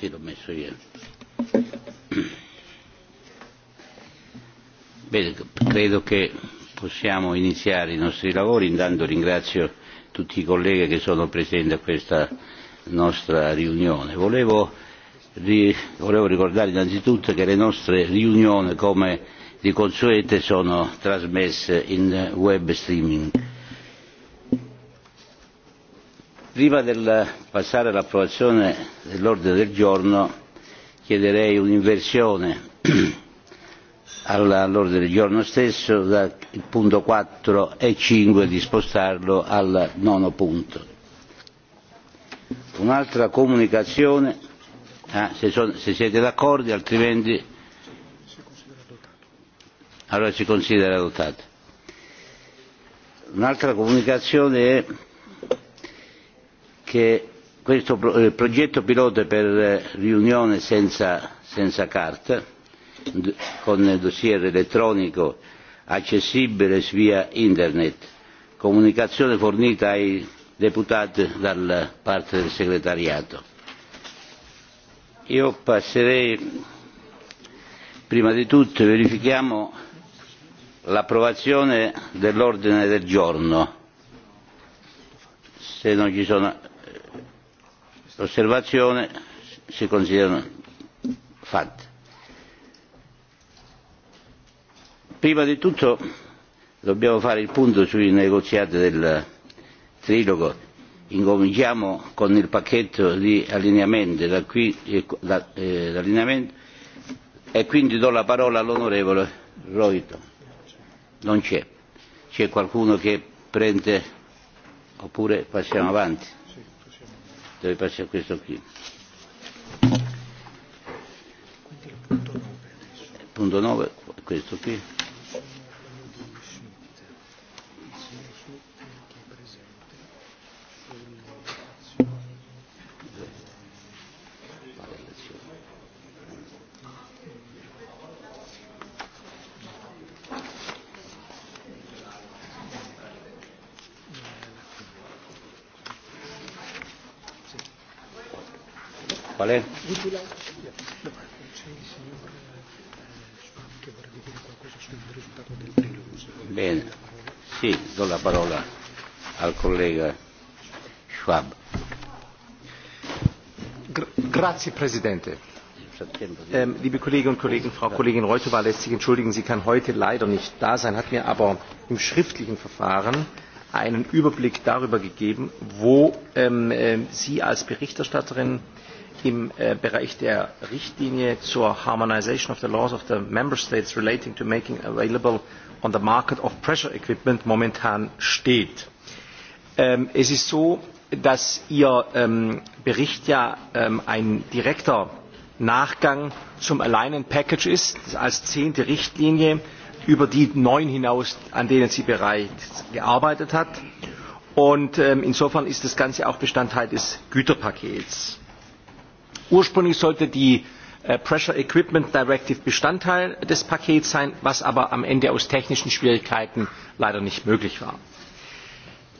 Sì, l'ho messo Bene, credo che possiamo iniziare i nostri lavori. Intanto ringrazio tutti i colleghi che sono presenti a questa nostra riunione. Volevo, ri, volevo ricordare innanzitutto che le nostre riunioni, come di consuete, sono trasmesse in web streaming prima del passare all'approvazione dell'ordine del giorno chiederei un'inversione all'ordine del giorno stesso dal punto 4 e 5 di spostarlo al nono punto. Un'altra comunicazione, ah, se, sono, se siete d'accordo, altrimenti allora si considera adottato. Un'altra comunicazione è che questo eh, progetto pilota per riunione senza, senza carta, con dossier elettronico accessibile via internet, comunicazione fornita ai deputati da parte del segretariato. Io passerei, prima di tutto verifichiamo l'approvazione dell'ordine del giorno. Se non ci sono L'osservazione si considerano fatte. Prima di tutto dobbiamo fare il punto sui negoziati del trilogo. Incominciamo con il pacchetto di allineamento, da qui, eh, da, eh, allineamento e quindi do la parola all'onorevole Roito. Non c'è. C'è qualcuno che prende oppure passiamo avanti deve passare a questo qui. Punto 9, questo qui. Gutula. Bene, sì, do la parola al collega Schwab. Grazie Presidente. Ähm, liebe Kolleginnen und Kollegen, Frau Kollegin Reutowa lässt sich entschuldigen, sie kann heute leider nicht da sein, hat mir aber im schriftlichen Verfahren einen Überblick darüber gegeben, wo ähm, äh, Sie als Berichterstatterin äh, im äh, Bereich der Richtlinie zur Harmonization of the Laws of the Member States relating to making available on the market of pressure equipment momentan steht. Ähm, es ist so, dass Ihr ähm, Bericht ja ähm, ein direkter Nachgang zum Alignment Package ist, als zehnte Richtlinie über die neun hinaus, an denen sie bereits gearbeitet hat. Und ähm, insofern ist das Ganze auch Bestandteil des Güterpakets. Ursprünglich sollte die äh, Pressure Equipment Directive Bestandteil des Pakets sein, was aber am Ende aus technischen Schwierigkeiten leider nicht möglich war.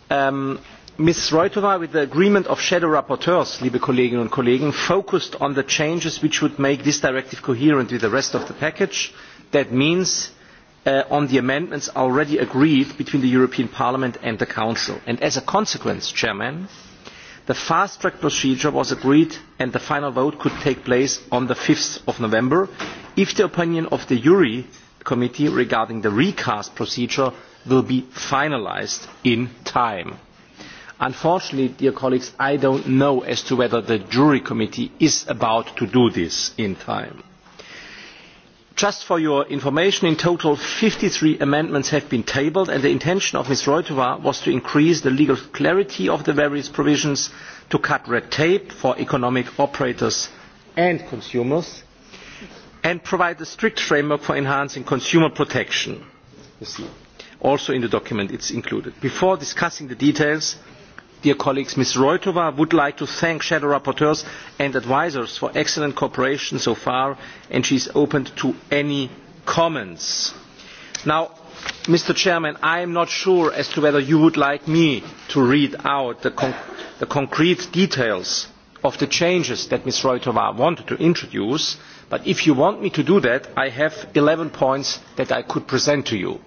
Ähm, Ms. Reutova, with the agreement of shadow rapporteurs, liebe Kolleginnen und Kollegen, focused on the changes which would make this directive coherent with the rest of the package. That means uh, on the amendments already agreed between the European Parliament and the Council. And as a consequence, Chairman, uh, The fast track procedure was agreed and the final vote could take place on the 5th of November if the opinion of the Jury committee regarding the recast procedure will be finalised in time. Unfortunately, dear colleagues, I don't know as to whether the jury committee is about to do this in time. Just for your information, in total, 53 amendments have been tabled, and the intention of Ms. Roitova was to increase the legal clarity of the various provisions to cut red tape for economic operators and consumers, and provide a strict framework for enhancing consumer protection. You see, also in the document it's included. Before discussing the details, dear colleagues, Ms. Roitova would like to thank shadow rapporteurs and advisers for excellent cooperation so far, and she is open to any comments. Now, Mr. Chairman, I am not sure as to whether you would like me to read out the, conc the concrete details of the changes that Ms. Roitova wanted to introduce, but if you want me to do that, I have eleven points that I could present to you.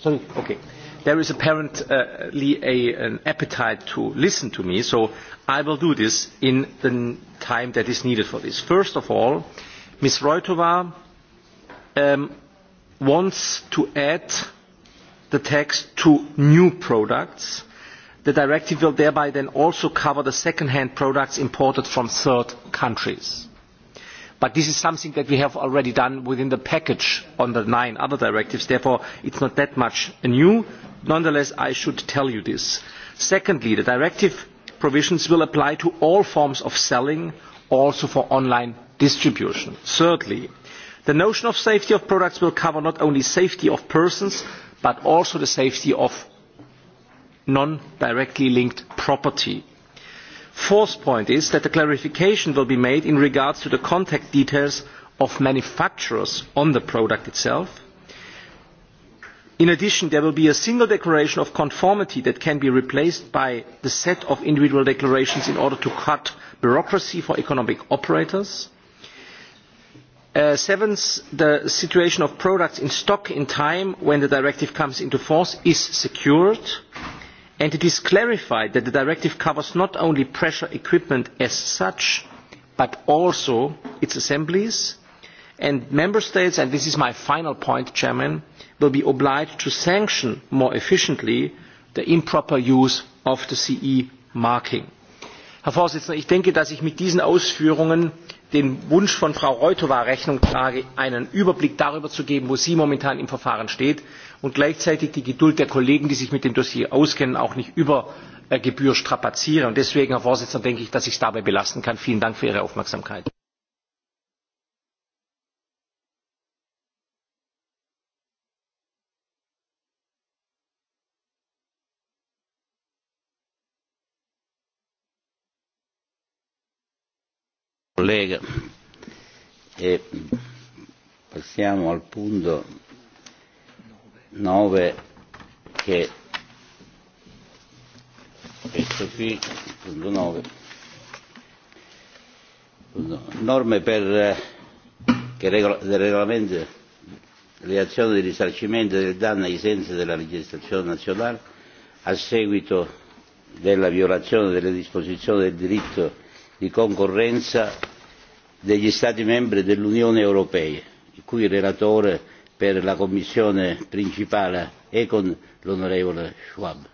Sorry, okay there is apparently a, an appetite to listen to me, so I will do this in the time that is needed for this. First of all, Ms. Roitova um, wants to add the text to new products. The directive will thereby then also cover the second-hand products imported from third countries. But this is something that we have already done within the package on the nine other directives. Therefore, it's not that much new nonetheless i should tell you this. secondly the directive provisions will apply to all forms of selling also for online distribution. thirdly the notion of safety of products will cover not only safety of persons but also the safety of non directly linked property. fourth point is that the clarification will be made in regard to the contact details of manufacturers on the product itself in addition there will be a single declaration of conformity that can be replaced by the set of individual declarations in order to cut bureaucracy for economic operators. Uh, seventh the situation of products in stock in time when the directive comes into force is secured and it is clarified that the directive covers not only pressure equipment as such but also its assemblies and member states and this is my final point will be obliged to sanction more efficiently the improper use of the CE marking. Herr Vorsitzender, ich denke, dass ich mit diesen Ausführungen dem Wunsch von Frau roithov Rechnung trage, einen Überblick darüber zu geben, wo sie momentan im Verfahren steht und gleichzeitig die Geduld der Kollegen, die sich mit dem Dossier auskennen, auch nicht über äh, Gebühr strapaziere. deswegen, Herr Vorsitzender, denke ich, dass ich es dabei belassen kann. Vielen Dank für Ihre Aufmerksamkeit. Collega, e passiamo al punto 9 che questo qui, punto 9, norme per, che regola, del regolamento le azioni di risarcimento del danno ai sensi della legislazione nazionale a seguito della violazione delle disposizioni del diritto di concorrenza degli Stati membri dell'Unione Europea, il cui relatore per la commissione principale con. l'onorevole Schwab.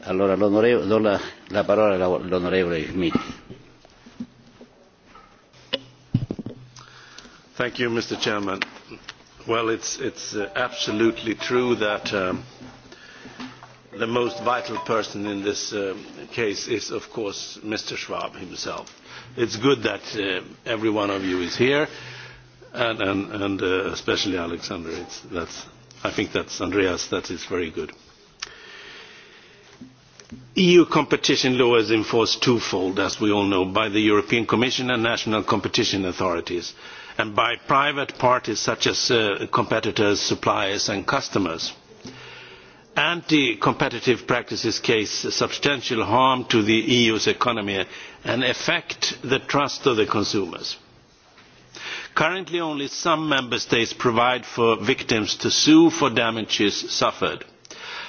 Allora do la, la parola all'onorevole Schmidt. Thank you, Mr. Chairman Well, it's, it's uh, absolutely true that um, the most vital person in this uh, case is, of course, Mr. Schwab himself. It's good that uh, every one of you is here, and, and, and uh, especially Alexander. It's, that's, I think that's Andreas. That is very good. EU competition law is enforced twofold, as we all know, by the European Commission and national competition authorities and by private parties such as uh, competitors, suppliers and customers. Anti-competitive practices cause substantial harm to the EU's economy and affect the trust of the consumers. Currently only some member states provide for victims to sue for damages suffered.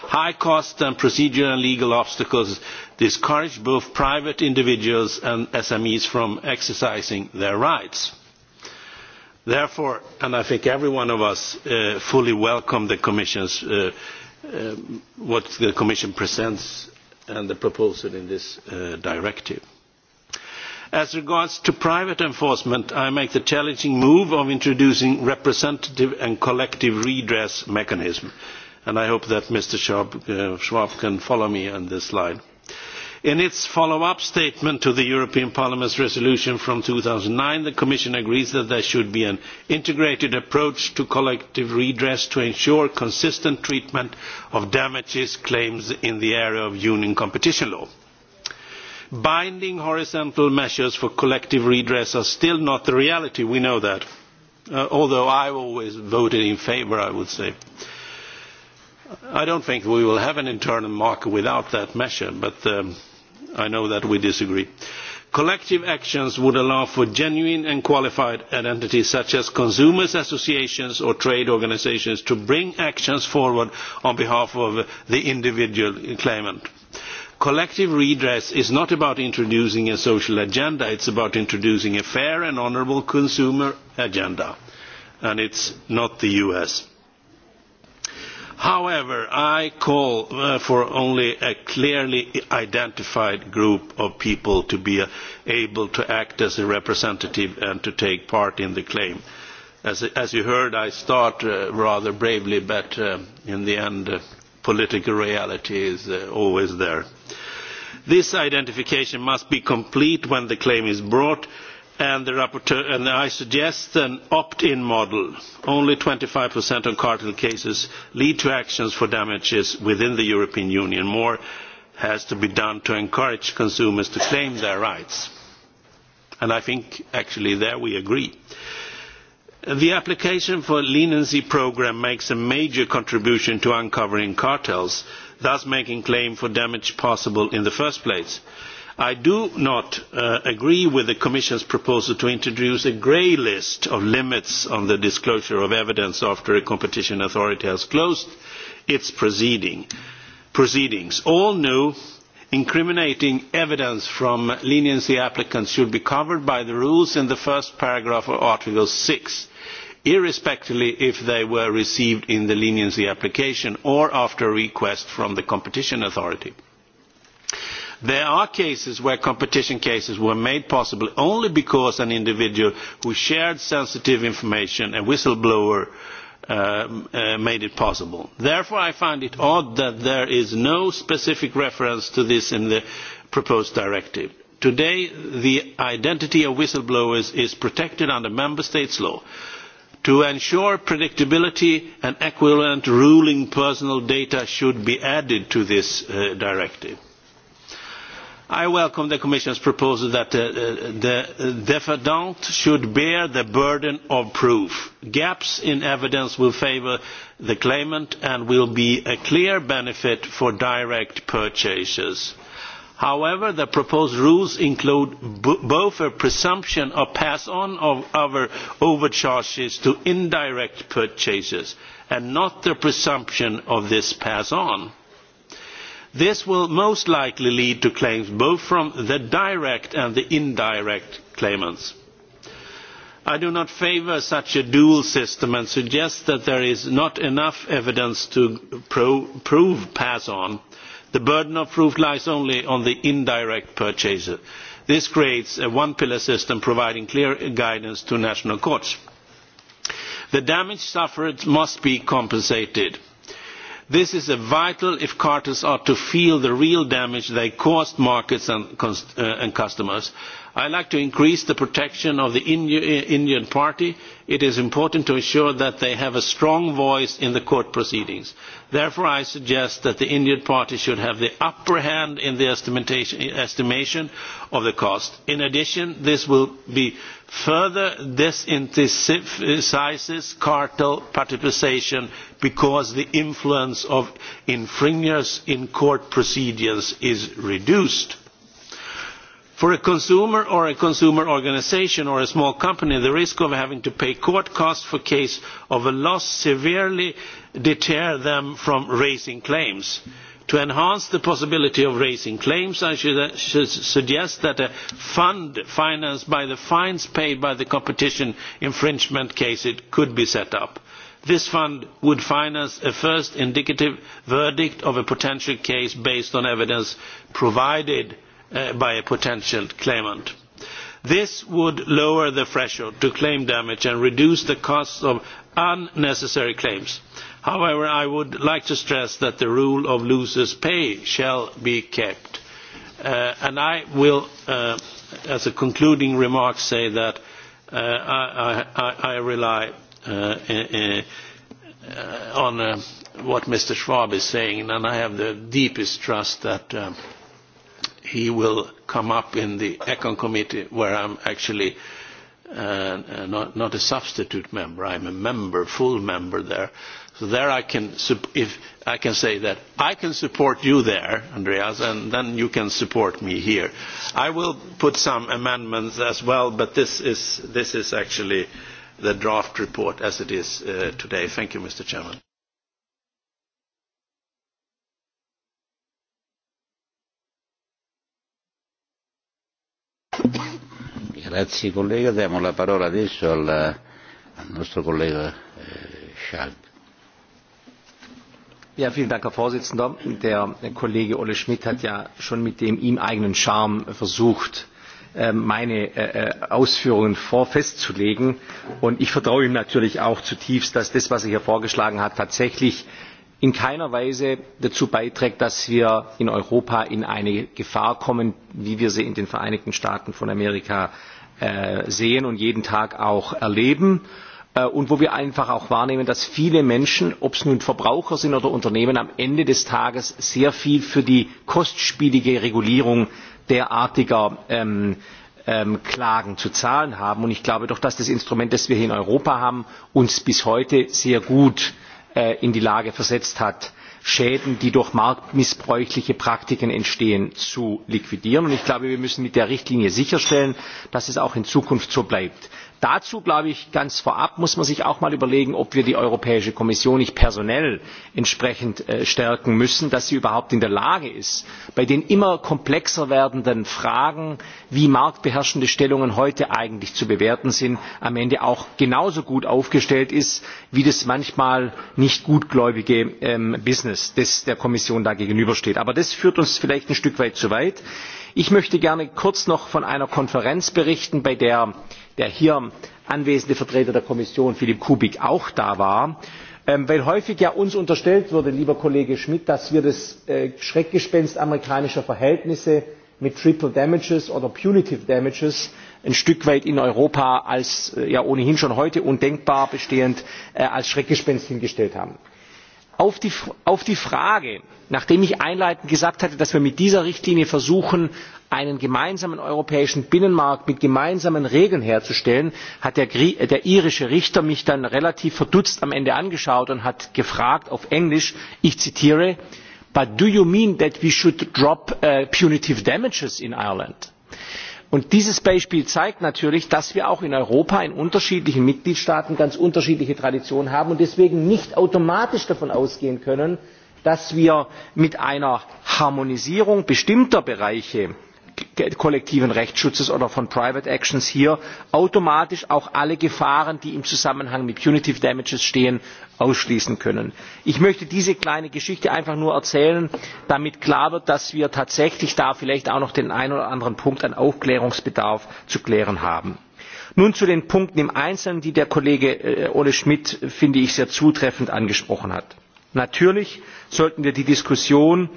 High costs and procedural and legal obstacles discourage both private individuals and SMEs from exercising their rights therefore and i think every one of us uh, fully welcomes the commission's uh, uh, what the commission presents and the proposal in this directive as regards to private enforcement i make the challenging move of introducing representative and collective redress mechanism and i hope that mr schwab, can follow me on this line in its follow up statement to the european parliament's resolution from two thousand and nine the commission agrees that there should be an integrated approach to collective redress to ensure consistent treatment of damages claims in the area of union competition law. binding horizontal measures for collective redress are still not the reality we know that uh, although i have always voted in favour i would say. i don't think we will have an internal market without that measure but um, I know that we disagree. Collective actions would allow for genuine and qualified entities such as consumers associations or trade organisations to bring actions forward on behalf of the individual claimant. Collective redress is not about introducing a social agenda, it's about introducing a fair and honourable consumer agenda. And it's not the US. However, I call uh, for only a clearly identified group of people to be uh, able to act as a representative and to take part in the claim. As, you heard, I start uh, rather bravely, but in the end, political reality is always there. This identification must be complete when the claim is brought, and the rapporteur and I suggest an opt-in model. Only 25% of cartel cases lead to actions for damages within the European Union. More has to be done to encourage consumers to claim their rights. And I think actually there we agree. The application for leniency programme makes a major contribution to uncovering cartels, thus making claim for damage possible in the first place. I do not uh, agree with the Commission's proposal to introduce a grey list of limits on the disclosure of evidence after a competition authority has closed its proceedings. All new incriminating evidence from leniency applicants should be covered by the rules in the first paragraph of Article 6 irrespectively if they were received in the leniency application or after a request from the competition authority. There are cases where competition cases were made possible only because an individual who shared sensitive information, a whistleblower, blower um, uh, made it possible. Therefore, I find it odd that there is no specific reference to this in the proposed directive. Today, the identity of whistleblowers is protected under Member States law. To ensure predictability, an equivalent ruling personal data should be added to this uh, directive I welcome the Commission's proposal that the uh, uh, defendant should bear the burden of proof. Gaps in evidence will favour the claimant and will be a clear benefit for direct purchasers. However, the proposed rules include both a presumption of pass-on of our overcharges to indirect purchasers and not the presumption of this pass-on This will most likely lead to claims both from the direct and the indirect claimants. I do not favour such a dual system and suggest that there is not enough evidence to prove pass on. The burden of proof lies only on the indirect purchaser. This creates a one-pillar system providing clear guidance to national courts. The damage suffered must be compensated This is vital if cartels are to feel the real damage they caused markets and, uh, and customers. I like to increase the protection of the uh, Indian party. It is important to ensure that they have a strong voice in the court proceedings. Therefore, I suggest that the Indian party should have the upper hand in the estimation of the cost. In addition, this will be further disincentivizes cartel participation because the influence of infringers in court proceedings is reduced. For a consumer or a consumer organisation or a small company, the risk of having to pay court costs for case of a loss severely deter them from raising claims. Mm to enhance the possibility of raising claims i should, uh, should suggest that a fund financed by the fines paid by the competition infringement case could be set up. this fund would finance a first indicative verdict of a potential case based on evidence provided uh, by a potential claimant. This would lower the threshold to claim damage and reduce the cost of unnecessary claims However, I would like to stress that the rule of losers pay shall be kept. Uh, and I will, uh, as a concluding remark, say that uh, I, I, I rely uh, uh, on uh, what Mr. Schwab is saying, and I have the deepest trust that um, he will come up in the Econ Committee, where I'm actually uh, not, not a substitute member. I'm a member, full member there. Uh, So there I can, if I can say that I can support you there, Andreas, and then you can support me here. I will put some amendments as well, but this is, this is actually the draft report as it is uh, today. Thank you, Mr. Chairman. Grazie collega, diamo la parola adesso al, al nostro collega eh, Ja, vielen Dank, Herr Vorsitzender. Der Kollege Olle Schmidt hat ja schon mit dem ihm eigenen Charme versucht, ähm, meine äh, äh, Ausführungen vor festzulegen. Und ich vertraue ihm natürlich auch zutiefst, dass das, was er hier vorgeschlagen hat, tatsächlich in keiner Weise dazu beiträgt, dass wir in Europa in eine Gefahr kommen, wie wir sie in den Vereinigten Staaten von Amerika äh, sehen und jeden Tag auch erleben Äh, und wo wir einfach auch wahrnehmen, dass viele Menschen, ob es nun Verbraucher sind oder Unternehmen, am Ende des Tages sehr viel für die kostspielige Regulierung derartiger ähm, ähm, Klagen zu zahlen haben. Und ich glaube doch, dass das Instrument, das wir hier in Europa haben, uns bis heute sehr gut äh, in die Lage versetzt hat, Schäden, die durch marktmissbräuchliche Praktiken entstehen, zu liquidieren. Und ich glaube, wir müssen mit der Richtlinie sicherstellen, dass es auch in Zukunft so bleibt dazu glaube ich ganz vorab muss man sich auch mal überlegen ob wir die europäische kommission nicht personell entsprechend äh, stärken müssen dass sie überhaupt in der lage ist bei den immer komplexer werdenden fragen wie marktbeherrschende stellungen heute eigentlich zu bewerten sind am ende auch genauso gut aufgestellt ist wie das manchmal nicht gutgläubige ähm, business das der kommission da gegenübersteht. aber das führt uns vielleicht ein stück weit zu weit. Ich möchte gerne kurz noch von einer Konferenz berichten, bei der der hier anwesende Vertreter der Kommission, Philipp Kubik, auch da war. Ähm, weil uns häufig ja unterstellt wurde, lieber Kollege Schmidt, dass wir das äh, Schreckgespenst amerikanischer Verhältnisse mit Triple Damages oder Punitive Damages ein Stück weit in Europa als äh, ja ohnehin schon heute undenkbar bestehend äh, als Schreckgespenst hingestellt haben auf die, frage nachdem ich einleitend gesagt hatte dass wir mit dieser richtlinie versuchen einen gemeinsamen europäischen binnenmarkt mit gemeinsamen regeln herzustellen hat äh, der, irische richter mich dann relativ verdutzt am ende angeschaut und hat gefragt auf englisch ich zitiere but do you mean that we should drop äh, punitive damages in ireland? und dieses beispiel zeigt natürlich dass wir auch in europa in unterschiedlichen mitgliedstaaten ganz unterschiedliche traditionen haben und deswegen nicht automatisch davon ausgehen können dass wir mit einer harmonisierung bestimmter bereiche kollektiven rechtsschutzes oder von private actions hier automatisch auch alle gefahren die im zusammenhang mit punitive damages stehen ausschließen können. ich möchte diese kleine geschichte einfach nur erzählen damit klar wird dass wir tatsächlich da vielleicht auch noch den einen oder anderen punkt an aufklärungsbedarf zu klären haben. nun zu den punkten im einzelnen die der kollege äh, olle schmidt finde ich sehr zutreffend angesprochen hat natürlich sollten wir die diskussion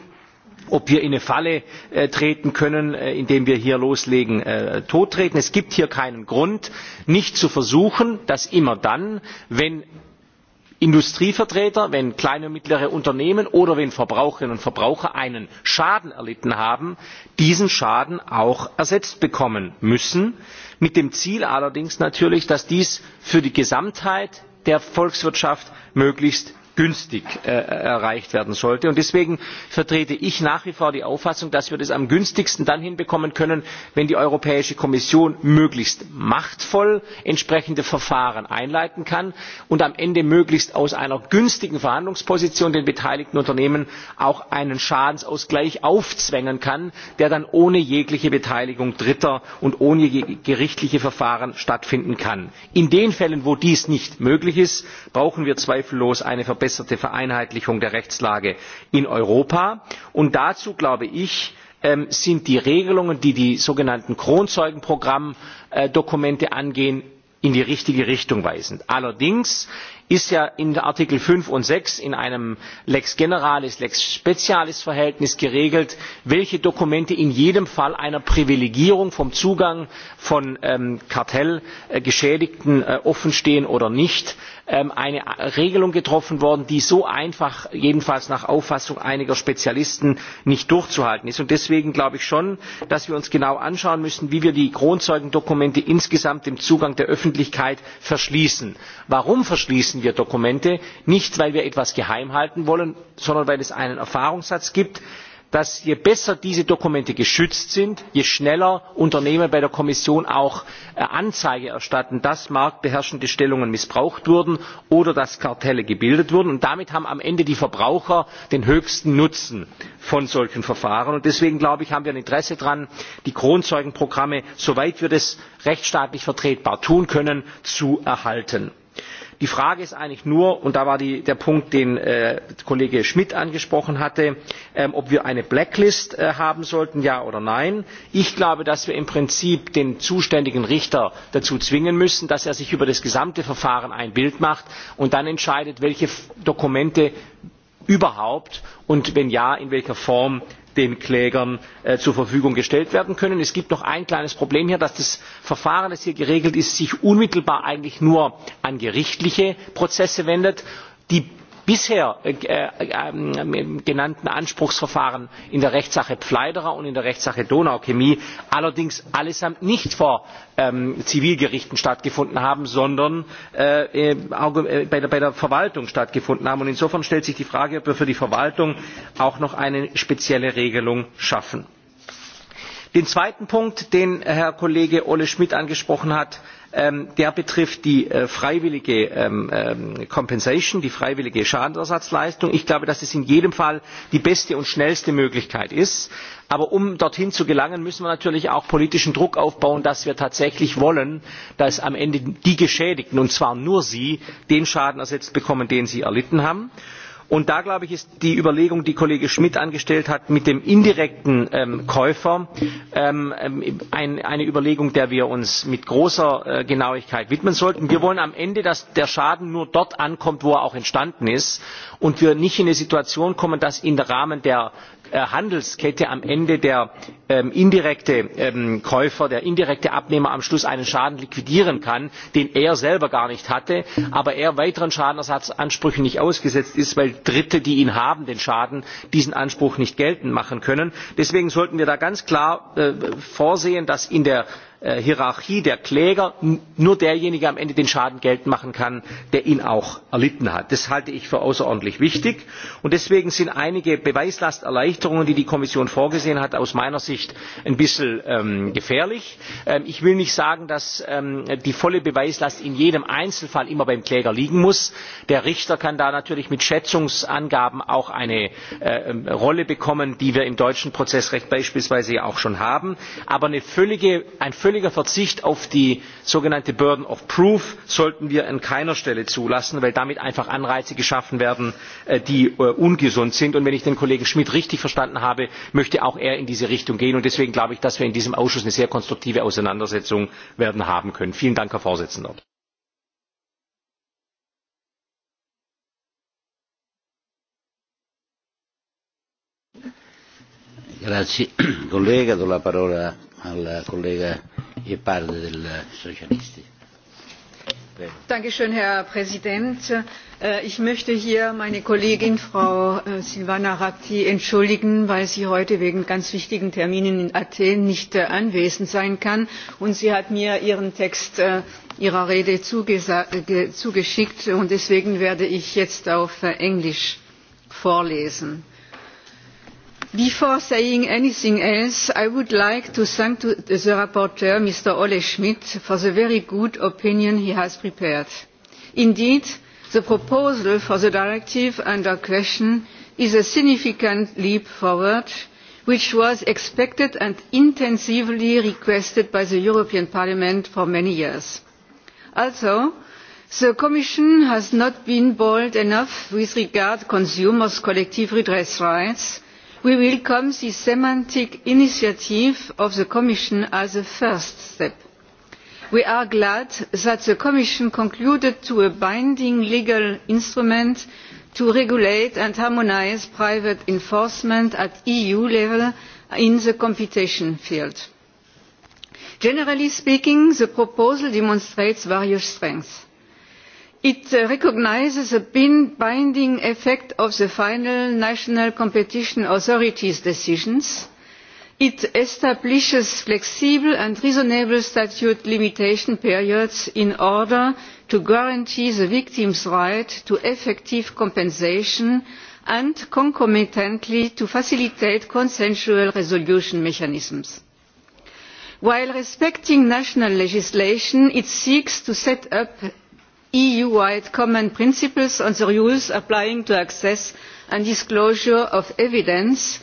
ob wir in eine Falle äh, treten können, äh, indem wir hier loslegen, äh, tottreten. Es gibt hier keinen Grund, nicht zu versuchen, dass immer dann, wenn Industrievertreter, wenn kleine und mittlere Unternehmen oder wenn Verbraucherinnen und Verbraucher einen Schaden erlitten haben, diesen Schaden auch ersetzt bekommen müssen, mit dem Ziel allerdings natürlich, dass dies für die Gesamtheit der Volkswirtschaft möglichst günstig äh, erreicht werden sollte. Und deswegen vertrete ich nach wie vor die Auffassung, dass wir das am günstigsten dann hinbekommen können, wenn die Europäische Kommission möglichst machtvoll entsprechende Verfahren einleiten kann und am Ende möglichst aus einer günstigen Verhandlungsposition den beteiligten Unternehmen auch einen Schadensausgleich aufzwängen kann, der dann ohne jegliche Beteiligung Dritter und ohne gerichtliche Verfahren stattfinden kann. In den Fällen, wo dies nicht möglich ist, brauchen wir zweifellos eine verbesserte vereinheitlichung der rechtslage in europa. und dazu glaube ich ähm, sind die regelungen die die sogenannten kronzeugenprogrammdokumente angehen in die richtige richtung weisend. allerdings ist ja in artikel fünf und sechs in einem lex generalis lex specialis verhältnis geregelt welche dokumente in jedem fall einer privilegierung vom zugang von ähm, kartellgeschädigten äh, offenstehen oder nicht. Ähm, eine regelung getroffen worden die so einfach jedenfalls nach auffassung einiger spezialisten nicht durchzuhalten ist. deswegen glaube ich schon dass wir uns genau anschauen müssen wie wir die kronzeugendokumente insgesamt dem zugang der öffentlichkeit verschließen. warum verschließen wir dokumente? nicht weil wir etwas geheim halten wollen sondern weil es einen erfahrungssatz gibt dass je besser diese dokumente geschützt sind je schneller unternehmen bei der kommission auch äh, anzeige erstatten dass marktbeherrschende stellungen missbraucht wurden oder dass kartelle gebildet wurden. Und damit haben am ende die verbraucher den höchsten nutzen von solchen verfahren. deswegen glaube ich haben wir ein interesse daran die kronzeugenprogramme soweit wir das rechtsstaatlich vertretbar tun können zu erhalten die frage ist eigentlich nur und da war die, der punkt den äh, kollege schmidt angesprochen hatte ähm, ob wir eine blacklist äh, haben sollten ja oder nein. ich glaube dass wir im prinzip den zuständigen richter dazu zwingen müssen dass er sich über das gesamte verfahren ein bild macht und dann entscheidet welche dokumente überhaupt und wenn ja in welcher form den klägern äh, zur verfügung gestellt werden können. es gibt noch ein kleines problem hier dass das verfahren das hier geregelt ist sich unmittelbar eigentlich nur an gerichtliche prozesse wendet. die bisher äh, äh, ähm, genannten anspruchsverfahren in der rechtssache pfleiderer und in der rechtssache donau chemie allerdings allesamt nicht vor ähm, zivilgerichten stattgefunden haben sondern äh, bei der verwaltung stattgefunden haben. insofern stellt sich die frage ob wir für die verwaltung auch noch eine spezielle regelung schaffen. den zweiten punkt den herr kollege ole schmidt angesprochen hat Ähm, der betrifft die äh, freiwillige ähm, ähm, compensation die freiwillige schadenersatzleistung. ich glaube dass es in jedem fall die beste und schnellste möglichkeit ist. aber um dorthin zu gelangen müssen wir natürlich auch politischen druck aufbauen dass wir tatsächlich wollen dass am ende die geschädigten und zwar nur sie den schaden ersetzt bekommen den sie erlitten haben und da glaube ich ist die überlegung die kollege schmidt angestellt hat mit dem indirekten ähm, käufer ähm, ähm, ein, eine überlegung der wir uns mit großer äh, genauigkeit widmen sollten. wir wollen am ende dass der schaden nur dort ankommt wo er auch entstanden ist und wir nicht in eine situation kommen dass im rahmen der Äh, handelskette am ende der ähm, indirekte ähm, käufer der indirekte abnehmer am schluss einen schaden liquidieren kann den er selber gar nicht hatte aber er weiteren schadenersatzansprüchen nicht ausgesetzt ist weil dritte die ihn haben den schaden diesen anspruch nicht geltend machen können. deswegen sollten wir da ganz klar äh, vorsehen dass in der Äh, hierarchie der kläger nur derjenige am ende den schaden geltend machen kann der ihn auch erlitten hat. das halte ich für außerordentlich wichtig und deswegen sind einige beweislasterleichterungen die die kommission vorgesehen hat aus meiner sicht ein bisschen ähm, gefährlich. Ähm, ich will nicht sagen dass ähm, die volle beweislast in jedem einzelfall immer beim kläger liegen muss. der richter kann da natürlich mit schätzungsangaben auch eine rolle bekommen die wir im deutschen prozessrecht beispielsweise ja auch schon haben. aber eine völlige, ein völliger verzicht auf die sogenannte burden of proof sollten wir an keiner stelle zulassen weil damit einfach anreize geschaffen werden äh, die äh, ungesund sind. und wenn ich den kollegen schmidt richtig verstanden habe möchte auch er in diese richtung gehen. und deswegen glaube ich dass wir in diesem ausschuss eine sehr konstruktive auseinandersetzung werden haben können. vielen dank herr präsident! Grazie collega, do la parola al collega e parte del Socialisti. Dankeschön, Herr Präsident. Äh, ich möchte hier meine Kollegin Frau äh, Silvana Rapti entschuldigen, weil sie heute wegen ganz wichtigen Terminen in Athen nicht äh, anwesend sein kann. Und sie hat mir ihren Text ihrer Rede zugeschickt und deswegen werde ich jetzt auf Englisch vorlesen before saying anything else i would like to thank the rapporteur mr olle schmidt for the very good opinion he has prepared. indeed the proposal for the directive under question is a significant leap forward which was expected and intensively requested by the european parliament for many years. also the commission has not been bold enough with regard to consumers' collective redress rights we welcome the semantic initiative of the commission as a first step. we are glad that the commission concluded to a binding legal instrument to regulate and harmonise private enforcement at eu level in the computation field. generally speaking the proposal demonstrates various strengths it uh, recognises the binding effect of the final national competition authorities' decisions it establishes flexible and reasonable statute limitation periods in order to guarantee the victim's right to effective compensation and concomitantly to facilitate consensual resolution mechanisms while respecting national legislation it seeks to set up eu wide common principles on the rules applying to access and disclosure of evidence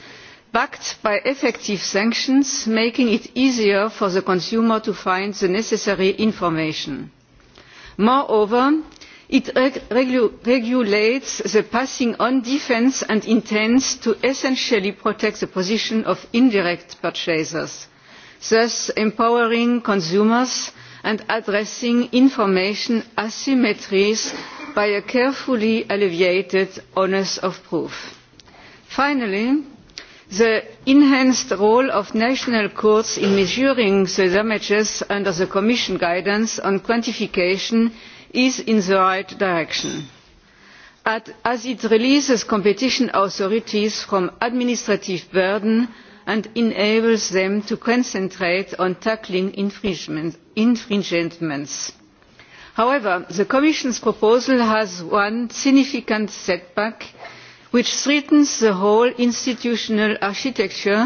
backed by effective sanctions making it easier for the consumer to find the necessary information. moreover it regulates the passing on defence and intends to essentially protect the position of indirect purchasers thus empowering consumers and addressing information asymmetries by a carefully alleviated onus of proof. finally the enhanced role of national courts in measuring the damages under the commission guidance on quantification is in the right direction as it releases competition authorities from administrative burden and enables them to concentrate on tackling infringements. however the commission's proposal has one significant setback which threatens the whole institutional architecture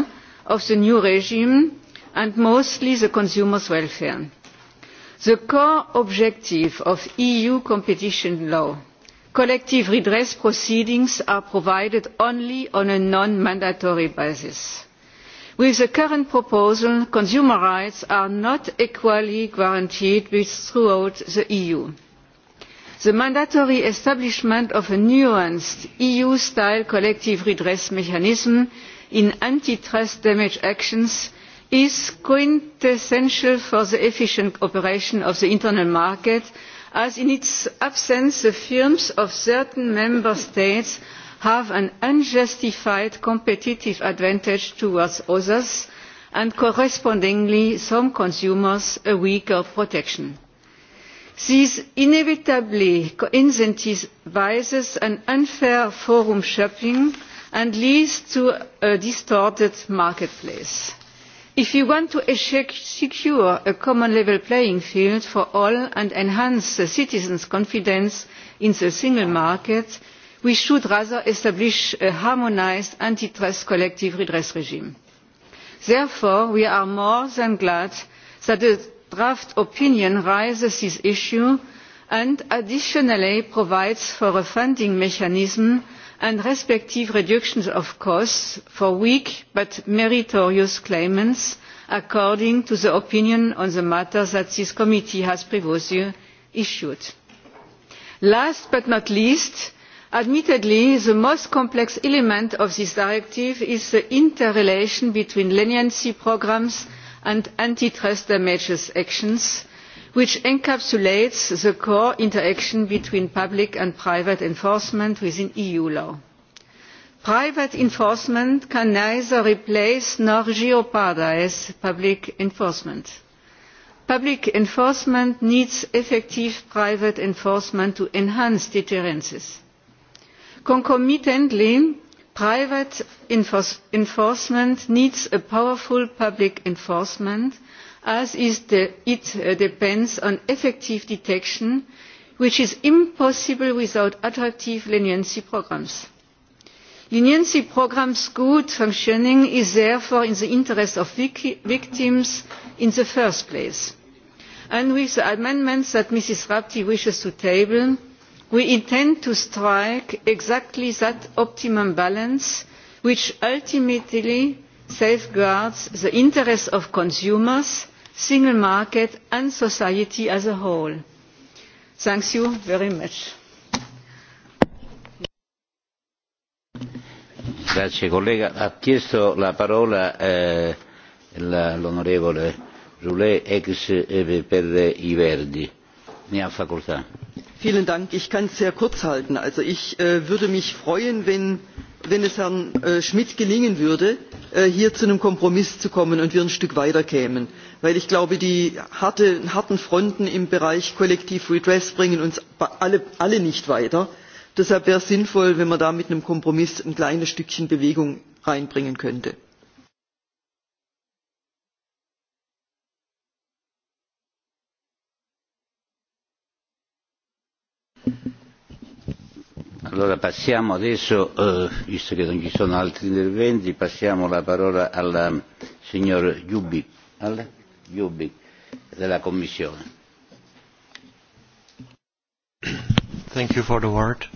of the new regime and mostly the consumers' welfare. the core objective of eu competition law collective redress proceedings are provided only on a non mandatory basis with the current proposal consumer rights are not equally guaranteed throughout the eu. the mandatory establishment of a nuanced eu style collective redress mechanism in anti trust damage actions is quintessential for the efficient operation of the internal market as in its absence the firms of certain member states have an unjustified competitive advantage towards others and correspondingly some consumers a weaker protection. this inevitably incentivises an unfair forum shopping and leads to a distorted marketplace. if we want to secure a common level playing field for all and enhance citizens' confidence in the single market we should rather establish a harmonised anti trust collective redress regime. therefore we are more than glad that the draft opinion raises this issue and additionally provides for a funding mechanism and respective reductions of costs for weak but meritorious claimants according to the opinion on the matter that this committee has previously issued. last but not least admittedly the most complex element of this directive is the interrelation between leniency programmes and anti trust damages actions which encapsulates the core interaction between public and private enforcement within eu law. private enforcement can neither replace nor jeopardise public enforcement. public enforcement needs effective private enforcement to enhance deterrence concomitantly private enforcement needs a powerful public enforcement as it uh, depends on effective detection which is impossible without attractive leniency programmes. leniency programmes' good functioning is therefore in the interest of victims in the first place and with the amendments that mrs rapti wishes to table we intend to strike exactly that optimum balance which ultimately safeguards the interests of consumers the single market and society as a whole. thank you very much. Grazie collega. Ha chiesto la parola eh, l'onorevole Roulet, ex eh, per i Verdi ich kann es sehr kurz halten. ich äh, würde mich freuen wenn, es herrn äh, schmidt gelingen würde äh, hier zu einem kompromiss zu kommen und wir ein stück weiter kämen denn ich glaube die harten fronten im bereich collective redress bringen uns alle nicht weiter. deshalb wäre es sinnvoll wenn man da mit einem kompromiss ein kleines stückchen bewegung reinbringen könnte. Allora passiamo adesso, eh, visto che non ci sono altri interventi, passiamo la parola al ehm, signor Giubi, al, Giubi della Commissione. Thank you for the word,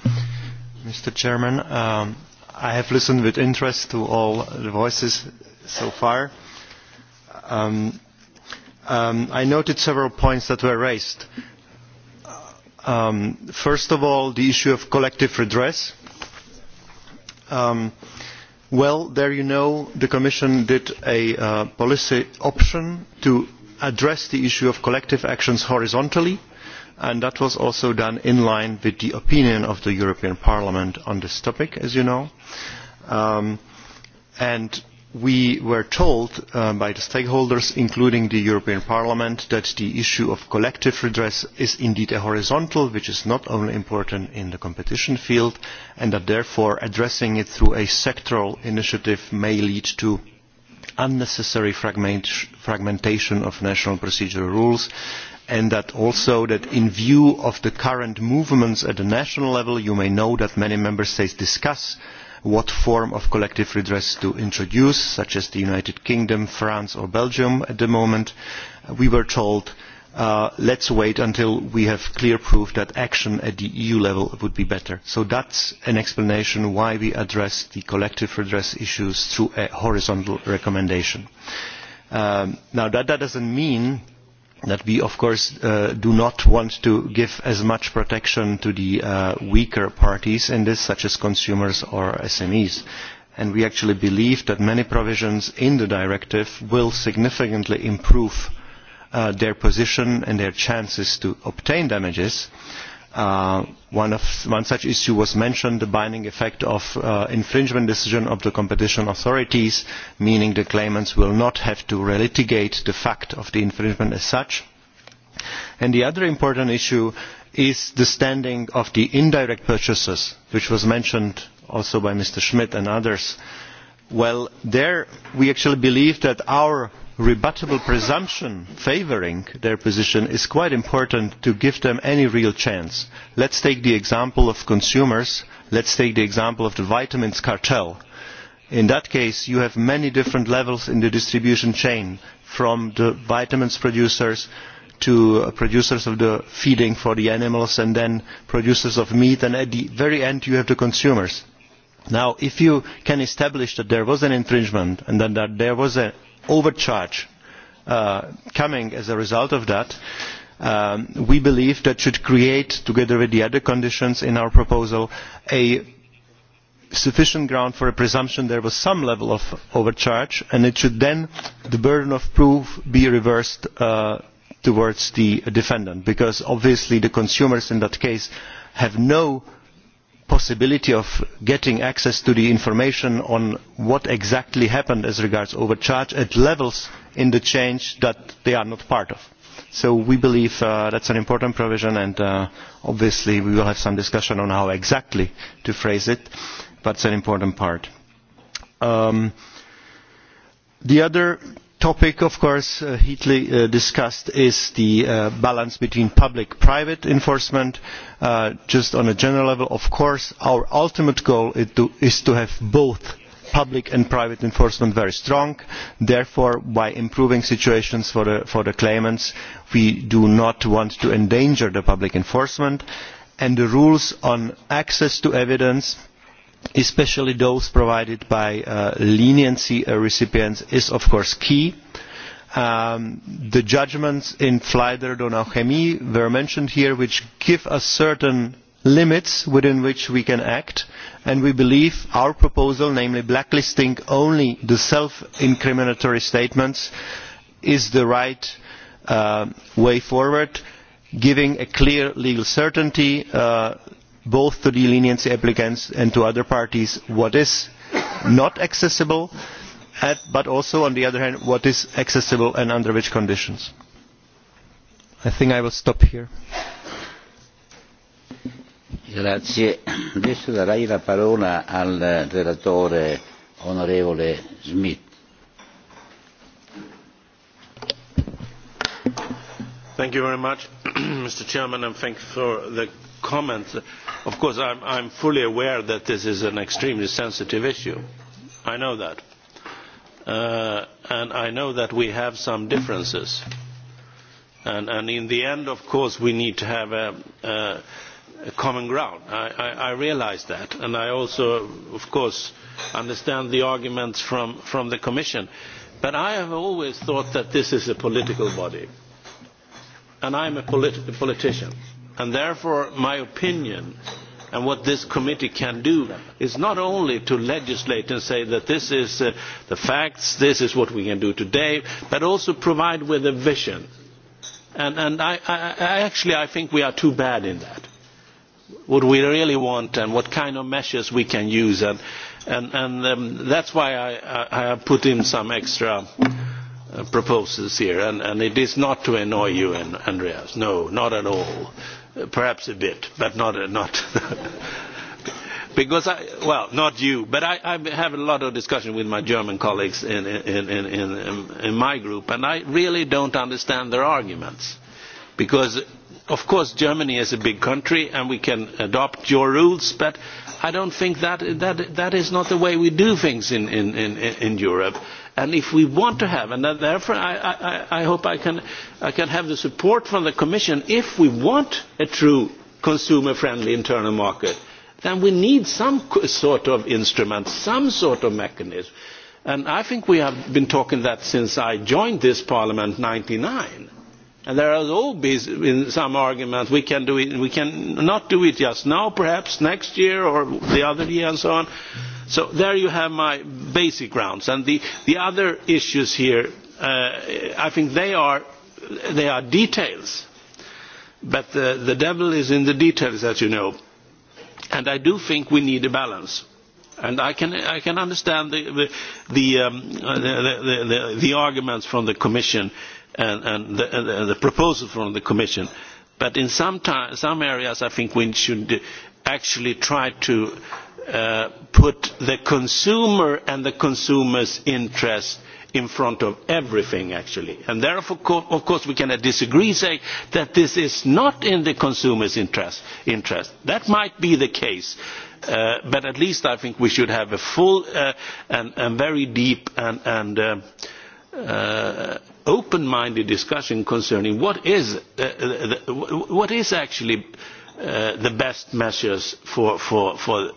Mr. Chairman. Um, I have listened with interest to all the voices so far. Um, um, I noted several points that were raised. Um, first of all, the issue of collective redress. Um, well, there you know the Commission did a uh, policy option to address the issue of collective actions horizontally, and that was also done in line with the opinion of the European Parliament on this topic, as you know. Um, and we were told uh, by the stakeholders including the european parliament that the issue of collective redress is indeed a horizontal which is not only important in the competition field and that therefore addressing it through a sectoral initiative may lead to unnecessary fragmentation of national procedural rules and that also that in view of the current movements at the national level you may know that many member states discuss discussing what form of collective redress to introduce, such as the United Kingdom, France or Belgium at the moment, uh, we were told let uh, let's wait until we have clear proof that action at the EU level would be better. So that's an explanation why we address the collective redress issues through a horizontal recommendation. Um, now that, that doesn't mean that we of course uh, do not want to give as much protection to the uh, weaker parties in this, such as consumers or SMEs. And we actually believe that many provisions in the directive will significantly improve uh, their position and their chances to obtain damages Uh, one, such issue was mentioned the binding effect of uh, infringement decision of the competition authorities meaning the claimants will not have to relitigate the fact of the infringement as such and the other important issue is the standing of the indirect purchasers which was mentioned also by mr schmidt and others. well there we actually believe that our rebuttable presumption favouring their position is quite important to give them any real chance. let us take the example of consumers let us take the example of the vitamins cartel. in that case you have many different levels in the distribution chain from the vitamins producers to uh, producers of the feeding for the animals and then producers of meat and at the very end you have the consumers. now if you can establish that there was an infringement and that there was a overcharge uh, coming as a result of that um, we believe that should create together with the other conditions in our proposal a sufficient ground for a presumption there was some level of overcharge and it should then the burden of proof be reversed uh, towards the defendant because obviously the consumers in that case have no possibility of getting access to the information on what exactly happened as regards overcharge at levels in the change that they are not part of. So we believe uh, that's an important provision and uh, obviously we will have some discussion on how exactly to phrase it, but it's an important part. Um, the other topic of course uh, heatedly uh, discussed is the uh, balance between public private enforcement. Uh, just on a general level of course our ultimate goal is to, is to have both public and private enforcement very strong. therefore by improving situations for the, for the claimants we do not want to endanger the public enforcement and the rules on access to evidence especially those provided by uh, leniency uh, recipients is of course key. Um, the judgments in Fleider Donau-Chemie were mentioned here which give us certain limits within which we can act and we believe our proposal namely blacklisting only the self incriminatory statements is the right uh, way forward giving a clear legal certainty uh, both to the leniency applicants and to other parties what is not accessible but also on the other hand what is accessible and under which conditions. I think I will stop here. Grazie. Adesso darai la parola al relatore onorevole Smith. Thank you very much, Mr. Chairman, and thank you for the comment. Of course, I'm, I'm fully aware that this is an extremely sensitive issue. I know that. Uh, and I know that we have some differences. And, and in the end, of course, we need to have a, a, a common ground. I, I, I realise that. And I also, of course, understand the arguments from, from the Commission. But I have always thought that this is a political body. And I'm a politi politician And therefore, my opinion and what this committee can do is not only to legislate and say that this is uh, the facts, this is what we can do today, but also provide with a vision. And, and I, I, I actually, I think we are too bad in that. What we really want and what kind of measures we can use. And, and, and um, that's why I, I, I put in some extra uh, proposals here. And, and it is not to annoy you, Andreas. No, not at all perhaps a bit, but not not. because I, well, not you, but I, I have a lot of discussion with my German colleagues in, in, in, in, in my group, and I really don't understand their arguments. Because, of course, Germany is a big country, and we can adopt your rules, but I don't think that, that, that is not the way we do things in, in, in, in Europe. And if we want to have, and therefore I, I, I hope I can, I can have the support from the Commission, if we want a true consumer-friendly internal market, then we need some sort of instrument, some sort of mechanism. And I think we have been talking that since I joined this Parliament in 99. And there has always been some arguments. we can do it, we can not do it just now, perhaps next year or the other year and so on. So there you have my basic grounds. And the, the other issues here, uh, I think they are, they are details. But the, the devil is in the details, as you know. And I do think we need a balance. And I can, I can understand the, the, the, um, uh, the, the, the, the arguments from the Commission and, and, the, and the proposal from the Commission. But in some, time, some areas, I think we should actually try to Uh, put the consumer and the consumer's interest in front of everything actually and therefore of course we can disagree say that this is not in the consumer's interest, interest. that might be the case uh, but at least I think we should have a full uh, and, and, very deep and, and uh, uh, open-minded discussion concerning what is, uh, uh, the, what is actually Uh, the best measures for, for, for,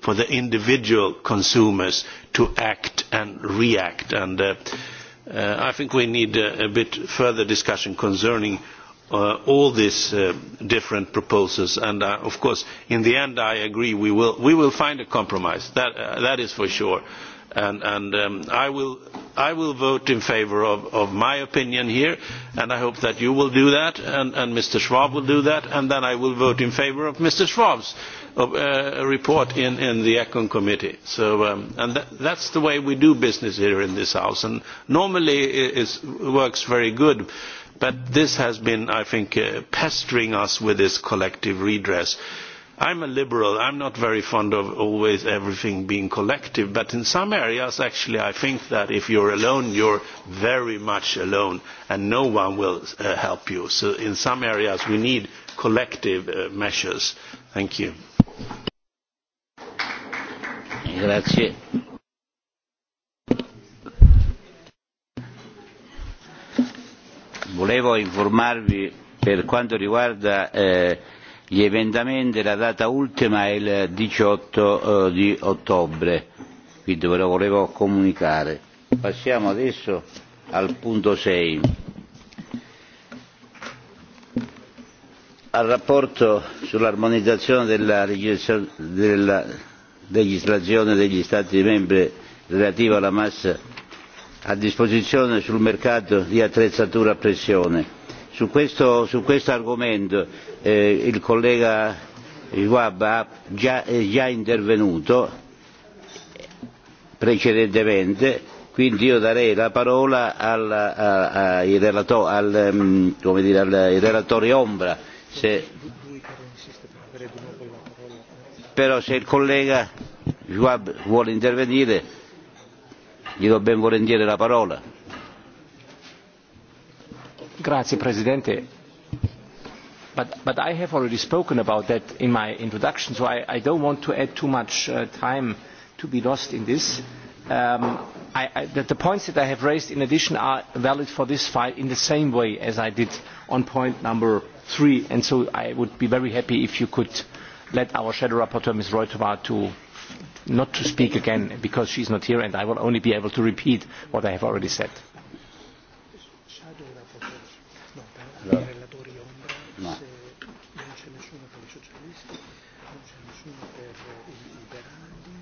for the individual consumers to act and react. And uh, uh, I think we need a, uh, a bit further discussion concerning uh, all these uh, different proposals. And uh, of course, in the end, I agree we will, we will find a compromise. That, uh, that is for sure. Uh, and, um, I, will, vote in favour of, my opinion here and I hope that you will do that and, Mr Schwab will do that and then I will vote in favour of Mr Schwab's uh, report in, the ECON committee. Um, that is the way we do business here in this house and normally it works very well but this has been, I think, uh, pestering us with this collective redress. I'm a liberal. I'm not very fond of always everything being collective, but in some areas, actually, I think that if you're alone, you're very much alone, and no one will uh, help you. So in some areas, we need collective uh, measures. Thank you. Grazie. Volevo informarvi per quanto riguarda eh, gli emendamenti la data ultima è il 18 eh, di ottobre quindi ve lo volevo comunicare passiamo adesso al punto 6 al rapporto sull'armonizzazione della, della legislazione degli Stati membri relativa alla massa a disposizione sul mercato di attrezzatura a pressione Su questo, su questo argomento eh, il collega Schwab ha già, è già intervenuto precedentemente, quindi io darei la parola al, a, a, ai, relato, al, mm, come dire, al, ai relatori ombra. Se, però se il collega Schwab vuole intervenire gli do ben volentieri la parola. Grazie, Presidente. But, but I have already spoken about that in my introduction, so I, I don't want to add too much uh, time to be lost in this. Um, I, I, the, the points that I have raised in addition are valid for this file in the same way as I did on point number three, and so I would be very happy if you could let our shadow rapporteur, Ms. Reutova, to not to speak again because she is not here and I will only be able to repeat what I have already said. allora. Da. relatori ombra, no. Da. se non c'è nessuno per i socialisti, non c'è nessuno per i liberali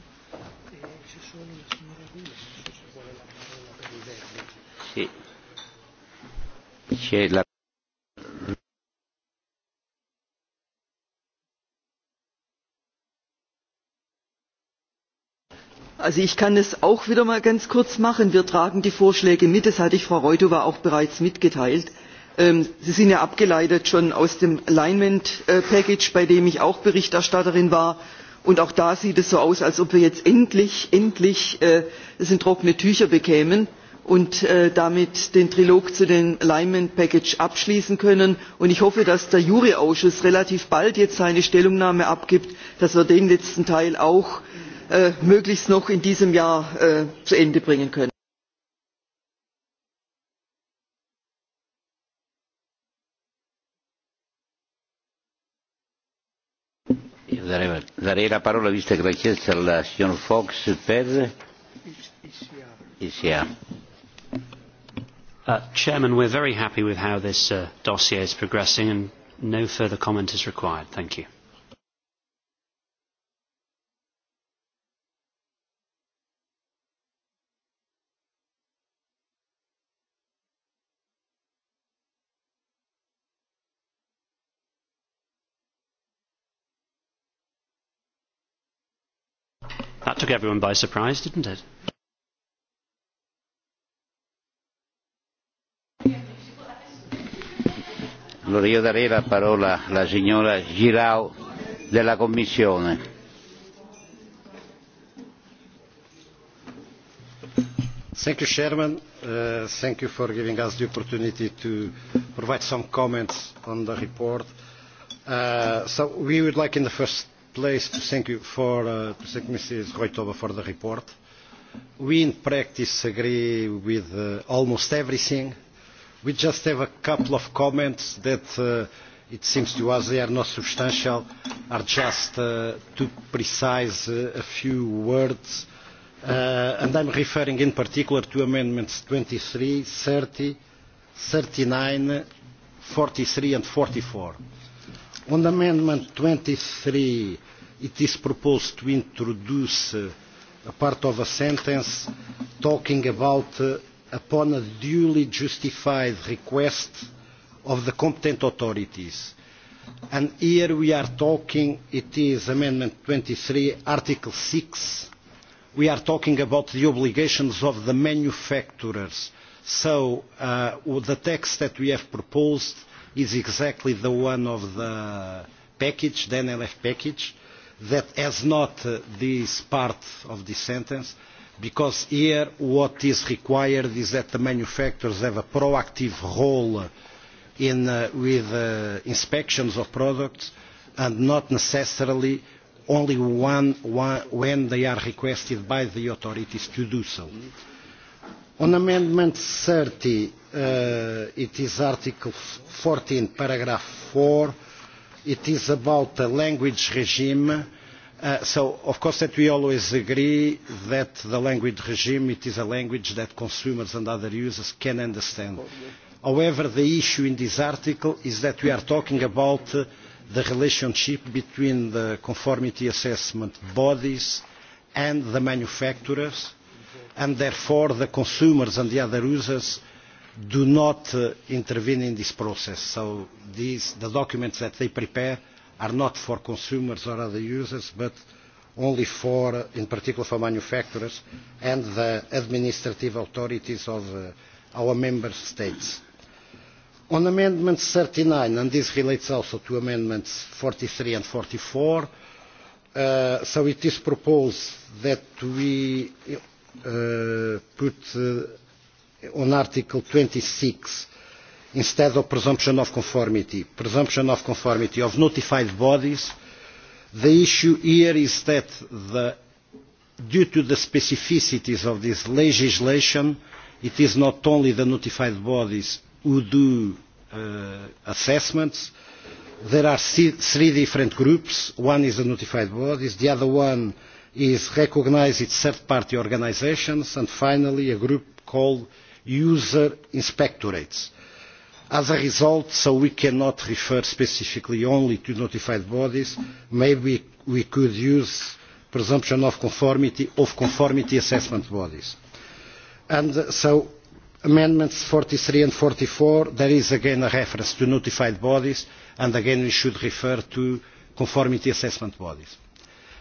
e c'è solo la signora Villa, non so se vuole la parola per i verdi. Sì. C'è la Also ich kann es auch wieder mal ganz kurz machen. Wir tragen die Vorschläge mit. Das hatte ich Frau Reutowa auch bereits mitgeteilt Ähm, sie sind ja abgeleitet schon aus dem alignment package bei dem ich auch berichterstatterin war und auch da sieht es so aus als ob wir jetzt endlich endlich äh, es in trockene tücher bekämen und äh, damit den trilog zu dem alignment package abschließen können und ich hoffe dass der juri ausschuss relativ bald jetzt seine stellungnahme abgibt dass wir den letzten teil auch äh, möglichst noch in diesem jahr zu ende bringen können. Darei la parola, visto che l'ha chiesta la signor Fox, per... ICR. Uh, Chairman, we're very happy with how this uh, dossier is progressing and no further comment is required. Thank you. everyone by surprise, didn't it? Allora io darei la parola alla signora Girau della Commissione. Thank you, Chairman. Uh, thank you for giving us the opportunity to provide some comments on the report. Uh, so we would like in the first place to thank you for uh, to thank Mrs. Roitova for the report. We in practice agree with uh, almost everything. We just have a couple of comments that uh, it seems to us they are not substantial, are just uh, to precise uh, a few words. and I'm referring in particular to amendments 23, 30, 39, 43 and 44 On Amendment 23, it is proposed to introduce uh, a part of a sentence talking about uh, upon a duly justified request of the competent authorities. And here we are talking, it is Amendment 23, Article 6. We are talking about the obligations of the manufacturers. So uh, the text that we have proposed is exactly the one of the package, the NLF package, that has not uh, this part of the sentence, because here what is required is that the manufacturers have a proactive role in, uh, with uh, inspections of products and not necessarily only one, one, when they are requested by the authorities to do so. Mm -hmm On Amendment 30, uh, it is Article 14, paragraph 4. It is about the language regime. Uh, so, of course, that we always agree that the language regime, it is a language that consumers and other users can understand. However, the issue in this article is that we are talking about uh, the relationship between the conformity assessment bodies and the manufacturers and therefore the consumers and the other users do not uh, intervene in this process. So these, the documents that they prepare are not for consumers or other users, but only for, uh, in particular for manufacturers and the administrative authorities of uh, our member states. On Amendment 39, and this relates also to Amendments 43 and 44, uh, so it is proposed that we Uh, put uh, on Article 26 instead of presumption of conformity, presumption of conformity of notified bodies. The issue here is that the, due to the specificities of this legislation, it is not only the notified bodies who do uh, assessments. There are three different groups. One is the notified bodies, the other one is recognise its third party organisations and finally a group called user inspectorates. As a result, so we cannot refer specifically only to notified bodies, maybe we could use presumption of conformity of conformity assessment bodies. And uh, so amendments 43 and 44, there is again a reference to notified bodies, and again we should refer to conformity assessment bodies.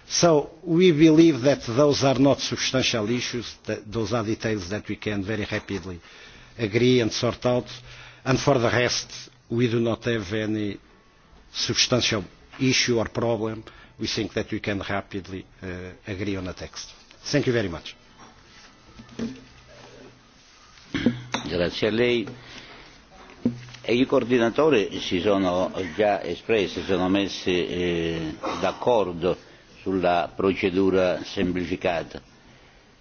So we believe that those are not substantial issues, that those are details that we can very rapidly agree and sort out. And for the rest, we do not have any substantial issue or problem. We think that we can rapidly uh, agree on a text. Thank you very much. Grazie a lei. E i coordinatori si sono già espressi, si sono messi eh, d'accordo sulla procedura semplificata.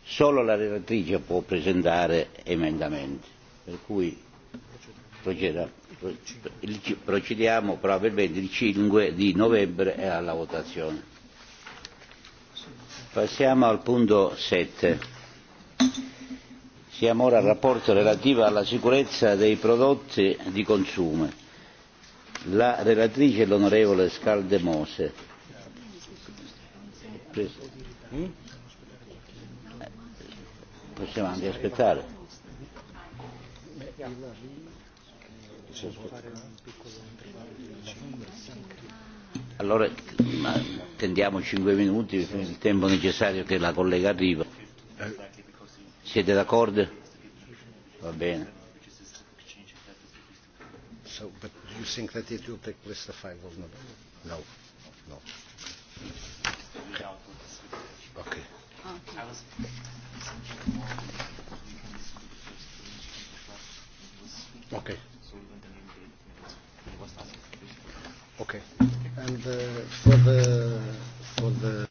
Solo la relatrice può presentare emendamenti, per cui procediamo probabilmente il 5 di novembre alla votazione. Passiamo al punto 7. Siamo ora al rapporto relativo alla sicurezza dei prodotti di consumo. La relatrice è l'onorevole Scaldemose Pre... Hmm? Possiamo păi anche aspettare. Allora tendiamo 5 minuti, il tempo necessario che la collega arriva. Siete d'accordo? Va bene. So, but you think that it will take place the of November? No, no. Okay. Okay. Okay. And uh, for the for the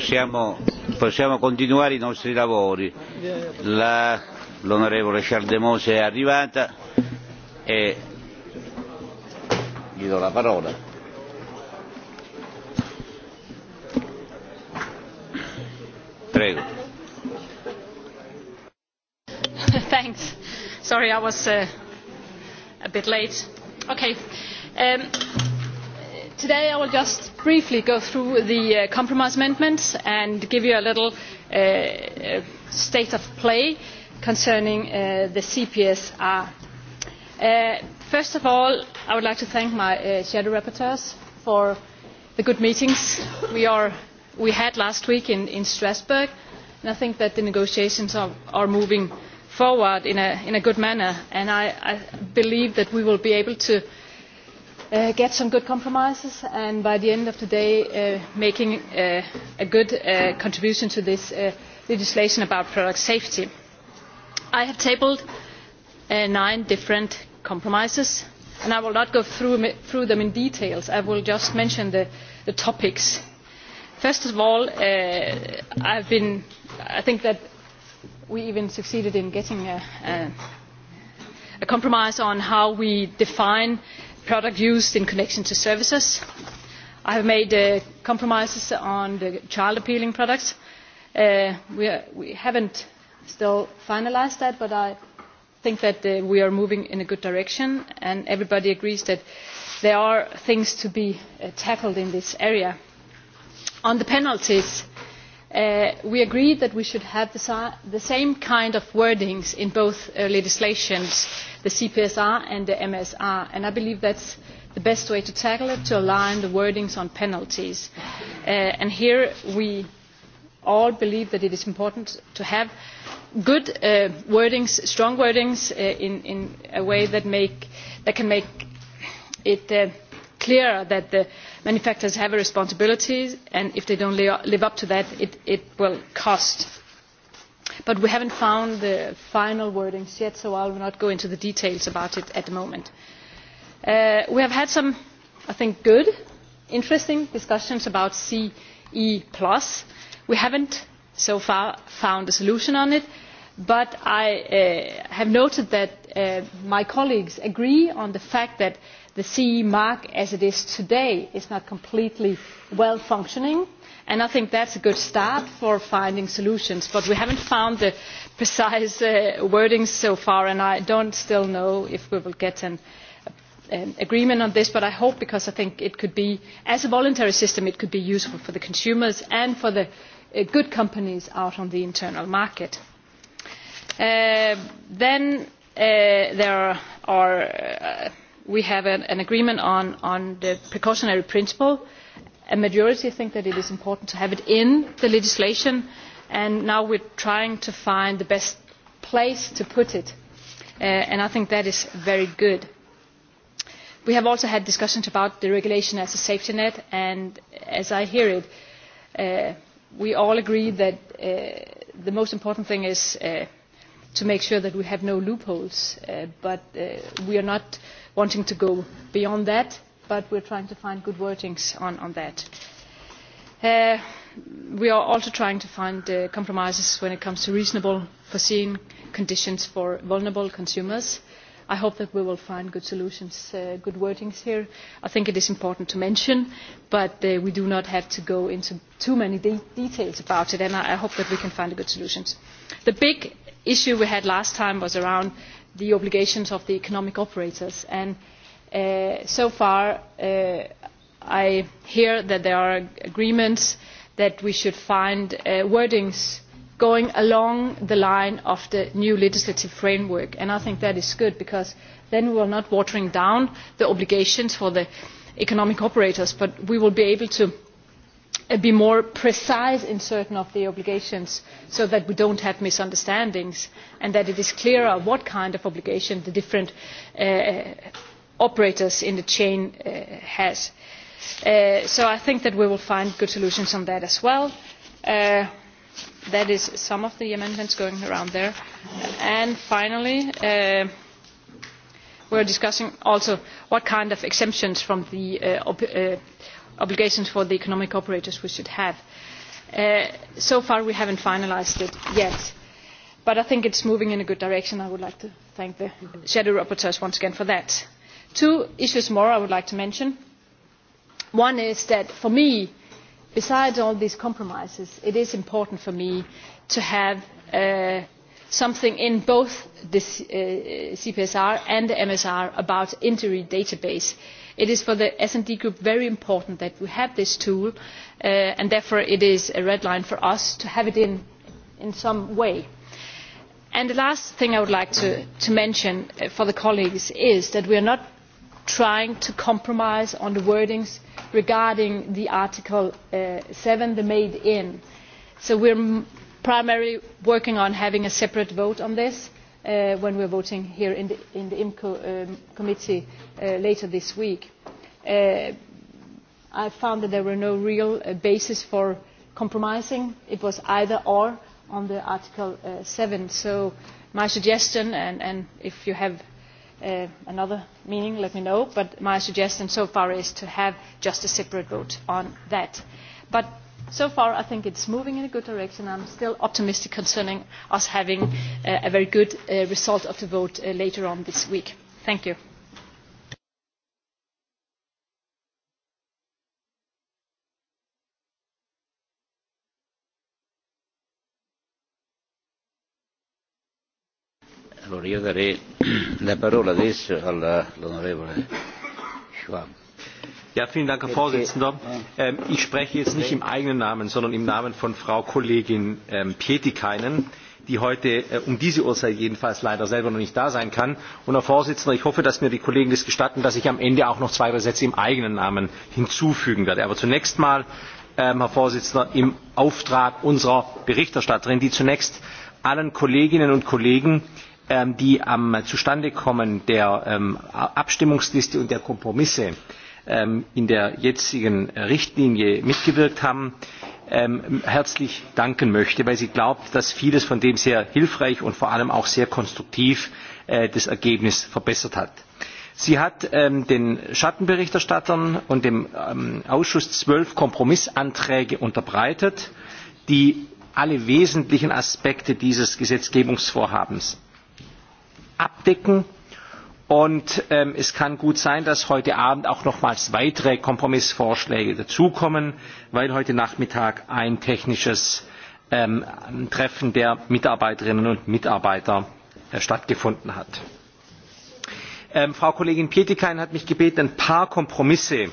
possiamo, possiamo continuare i nostri lavori. L'onorevole Chaldemose è arrivata e gli do la parola. Prego. Thanks. Sorry, I was uh, a bit late. Okay. Um, today I will just briefly go through the uh, compromise amendments and give you a little uh, uh, state of play concerning uh, the CPSR. Uh, first of all, I would like to thank my uh, shadow rapporteurs for the good meetings we, are, we had last week in, in Strasbourg. And I think that the negotiations are, are moving forward in a, in a good manner. And I, I believe that we will be able to uh, get some good compromises and by the end of the day uh, making uh, a good uh, contribution to this uh, legislation about product safety. I have tabled uh, nine different compromises and I will not go through, through them in detail. I will just mention the, the topics. First of all, uh, I've been, I think that we even succeeded in getting a, a, a compromise on how we define product used in connection to services. I have made uh, compromises on the child appealing products. Uh, we, are, we haven't still finalised that, but I think that uh, we are moving in a good direction, and everybody agrees that there are things to be uh, tackled in this area. On the penalties, Uh, we agreed that we should have the, same kind of wordings in both uh, legislations, the CPSR and the MSR, and I believe that's the best way to tackle it, to align the wordings on penalties. Uh, and here we all believe that it is important to have good wordings, strong wordings in, a way that, that can make it clearer that the manufacturers have a responsibility and if they don't live up to that it, will cost. But we haven't found the final wordings yet, so I will not go into the details about it at the moment. Uh, we have had some, I think, good, interesting discussions about CE+. We haven't so far found a solution on it, but I uh, have noted that uh, my colleagues agree on the fact that the CE mark as it is today is not completely well functioning and I think that's a good start for finding solutions but we haven't found the precise uh, wording so far and I don't still know if we will get an, agreement on this but I hope because I think it could be as a voluntary system it could be useful for the consumers and for the uh, good companies out on the internal market. Uh, then there are we have an, agreement on, the precautionary principle. A majority think that it is important to have it in the legislation, and now we are trying to find the best place to put it. Uh, and I think that is very good. We have also had discussions about the regulation as a safety net, and as I hear it, uh, we all agree that uh, the most important thing is to make sure that we have no loopholes, but we are not wanting to go beyond that, but we are trying to find good wordings on, that. Uh, we are also trying to find uh, compromises when it comes to reasonable, foreseen conditions for vulnerable consumers. I hope that we will find good solutions, and uh, good wordings here. I think it is important to mention, but we do not have to go into too many details about it, and I, hope that we can find a good solutions. The big issue we had last time was around the obligations of the economic operators. And uh, so far, uh, I hear that there are agreements that we should find uh, wordings going along the line of the new legislative framework. And I think that is good because then we are not watering down the obligations for the economic operators, but we will be able to Uh, be more precise in certain of the obligations so that we do not have misunderstandings and that it is clearer what kind of obligation the different uh, operators in the chain uh, have. so i think that we will find good solutions on that as well. that is some of the amendments going around there. and finally we are discussing also what kind of exemptions from the obligations for the economic operators we should have. Uh, so far we haven't finalised it yet but i think it is moving in a good direction. i would like to thank the shadow rapporteurs once again for that. two issues more i would like to mention. one is that for me besides all these compromises it is important for me to have uh, something in both the uh, cpsr and the msr about injury databases it is for the sd group very important that we have this tool uh, and therefore it is a red line for us to have it in, some way. the last thing i would like to, mention uh, for the colleagues is that we are not trying to compromise on the wording regarding article uh, seven the made in' so we are primarily working on having a separate vote on this Uh, when we are voting here in the, in the IMCO um, committee uh, later this week. Uh, I found that there were no real basis for compromising. It was either or on the Article seven 7. So my suggestion, and, and if you have another meaning, let me know, but my suggestion so far is to have just a separate vote on that. But so far i think it is moving in a good direction and i am still optimistic concerning us having uh, a very good uh, result of the vote uh, later on this week. thank you. Allora io darei la parola adesso all'onorevole Schwab. Ja, vielen Dank, Herr äh, Vorsitzender. Äh, äh. Ähm, ich spreche jetzt nicht im eigenen Namen, sondern im Namen von Frau Kollegin ähm, Pietikainen die heute äh, um diese Uhrzeit jedenfalls leider selber noch nicht da sein kann. Und Herr Vorsitzender, ich hoffe, dass mir die Kollegen das gestatten, dass ich am Ende auch noch zwei, drei Sätze im eigenen Namen hinzufügen werde. Aber zunächst mal, ähm, Herr Vorsitzender, im Auftrag unserer Berichterstatterin, die zunächst allen Kolleginnen und Kollegen, ähm, die am Zustandekommen der ähm, Abstimmungsliste und der Kompromisse Ähm, in der jetzigen Richtlinie mitgewirkt haben, ähm, herzlich danken möchte, weil sie glaubt, dass vieles von dem sehr hilfreich und vor allem auch sehr konstruktiv äh, das Ergebnis verbessert hat. Sie hat ähm, den Schattenberichterstattern und dem ähm, Ausschuss zwölf Kompromissanträge unterbreitet, die alle wesentlichen Aspekte dieses Gesetzgebungsvorhabens abdecken Und ähm, es kann gut sein, dass heute Abend auch nochmals weitere Kompromissvorschläge dazukommen, weil heute Nachmittag ein technisches ähm, Treffen der Mitarbeiterinnen und Mitarbeiter äh, stattgefunden hat. Ähm, Frau Kollegin Pietikainen hat mich gebeten, ein paar Kompromisse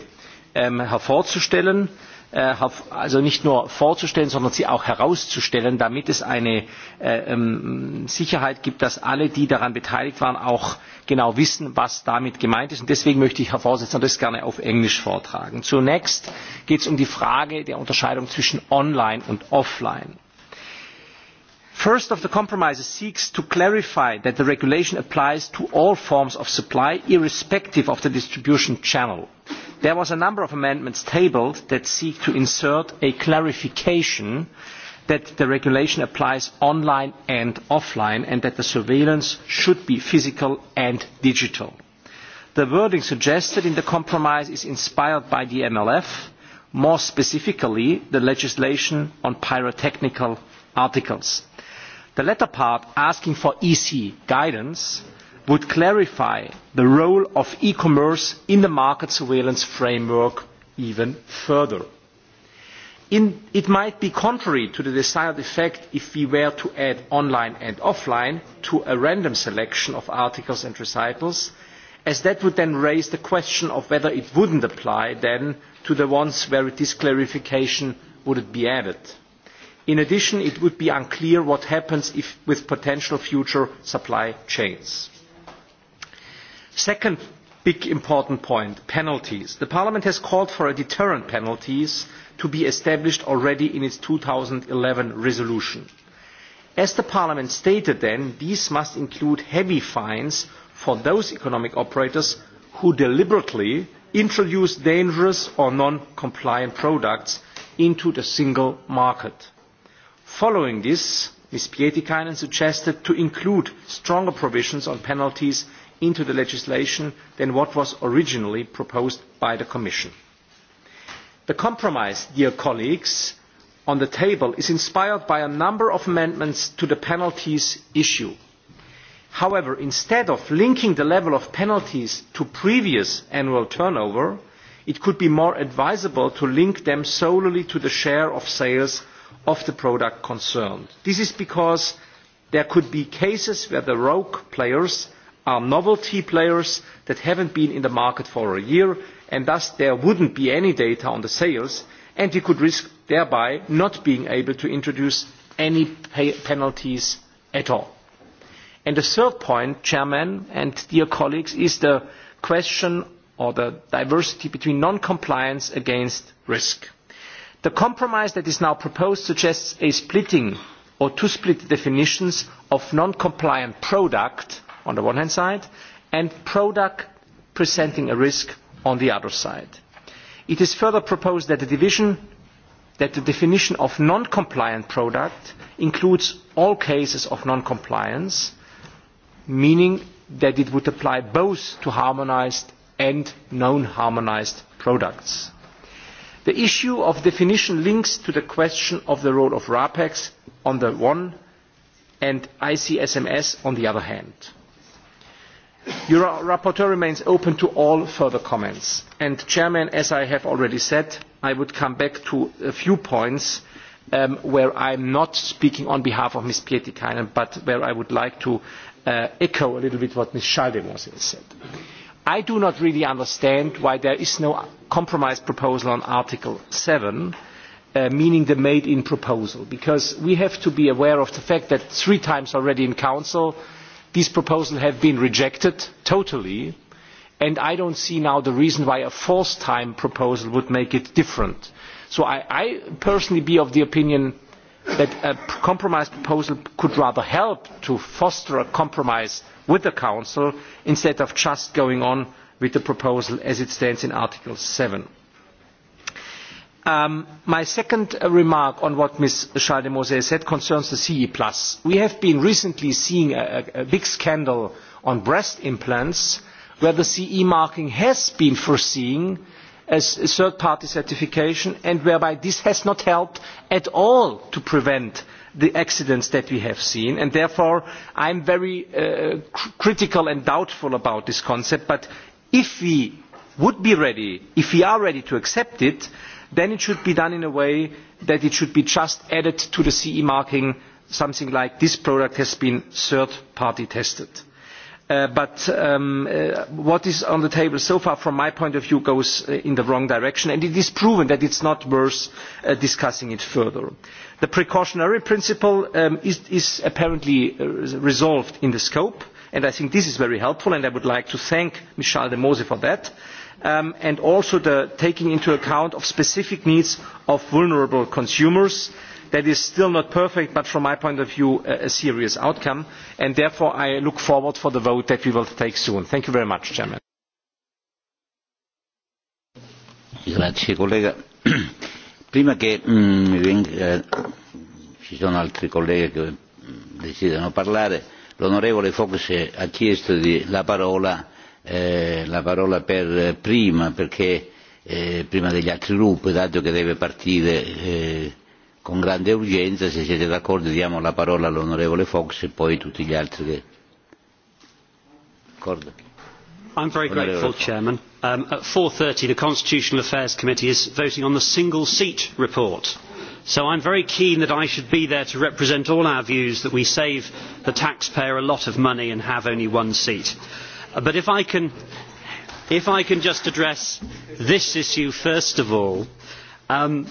ähm, hervorzustellen. Äh, also nicht nur vorzustellen, sondern sie auch herauszustellen, damit es eine äh, ähm, Sicherheit gibt, dass alle, die daran beteiligt waren, auch genau wissen, was damit gemeint ist. deswegen möchte ich, Herr Vorsitzender, das gerne auf Englisch vortragen. Zunächst geht es um die Frage der Unterscheidung zwischen Online und Offline first of the compromises seeks to clarify that the regulation applies to all forms of supply irrespective of the distribution channel there was a number of amendments tabled that seek to insert a clarification that the regulation applies online and offline and that the surveillance should be physical and digital. The wording suggested in the compromise is inspired by the MLF, more specifically the legislation on pyrotechnical articles. The latter part, asking for EC guidance, would clarify the role of e-commerce in the market surveillance framework even further. In, it might be contrary to the desired effect if we were to add online and offline to a random selection of articles and recitals, as that would then raise the question of whether it wouldn't apply then to the ones where this clarification would be added. In addition, it would be unclear what happens if, with potential future supply chains. Second big important point, penalties. The Parliament has called for deterrent penalties to be established already in its 2011 resolution. As the Parliament stated then, these must include heavy fines for those economic operators who deliberately introduce dangerous or non-compliant products into the single market. Following this, Ms. Pietikainen suggested to include stronger provisions on penalties into the legislation than what was originally proposed by the Commission. The compromise, dear colleagues, on the table is inspired by a number of amendments to the penalties issue. However, instead of linking the level of penalties to previous annual turnover, it could be more advisable to link them solely to the share of sales of the product concerned. This is because there could be cases where the rogue players are novelty players that haven't been in the market for a year and thus there wouldn't be any data on the sales and we could risk thereby not being able to introduce any penalties at all. And the third point, Chairman and dear colleagues, is the question or the diversity between non-compliance against risk. The compromise that is now proposed suggests a splitting or two split definitions of non-compliant product on the one hand side, and product presenting a risk on the other side. It is further proposed that the, division, that the definition of non-compliant product includes all cases of non-compliance, meaning that it would apply both to harmonised and non-harmonised products. The issue of definition links to the question of the role of RAPEX on the one and ICSMS on the other hand your rapporteur remains open to all further comments. And Chairman, as I have already said, I would come back to a few points um, where am not speaking on behalf of Ms. Pietikainen, but where I would like to uh, echo a little bit what Ms. Schaldemose said. I do not really understand why there is no compromise proposal on Article 7, uh, meaning the made-in proposal, because we have to be aware of the fact that three times already in Council, uh, these proposals have been rejected totally and i do not see now the reason why a fourth time proposal would make it different. so i, I personally be of the opinion that a compromise proposal could rather help to foster a compromise with the council instead of just going on with the proposal as it stands in article seven. Um, my second uh, remark on what Ms. Schaldemose said concerns the CE+. We have been recently seeing a, big scandal on breast implants where the CE marking has been foreseen as third-party certification and whereby this has not helped at all to prevent the accidents that we have seen and therefore I am very uh, critical and doubtful about this concept but if we would be ready, if we are ready to accept it, then it should be done in a way that it should be just added to the CE marking, something like this product has been third-party tested. Uh, but um, uh, what is on the table so far from my point of view goes uh, in the wrong direction and it is proven that it is not worth uh, discussing it further. the precautionary principle um, is, is apparently uh, resolved in the scope and i think this is very helpful and i would like to thank michel de mose for that. Um, and also the taking into account of specific needs of vulnerable consumers that is still not perfect but from my point of view a, serious outcome and therefore i look forward to for the vote that we will take soon. thank you very much chairman. Grazie collega. Prima che mm, mi venga, eh, ci sono altri colleghi che mm, desiderano parlare, l'onorevole Fox ha chiesto di, la parola Eh, la parola per eh, prima perché eh, prima degli altri gruppi, dato che deve partire eh, con grande urgenza, se siete d'accordo diamo la parola all'onorevole Fox e poi tutti gli altri che... D'accordo? I'm very grateful, Chairman. Um, at 4.30, the Constitutional Affairs Committee is voting on the single seat report. So I'm very keen that I should be there to represent all our views that we save the taxpayer a lot of money and have only one seat. Uh, but if I, can, just address this issue first of all, um,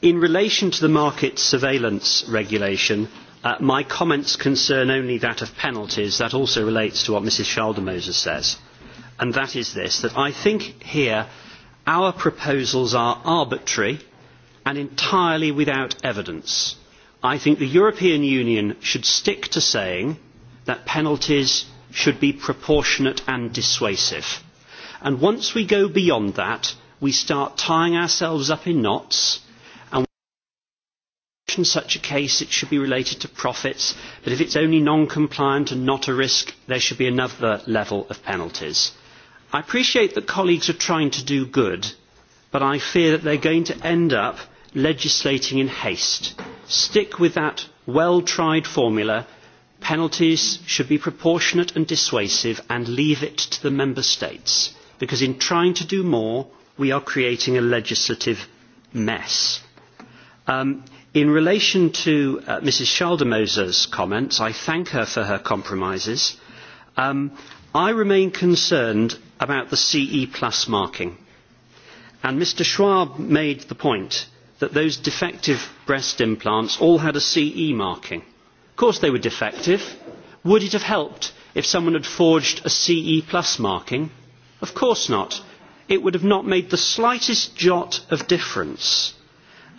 in relation to the market surveillance regulation, uh, my comments concern only that of penalties. That also relates to what Mrs. schaldemose says. And that is this, that I think here our proposals are arbitrary and entirely without evidence. I think the European Union should stick to saying that penalties should be proportionate and dissuasive. And once we go beyond that, we start tying ourselves up in knots. And in such a case, it should be related to profits. But if it's only non-compliant and not a risk, there should be another level of penalties. I appreciate that colleagues are trying to do good, but I fear that they're going to end up legislating in haste. Stick with that well-tried formula Penalties should be proportionate and dissuasive and leave it to the Member States, because in trying to do more, we are creating a legislative mess. Um, in relation to uh, Mrs. Schaldemoser's comments, I thank her for her compromises. Um, I remain concerned about the CE plus marking. And Mr. Schwab made the point that those defective breast implants all had a CE marking. Of course they were defective. Would it have helped if someone had forged a CE plus marking? Of course not. It would have not made the slightest jot of difference.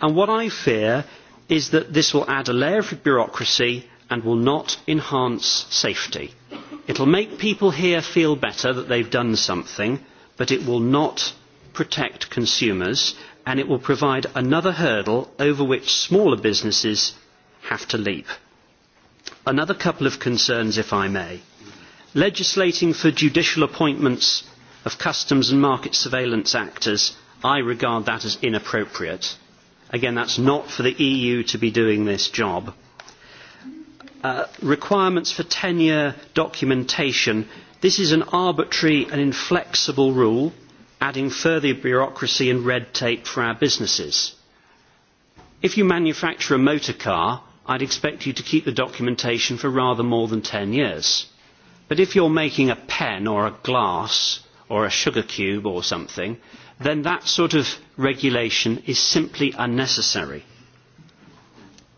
And what I fear is that this will add a layer of bureaucracy and will not enhance safety. It will make people here feel better that they've done something, but it will not protect consumers and it will provide another hurdle over which smaller businesses have to leap. Another couple of concerns, if I may. Legislating for judicial appointments of customs and market surveillance actors, I regard that as inappropriate. Again, that's not for the EU to be doing this job. Uh, requirements for ten year documentation. This is an arbitrary and inflexible rule, adding further bureaucracy and red tape for our businesses. If you manufacture a motor car, I'd expect you to keep the documentation for rather more than 10 years. But if you're making a pen or a glass or a sugar cube or something, then that sort of regulation is simply unnecessary.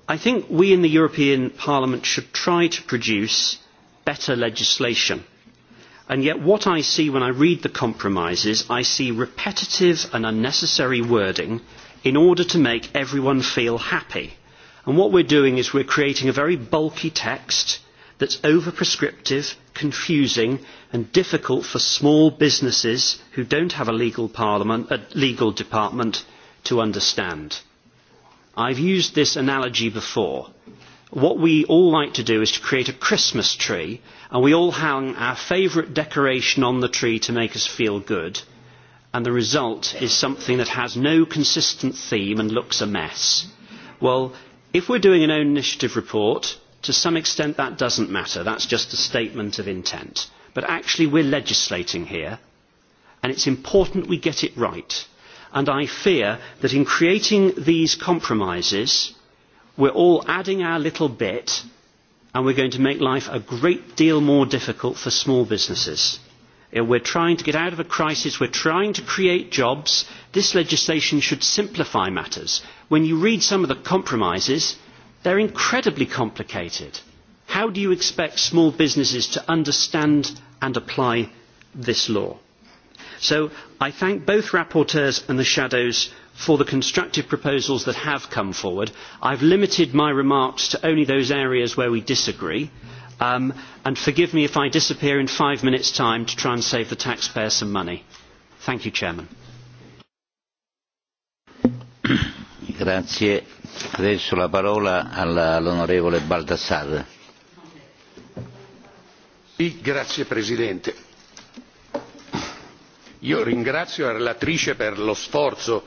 I think we in the European Parliament should try to produce better legislation. And yet what I see when I read the compromises, I see repetitive and unnecessary wording in order to make everyone feel happy. And what we're doing is we're creating a very bulky text that's overprescriptive, confusing and difficult for small businesses who don't have a legal, parliament, a legal department to understand. I've used this analogy before. What we all like to do is to create a Christmas tree and we all hang our favourite decoration on the tree to make us feel good and the result is something that has no consistent theme and looks a mess. Well, if we are doing an own initiative report to some extent that does not matter that is just a statement of intent but actually we are legislating here and it is important we get it right and i fear that in creating these compromises we are all adding our little bit and we are going to make life a great deal more difficult for small businesses. Uh, we are trying to get out of a crisis we are trying to create jobs this legislation should simplify matters. when you read some of the compromises they are incredibly complicated. how do you expect small businesses to understand and apply this law? so i thank both rapporteurs and the shadows for the constructive proposals that have come forward. i have limited my remarks to only those areas where we disagree. Mm Um, and forgive me if I disappear in five minutes' time to try and save the taxpayer some money. Thank you, Chairman. Grazie. Adesso la parola all'onorevole Baldassarre. Grazie Presidente. Io ringrazio la relatrice per lo sforzo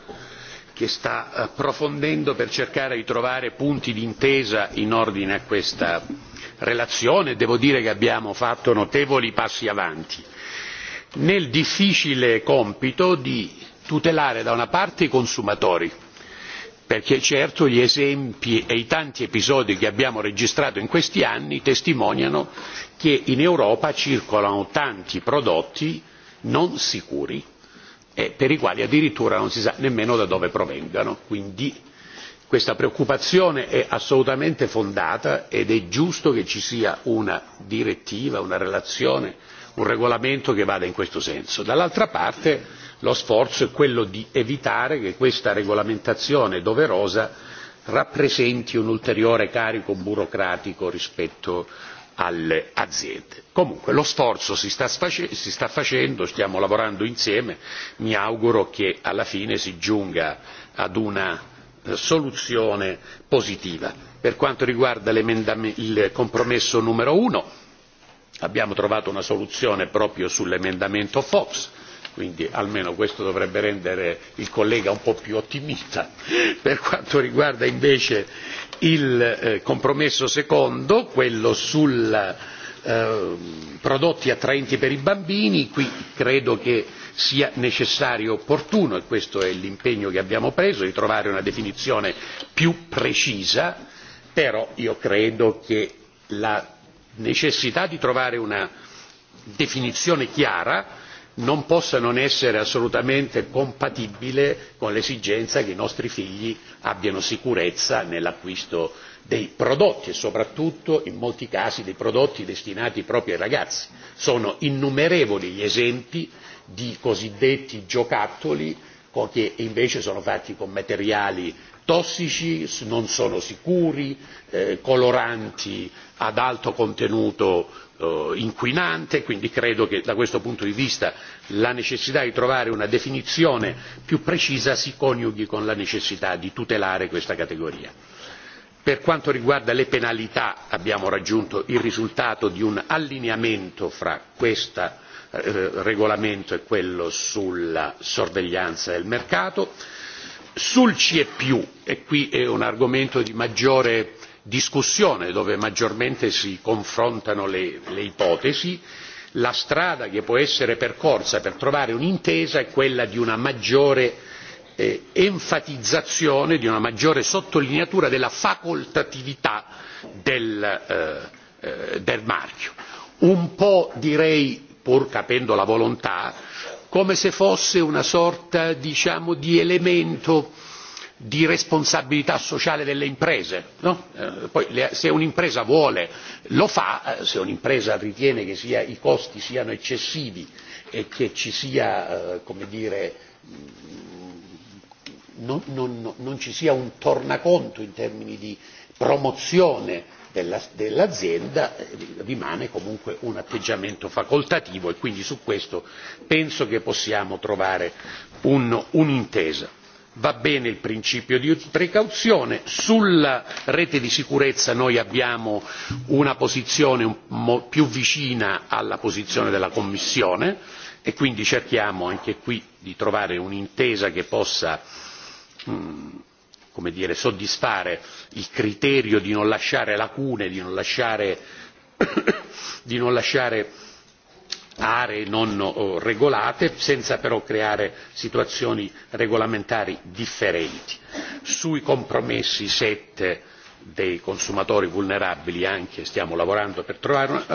che sta approfondendo per cercare di trovare punti d'intesa in ordine a questa relazione devo dire che abbiamo fatto notevoli passi avanti nel difficile compito di tutelare da una parte i consumatori perché certo gli esempi e i tanti episodi che abbiamo registrato in questi anni testimoniano che in europa circolano tanti prodotti non sicuri e per i quali addirittura non si sa nemmeno da dove provengano quindi questa preoccupazione è assolutamente fondata ed è giusto che ci sia una direttiva una relazione un regolamento che vada in questo senso. dall'altra parte lo sforzo è quello di evitare che questa regolamentazione doverosa rappresenti un ulteriore carico burocratico rispetto alle aziende. comunque lo sforzo si sta, facendo stiamo lavorando insieme mi auguro che alla fine si giunga ad una soluzione positiva. Per quanto riguarda il compromesso numero uno abbiamo trovato una soluzione proprio sull'emendamento Fox, quindi almeno questo dovrebbe rendere il collega un po' più ottimista. Per quanto riguarda invece il eh, compromesso secondo, quello sui eh, prodotti attraenti per i bambini, qui credo che sia necessario e opportuno e questo è l'impegno che abbiamo preso di trovare una definizione più precisa però io credo che la necessità di trovare una definizione chiara non possa non essere assolutamente compatibile con l'esigenza che i nostri figli abbiano sicurezza nell'acquisto dei prodotti e soprattutto in molti casi dei prodotti destinati proprio ai ragazzi. sono innumerevoli gli esempi di cosiddetti giocattoli che invece sono fatti con materiali tossici non sono sicuri eh, coloranti ad alto contenuto eh, inquinante quindi credo che da questo punto di vista la necessità di trovare una definizione più precisa si coniughi con la necessità di tutelare questa categoria. Per quanto riguarda le penalità abbiamo raggiunto il risultato di un allineamento fra questa Eh, regolamento è quello sulla sorveglianza del mercato sul ce e qui è un argomento di maggiore discussione dove maggiormente si confrontano le, le ipotesi la strada che può essere percorsa per trovare un'intesa è quella di una maggiore eh, enfatizzazione di una maggiore sottolineatura della facoltatività del, eh, eh, del marchio un po' direi pur capendo la volontà come se fosse una sorta diciamo di elemento di responsabilità sociale delle imprese no? eh, poi le, se un'impresa vuole lo fa eh, se un'impresa ritiene che sia, i costi siano eccessivi e che ci sia eh, come dire mm, non, non, non ci sia un tornaconto in termini di promozione della, dell'azienda eh, rimane comunque un atteggiamento facoltativo e quindi su questo penso che possiamo trovare un, un'intesa. Va bene il principio di precauzione, sulla rete di sicurezza noi abbiamo una posizione più vicina alla posizione della Commissione e quindi cerchiamo anche qui di trovare un'intesa che possa mh, mm, come dire, soddisfare il criterio di non lasciare lacune, di non lasciare, di non lasciare aree non oh, regolate senza però creare situazioni regolamentari differenti. Sui compromessi sette dei consumatori vulnerabili anche stiamo lavorando per trovare una,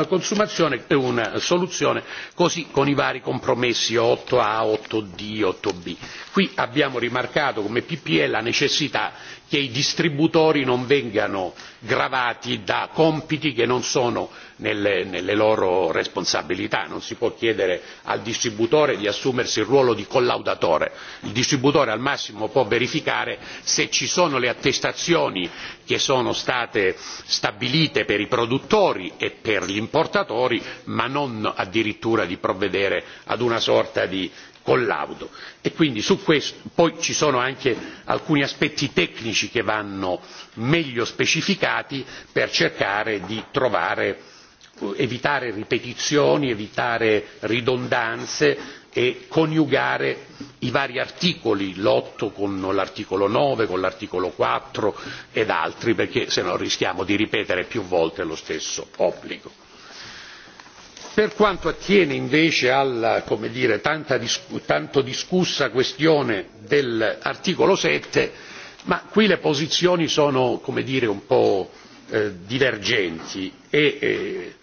soluzione così con i vari compromessi otto a otto d otto b. qui abbiamo rimarcato come ppe la necessità che i distributori non vengano gravati da compiti che non sono nelle, loro responsabilità non si può chiedere al distributore di assumersi il ruolo di collaudatore il distributore al massimo può verificare se ci sono le attestazioni che sono state stabilite per i produttori e per gli importatori ma non addirittura di provvedere ad una sorta di collaudo e quindi su questo poi ci sono anche alcuni aspetti tecnici che vanno meglio specificati per cercare di trovare evitare ripetizioni evitare ridondanze e coniugare i vari articoli l' otto con l'articolo nove con l'articolo quattro ed altri perché se no rischiamo di ripetere più volte lo stesso obbligo per quanto attiene invece alla come dire tanto discussa questione dell'articolo sette qui le posizioni sono come dire un po' eh, divergenti e eh,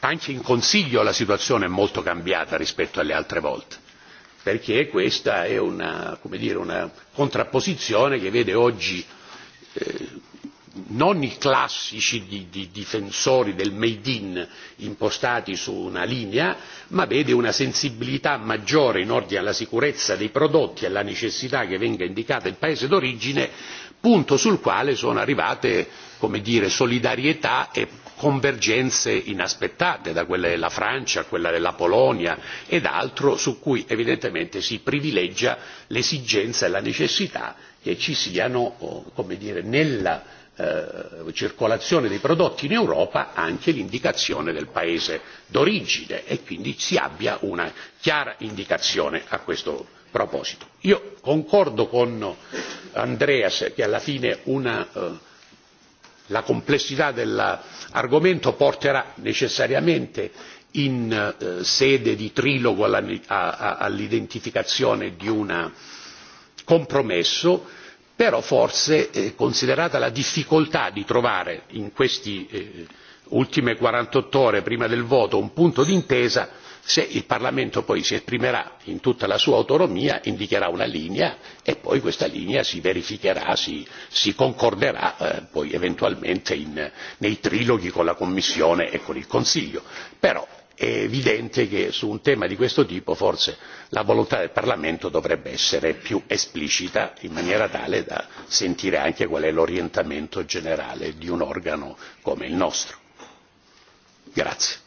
anche in consiglio la situazione è molto cambiata rispetto alle altre volte perché questa è una come dire una contrapposizione che vede oggi eh, non i classici di, di difensori del made in impostati su una linea, ma vede una sensibilità maggiore in ordine alla sicurezza dei prodotti e alla necessità che venga indicata il paese d'origine, punto sul quale sono arrivate come dire, solidarietà e convergenze inaspettate da quella della Francia a quella della Polonia ed altro su cui evidentemente si privilegia l'esigenza e la necessità che ci siano oh, come dire, nella eh, circolazione dei prodotti in Europa anche l'indicazione del paese d'origine e quindi si abbia una chiara indicazione a questo proposito. Io concordo con Andreas che alla fine una, eh, la complessità dell'argomento porterà necessariamente in eh, sede di trilogo all'identificazione di un compromesso però forse eh, considerata la difficoltà di trovare in queste eh, ultime quarantotto ore prima del voto un punto d'intesa se il parlamento poi si esprimerà in tutta la sua autonomia indicherà una linea e poi questa linea si verificherà si, concorderà eh, poi eventualmente nei triloghi con la commissione e con il consiglio però è evidente che su un tema di questo tipo forse la volontà del parlamento dovrebbe essere più esplicita in maniera tale da sentire anche qual è l'orientamento generale di un organo come il nostro. Grazie.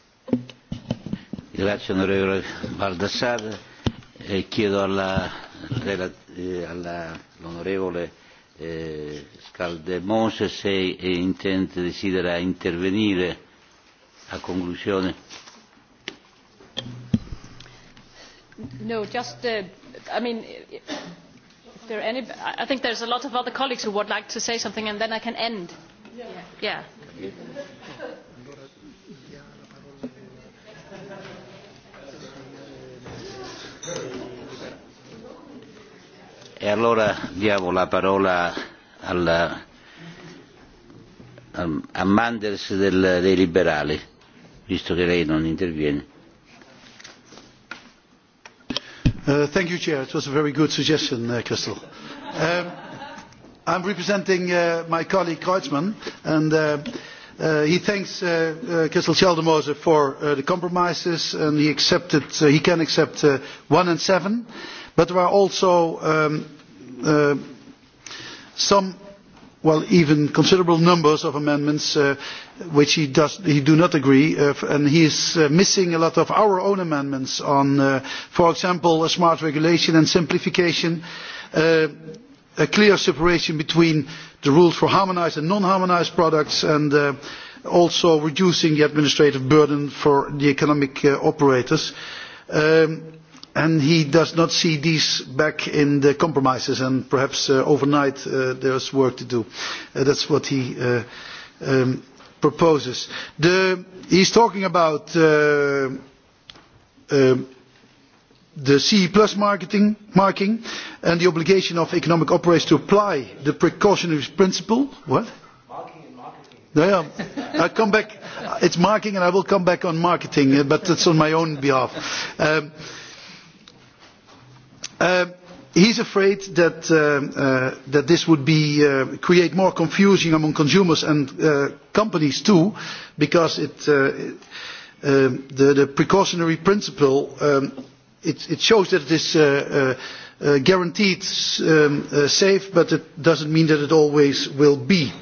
No, just, uh, I mean, if there are any, I think there's a lot of other colleagues who would like to say something and then I can end. Yeah. yeah. E allora diamo la parola al, al, a Manders del, dei liberali, visto che lei non interviene. Uh, thank you, Chair. It was a very good suggestion, uh, Crystal. Um, I'm representing uh, my colleague Kreutzmann, and uh, uh, he thanks uh, uh, Crystal Scheldemose for uh, the compromises, and he accepted uh, he can accept uh, one and seven, but there are also um, uh, some well, even considerable numbers of amendments uh, which he, does, he do not agree, uh, and he is uh, missing a lot of our own amendments on, uh, for example, a smart regulation and simplification, uh, a clear separation between the rules for harmonised and non-harmonised products, and uh, also reducing the administrative burden for the economic uh, operators. Um, and he does not see these back in the compromises and perhaps uh, overnight uh, there is work to do. Uh, that's what he uh, um, proposes. The, he's talking about uh, um, the CE plus marketing, marking and the obligation of economic operators to apply the precautionary principle. What? Marking and marketing. Yeah, I come back. It's marking and I will come back on marketing, uh, but it's on my own behalf. Um, Uh, He is afraid that, uh, uh, that this would be, uh, create more confusion among consumers and uh, companies too, because it, uh, uh, the, the precautionary principle um, it, it shows that it is uh, uh, uh guaranteed um, uh, safe, but it doesn't mean that it always will be.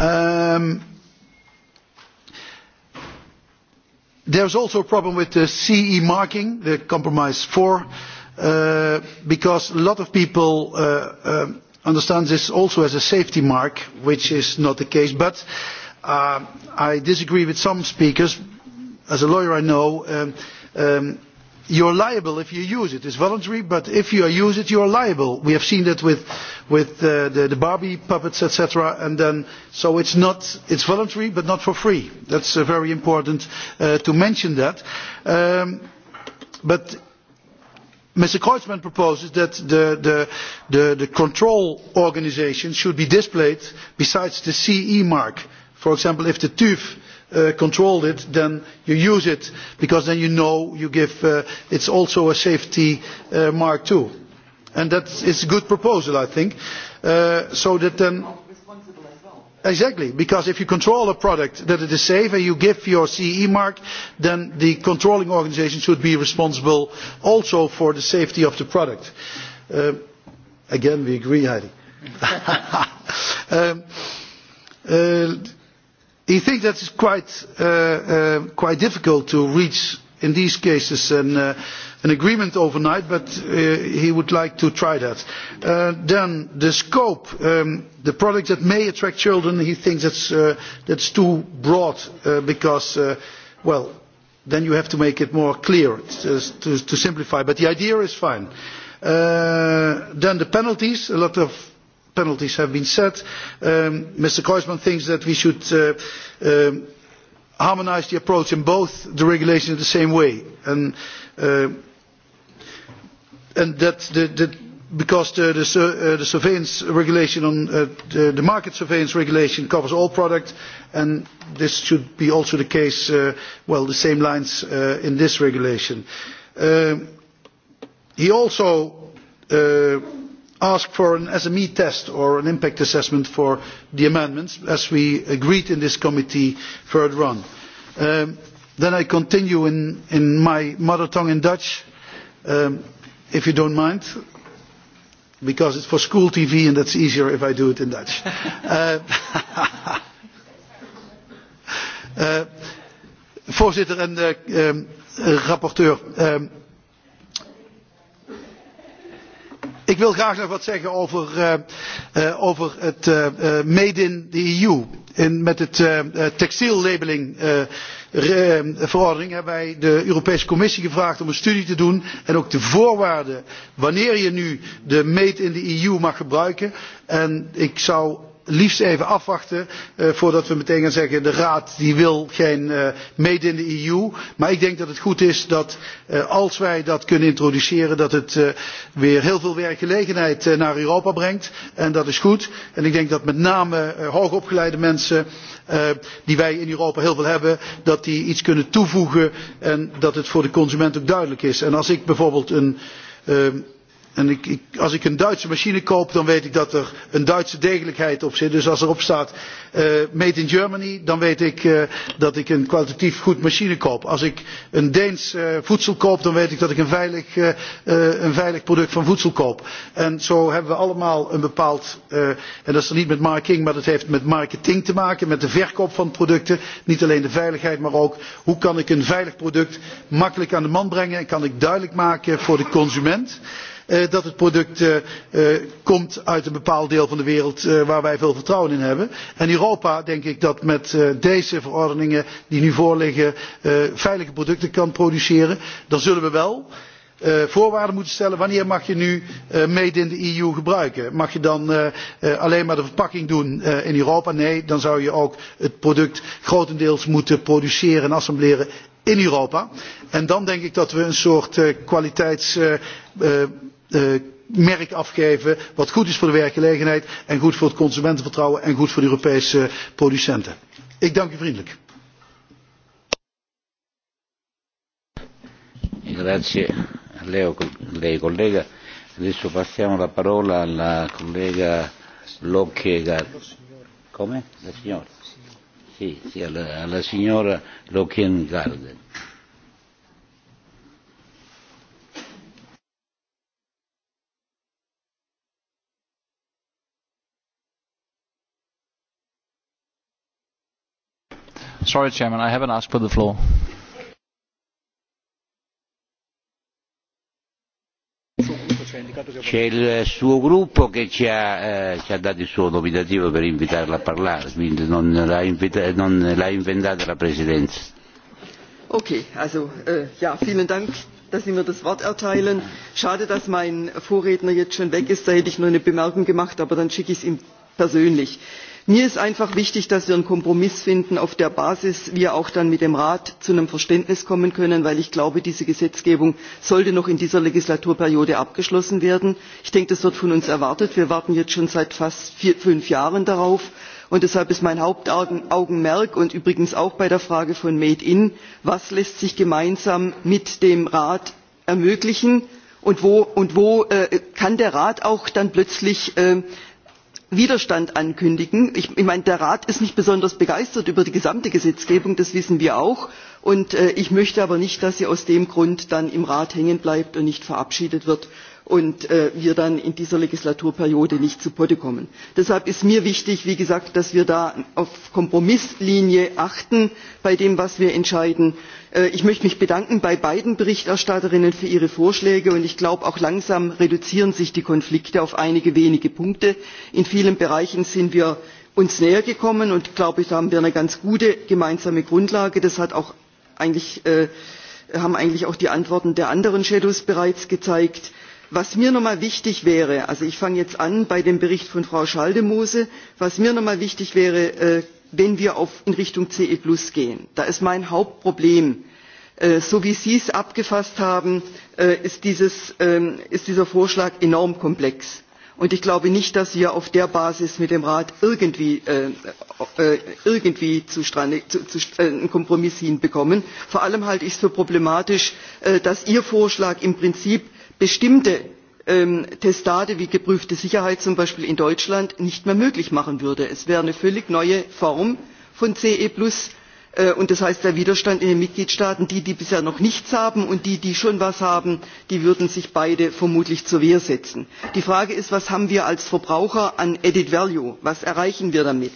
Um, is also a problem with the CE marking, the compromise 4 Uh, because a lot of people uh, uh, understand this also as a safety mark, which is not the case. But I disagree with some speakers. As a lawyer, I know um, um, you are liable if you use it. It's voluntary, but if you use it, you are liable. We have seen that with, the, the Barbie puppets, etc. And then, so it's not it's voluntary, but not for free. That's very important to mention that. Um, but mr creutzmann proposes that the, control organisation should be displayed besides the ce mark. for example if the tuv uh, controlled it then you use it because then you know uh, it is also a safety uh, mark too. that is a good proposal i think uh, so that then exactly because if you control a product that it is safe and you give your ce mark then the controlling organisation should be responsible also for the safety of the product. Uh, again we agree heidi. He um, uh, thinks that it that is quite, uh, quite difficult to reach in these cases an, uh, an agreement overnight but uh, he would like to try that. Uh, then the scope um, the products that may attract children he thinks that's, uh, that's too broad uh, because uh, well then you have to make it more clear to, to, to simplify but the idea is fine. then the penalties a lot of penalties have been set. Um, mr Koisman thinks that we should um, harmonise the approach in both the regulations in the same way and, uh, and that the, the, because the, the, uh, the surveillance regulation on uh, the, the market surveillance regulation covers all products and this should be also the case uh, well the same lines uh, in this regulation. Uh, he also uh, ask for an sme test or an impact assessment for the amendments as we agreed in this committee further on. Um, then i continue in, in my mother tongue in dutch um, if you don't mind because it's for school tv and that's easier if i do it in dutch. uh, uh, voorzitter en uh, rapporteur um, ik wil graag nog wat zeggen over, eh, eh, over het eh, made in the eu. In, met de verordening hebben wij de europese commissie gevraagd om een studie te doen en ook de voorwaarden wanneer je nu de made in the eu mag gebruiken. En ik zou liefst even afwachten eh, voordat we meteen gaan zeggen de raad die wil geen eh, made in the eu maar ik denk dat het goed is dat eh, als wij dat kunnen introduceren dat het weer heel veel werkgelegenheid naar europa brengt en dat is goed en ik denk dat met name hoogopgeleide mensen die wij in europa heel veel hebben dat die iets kunnen toevoegen en dat het voor de consument ook duidelijk is. En als ik bijvoorbeeld een En ik, ik, als ik een Duitse machine koop, dan weet ik dat er een Duitse degelijkheid op zit. Dus als erop staat uh, made in Germany, dan weet ik uh, dat ik een kwalitatief goed machine koop. Als ik een Deens uh, voedsel koop, dan weet ik dat ik een veilig, uh, uh, een veilig product van voedsel koop. En zo hebben we allemaal een bepaald, uh, en dat is er niet met marketing, maar dat heeft met marketing te maken, met de verkoop van producten. Niet alleen de veiligheid, maar ook hoe kan ik een veilig product makkelijk aan de man brengen en kan ik duidelijk maken voor de consument. Eh, dat het product eh, eh, komt uit een bepaald deel van de wereld waar wij veel vertrouwen in hebben. En europa denk ik dat met deze verordeningen die nu voorliggen veilige producten kan produceren. Dan zullen we wel voorwaarden moeten stellen wanneer mag je nu made in the eu gebruiken? mag je dan alleen maar de verpakking doen in europa? nee dan zou je ook het product grotendeels moeten produceren en assembleren in europa. en dan denk ik dat we een soort kwaliteits uh, merk afgeven wat goed is voor de werkgelegenheid en goed voor het consumentenvertrouwen en goed voor de Europese producenten. Ik dank u vriendelijk. Grazie lei, collega. Adesso passiamo la parola alla collega Locchegar. Come? La signora? Sì, sì alla, alla signora Locchengard. Sorry, Chairman, I haven't asked for the floor. C'è il suo gruppo che ci ha, eh, ci ha dato il suo nominativo per invitarla a parlare, quindi non l'ha, invita- non l'ha inventata la Presidenza. Ok, also, eh, ja, vielen Dank dass Sie mir das Wort erteilen. Schade, dass mein Vorredner jetzt schon weg ist. Da hätte ich nur eine Bemerkung gemacht, aber dann schicke ich es ihm persönlich. Äh, mir ist einfach wichtig dass wir einen kompromiss finden auf der basis wir auch dann mit dem rat zu einem verständnis kommen können denn ich glaube diese gesetzgebung sollte noch in dieser legislaturperiode abgeschlossen werden. ich denke das wird von uns erwartet wir warten jetzt schon seit fast fünf jahren darauf und deshalb ist mein hauptaugenmerk und übrigens auch bei der frage von made in was lässt sich gemeinsam mit dem rat ermöglichen und wo, äh, kann der rat auch dann plötzlich äh, widerstand ankündigen. Ich, meine, der rat ist nicht besonders begeistert über die gesamte gesetzgebung das wissen wir auch und äh, ich möchte aber nicht dass sie aus dem grund dann im rat hängen bleibt und nicht verabschiedet wird und äh, wir dann in dieser legislaturperiode nicht zu potte kommen. deshalb ist mir wichtig wie gesagt dass wir da auf kompromisslinie achten bei dem was wir entscheiden. Äh, ich möchte mich bei beiden berichterstatterinnen für ihre vorschläge bedanken und ich glaube auch langsam reduzieren sich die konflikte auf einige wenige punkte. in vielen bereichen sind wir uns näher gekommen und glaube ich da haben wir eine ganz gute gemeinsame grundlage. das hat auch eigentlich, äh, haben eigentlich auch die antworten der anderen schattenberichterstatter bereits gezeigt was mir noch einmal wichtig wäre also ich fange jetzt an bei dem bericht von frau schaldemose was mir noch einmal wichtig wäre äh, wenn wir in richtung ce gehen da ist mein hauptproblem äh, so wie sie es abgefasst haben äh, ähm, ist, dieser vorschlag enorm komplex und ich glaube nicht dass wir auf der basis mit dem rat irgendwie, einen kompromiss hinbekommen. vor allem halte ich es für problematisch dass ihr vorschlag im prinzip bestimmte ähm, testate wie geprüfte sicherheit zum beispiel in deutschland nicht mehr möglich machen würde. es wäre eine völlig neue form von ce äh, und das heißt der widerstand in den mitgliedstaaten die die bisher noch nichts haben und die die schon etwas haben die würden sich beide vermutlich zur wehr setzen. die frage ist was haben wir als verbraucher an added value was erreichen wir damit?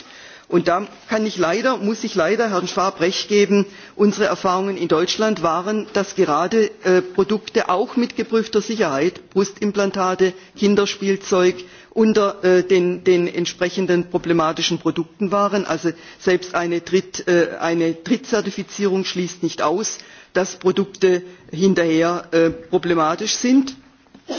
und da kann ich leider muss ich leider herrn schwab recht geben unsere erfahrungen in deutschland waren dass gerade äh, produkte auch mit geprüfter sicherheit brustimplantate kinderspielzeug unter äh, den entsprechenden problematischen produkten waren. also selbst eine drittzertifizierung äh, schließt nicht aus dass produkte hinterher problematisch sind.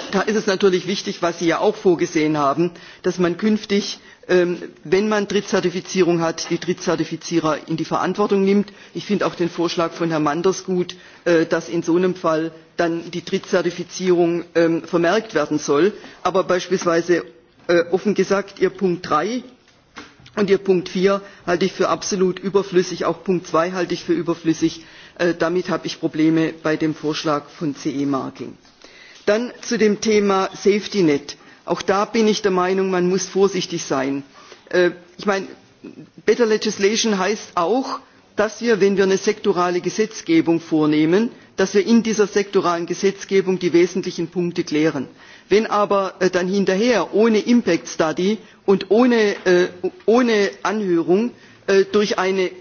da ist es natürlich wichtig was sie ja auch vorgesehen haben dass man künftig Ähm, wenn man drittzertifizierung hat die drittzertifizierer in die verantwortung nimmt. ich finde auch den vorschlag von herrn manders gut äh, dass in so einem fall dann die drittzertifizierung ähm, vermerkt werden soll. aber beispielsweise äh, offen gesagt ihren punkt drei und ihren punkt vier halte ich für absolut überflüssig auch punkt zwei halte ich für überflüssig. Äh, damit habe ich probleme bei dem vorschlag von ce marking. dann zu dem thema safety net auch da bin ich der meinung man muss vorsichtig sein. Äh, ich meine better legislation heißt auch dass wir wenn wir eine sektorale gesetzgebung vornehmen in dieser sektoralen gesetzgebung die wesentlichen punkte klären. wenn aber äh, dann hinterher ohne impact study und ohne äh, anhörung durch eine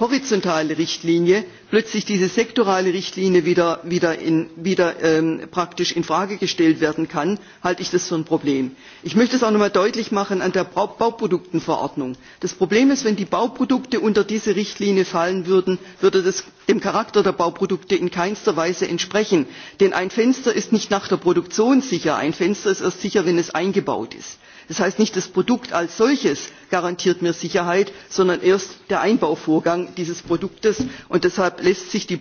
horizontale richtlinie plötzlich diese sektorale richtlinie wieder, ähm, praktisch in frage gestellt werden kann halte ich das für ein problem. ich möchte es auch noch einmal deutlich machen an der bauprodukteverordnung das problem ist wenn die bauprodukte unter diese richtlinie fallen würden würde das dem charakter der bauprodukte in keinster weise entsprechen denn ein fenster ist nicht nach der produktion sicher ein fenster ist erst sicher wenn es eingebaut ist das heißt nicht das produkt als solches garantiert mir sicherheit sondern erst der einbauvorgang dieses produktes und deshalb äh, lassen sich die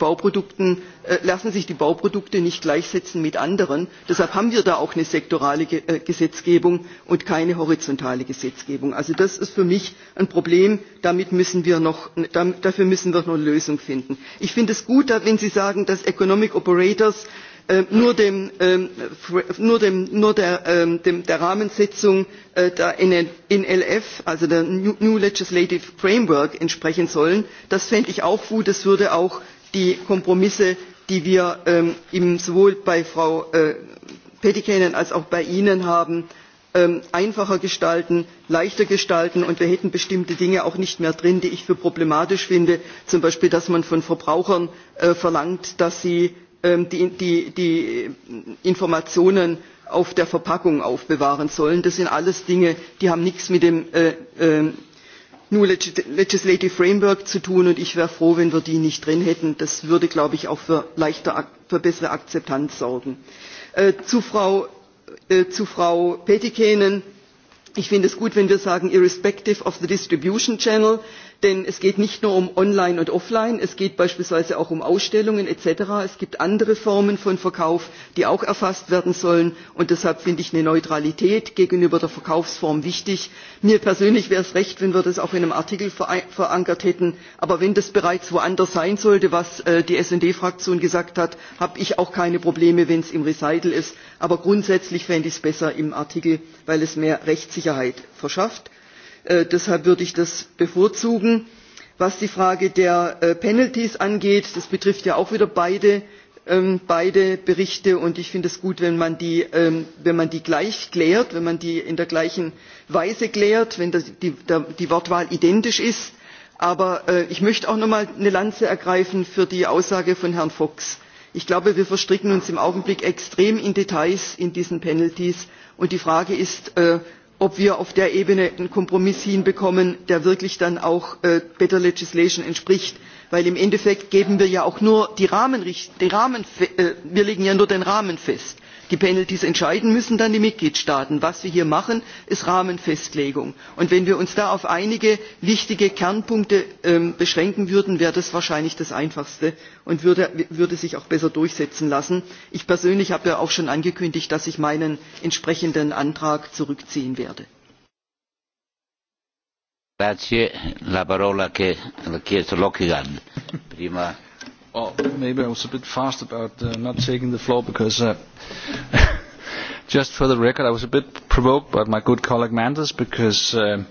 bauprodukte nicht gleichsetzen mit anderen. deshalb haben wir da auch eine sektorale äh, gesetzgebung und keine horizontale gesetzgebung. also das ist für mich ein problem dafür müssen wir noch eine lösung finden. ich finde es gut wenn sie sagen dass economic operators Ähm, ähm, nur, der, ähm, der rahmensetzung äh, der nlf also der new legislative framework entsprechen sollen. das fände ich auch gut das würde auch die kompromisse die wir sowohl bei frau äh, pietikinen als auch bei ihnen haben einfacher gestalten leichter gestalten und wir hätten bestimmte dinge auch nicht mehr drin die ich für problematisch finde zum beispiel dass man von verbrauchern äh, verlangt dass sie Ähm, die, die, die informationen auf der verpackung aufbewahren sollen. das sind alles dinge die haben nichts mit dem äh, äh, new legislative framework zu tun und ich wäre froh wenn wir die nicht drin hätten. das würde glaube ich auch für, leichter, für bessere akzeptanz sorgen. Äh, zu frau, äh, frau pietikäinen ich finde es gut wenn wir sagen irrespective of the distribution channel denn es geht nicht nur um online und offline es geht beispielsweise auch um ausstellungen etc. es gibt andere formen von verkauf die auch erfasst werden sollen und deshalb finde ich eine neutralität gegenüber der verkaufsform wichtig. mir persönlich wäre es recht wenn wir das auch in einem artikel verankert hätten aber wenn das bereits woanders sein sollte was äh, die sd fraktion gesagt hat habe ich auch keine probleme wenn es im recital ist aber grundsätzlich fände ich es besser im artikel weil es mehr rechtssicherheit verschafft. Äh, deshalb würde ich das bevorzugen. was die frage der äh, penalties angeht das betrifft ja auch wieder beide, ähm, berichte und ich finde es gut ähm, wenn man, die, gleich klärt wenn man die in der gleichen weise klärt wenn die, da, die wortwahl identisch ist. aber äh, ich möchte auch noch mal eine lanze ergreifen für die aussage von herrn fox ich glaube wir verstricken uns im augenblick extrem in details in diesen penalties und die frage ist ob wir auf der ebene einen kompromiss hinbekommen der wirklich dann auch äh, better legislation entspricht weil im endeffekt legen wir ja auch ja nur den rahmen fest die penalties entscheiden müssen dann die mitgliedstaaten. was wir hier machen ist rahmenfestlegung und wenn wir uns da auf einige wichtige kernpunkte ähm, beschränken würden wäre das wahrscheinlich das einfachste und würde, sich auch besser durchsetzen lassen. ich persönlich habe ja auch schon angekündigt dass ich meinen entsprechenden antrag zurückziehen werde. Oh, maybe I was a bit fast about uh, not taking the floor because uh, just for the record, I was a bit provoked by my good colleague Mandas because, uh,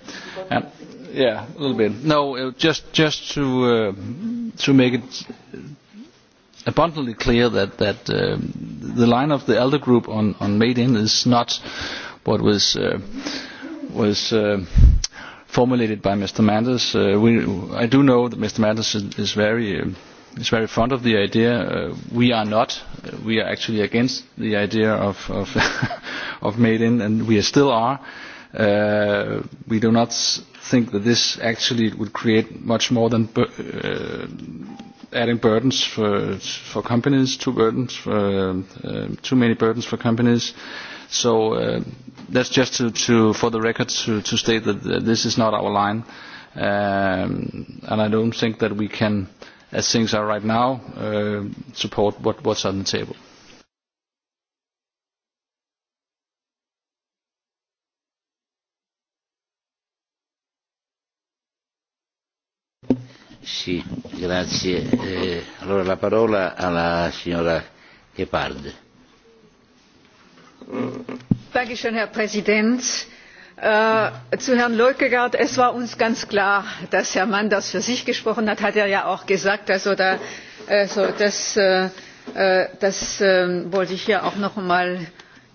and, yeah, a little bit. No, it, uh, just just to uh, to make it abundantly clear that that um, the line of the elder group on on made in is not what was uh, was. Uh, formulated by Mr. Manders. Uh, we, I do know that Mr. Manders is, is very um, is very fond of the idea. Uh, we are not. Uh, we are actually against the idea of, of, of made in, and we still are. Uh, we do not think that this actually would create much more than bur uh, adding burdens for, for companies, too, burdens for, uh, too many burdens for companies. So uh, that's just to, to, for the record to, to state that this is not our line. Um, and I don't think that we can uh, as things are right now, uh, support what, what's on the table. Sì, grazie. Eh, allora la parola alla signora Gepard. Dankeschön, Herr Präsident Äh, zu herrn lkkegaard es war uns ganz klar dass herr mann das für sich gesprochen hat hat er ja auch gesagt also, da, das, äh, äh, ähm, wollte ich hier auch noch einmal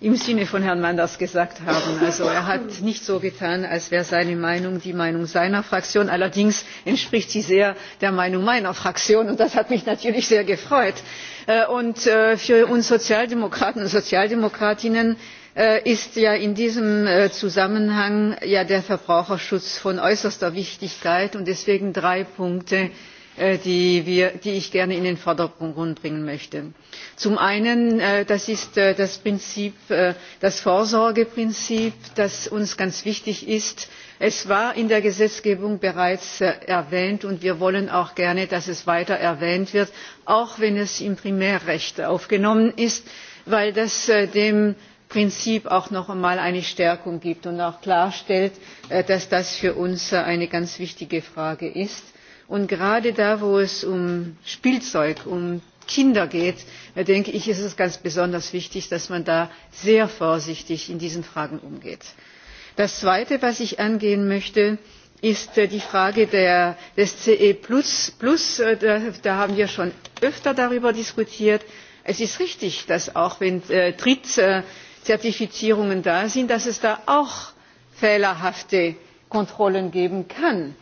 im sinne von herrn mann gesagt haben. also er hat nicht so getan als wäre seine meinung die meinung seiner fraktion allerdings entspricht sie sehr der meinung meiner fraktion und das hat mich natürlich sehr gefreut. für uns sozialdemokraten und sozialdemokratinnen Äh, ist ja in diesem äh, zusammenhang der verbraucherschutz von äußerster wichtigkeit und deswegen drei punkte äh, die, die ich gerne in den vordergrund bringen möchte. zum einen das ist das prinzip das vorsorgeprinzip das uns ganz wichtig ist. es war in der gesetzgebung bereits erwähnt und wir wollen auch gerne dass es weiter erwähnt wird auch wenn es im primärrecht aufgenommen ist weil das dem prinzip auch noch einmal eine stärkung gibt und auch klarstellt äh, dass das für uns eine ganz wichtige frage ist. und gerade da wo es um spielzeug um kinder geht äh, denke ich ist es ganz besonders wichtig dass man da sehr vorsichtig in diesen fragen umgeht. das zweite was ich angehen möchte ist äh, die frage des ce da, da, haben wir schon öfter darüber diskutiert. es ist richtig dass auch wenn äh, zertifizierungen da sind dass es da auch fehlerhafte kontrollen geben kann.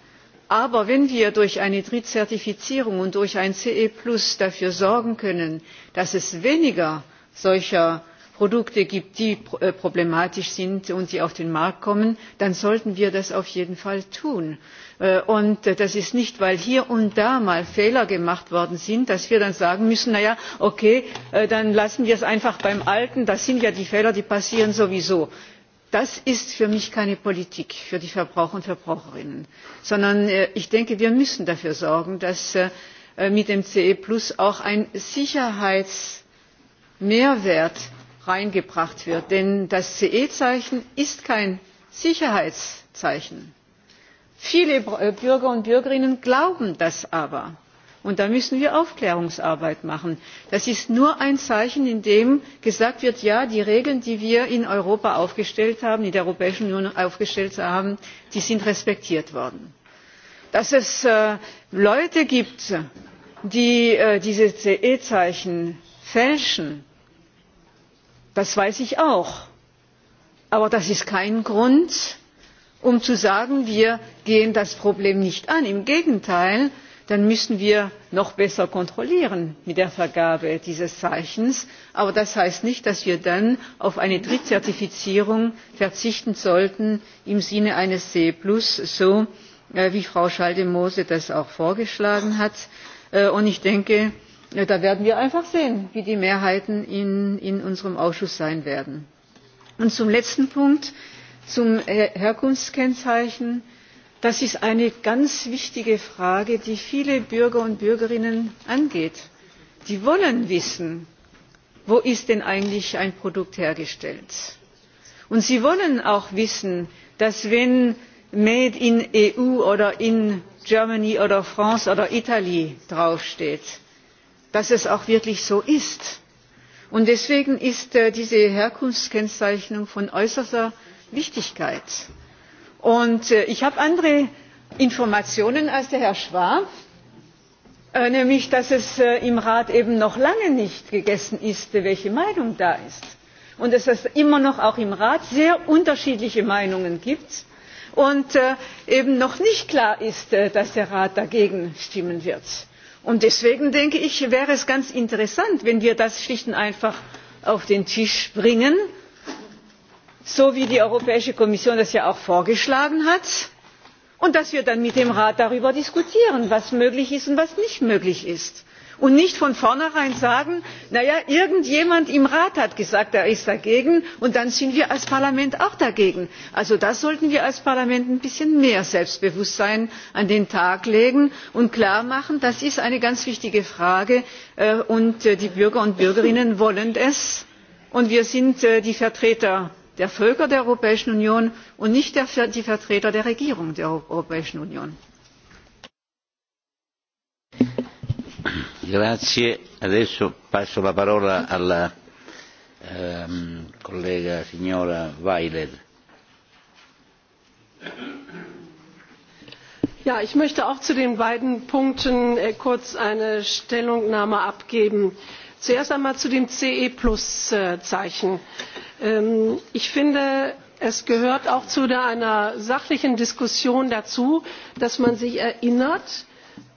aber wenn wir durch eine drittzertifizierung und durch ein ce dafür sorgen können dass es weniger solcher produkte gibt die äh, problematisch sind und die auf den markt kommen dann sollten wir das auf jeden fall tun. Äh, und äh, das ist nicht weil hier und da mal fehler gemacht worden sind dass wir dann sagen müssen na ja okay dann lassen wir es einfach beim alten das sind ja die fehler die passieren sowieso das ist für mich keine politik für die verbraucher und verbraucherinnen sondern ich denke wir müssen dafür sorgen dass mit dem ce auch ein sicherheitsmehrwert reingebracht wird. denn das ce zeichen ist kein sicherheitszeichen. viele äh, bürger und bürgerinnen glauben das aber und da müssen wir aufklärungsarbeit machen. das ist nur ein zeichen in dem gesagt wird ja die regeln die wir in europa aufgestellt haben in der europäischen union aufgestellt haben die sind respektiert worden. dass es äh, leute gibt die äh, diese ce zeichen fälschen das weiß ich auch. aber das ist kein grund um zu sagen wir gehen das problem nicht an. im gegenteil dann müssen wir noch besser kontrollieren mit der vergabe dieses zeichens aber das heißt nicht dass wir dann auf eine drittzertifizierung verzichten sollten im sinne eines c so äh, wie frau schaldemose das auch vorgeschlagen hat. Äh, und ich denke da werden wir einfach sehen wie die mehrheiten in, unserem ausschuss sein werden. und zum letzten punkt zum Her äh, herkunftskennzeichen das ist eine ganz wichtige frage die viele bürger und bürgerinnen angeht. die wollen wissen wo ist denn eigentlich ein produkt hergestellt? und sie wollen auch wissen dass wenn made in eu oder in germany oder france oder italy draufsteht dass es auch wirklich so ist. Und deswegen ist äh, diese herkunftskennzeichnung von äußerster wichtigkeit. Äh, ich habe andere informationen als der herr schwab äh, nämlich dass es im rat eben noch lange nicht gegessen ist welche meinung da ist und dass es immer noch auch im rat sehr unterschiedliche meinungen gibt und eben noch nicht klar ist dass der rat dagegen stimmen wird und deswegen denke ich wäre es ganz interessant wenn wir das schlicht und einfach auf den tisch bringen so wie die europäische kommission das ja auch vorgeschlagen hat und dass wir dann mit dem rat darüber diskutieren was möglich ist und was nicht möglich ist und nicht von vornherein sagen na ja irgendjemand im rat hat gesagt er ist dagegen und dann sind wir als parlament auch dagegen. also da sollten wir als parlament ein bisschen mehr selbstbewusstsein an den tag legen und klarmachen das ist eine ganz wichtige frage äh, und äh, die bürger und bürgerinnen wollen es und wir sind äh, die vertreter der völker der europäischen union und nicht die vertreter der regierung der europäischen union. Grazie. Adesso passo la parola alla ehm, collega signora Weiler. Ja, ich möchte auch zu den beiden Punkten äh, kurz eine Stellungnahme abgeben. Zuerst einmal zu dem CE äh, Zeichen. Ähm, ich finde, es gehört auch zu einer sachlichen Diskussion dazu, dass man sich erinnert,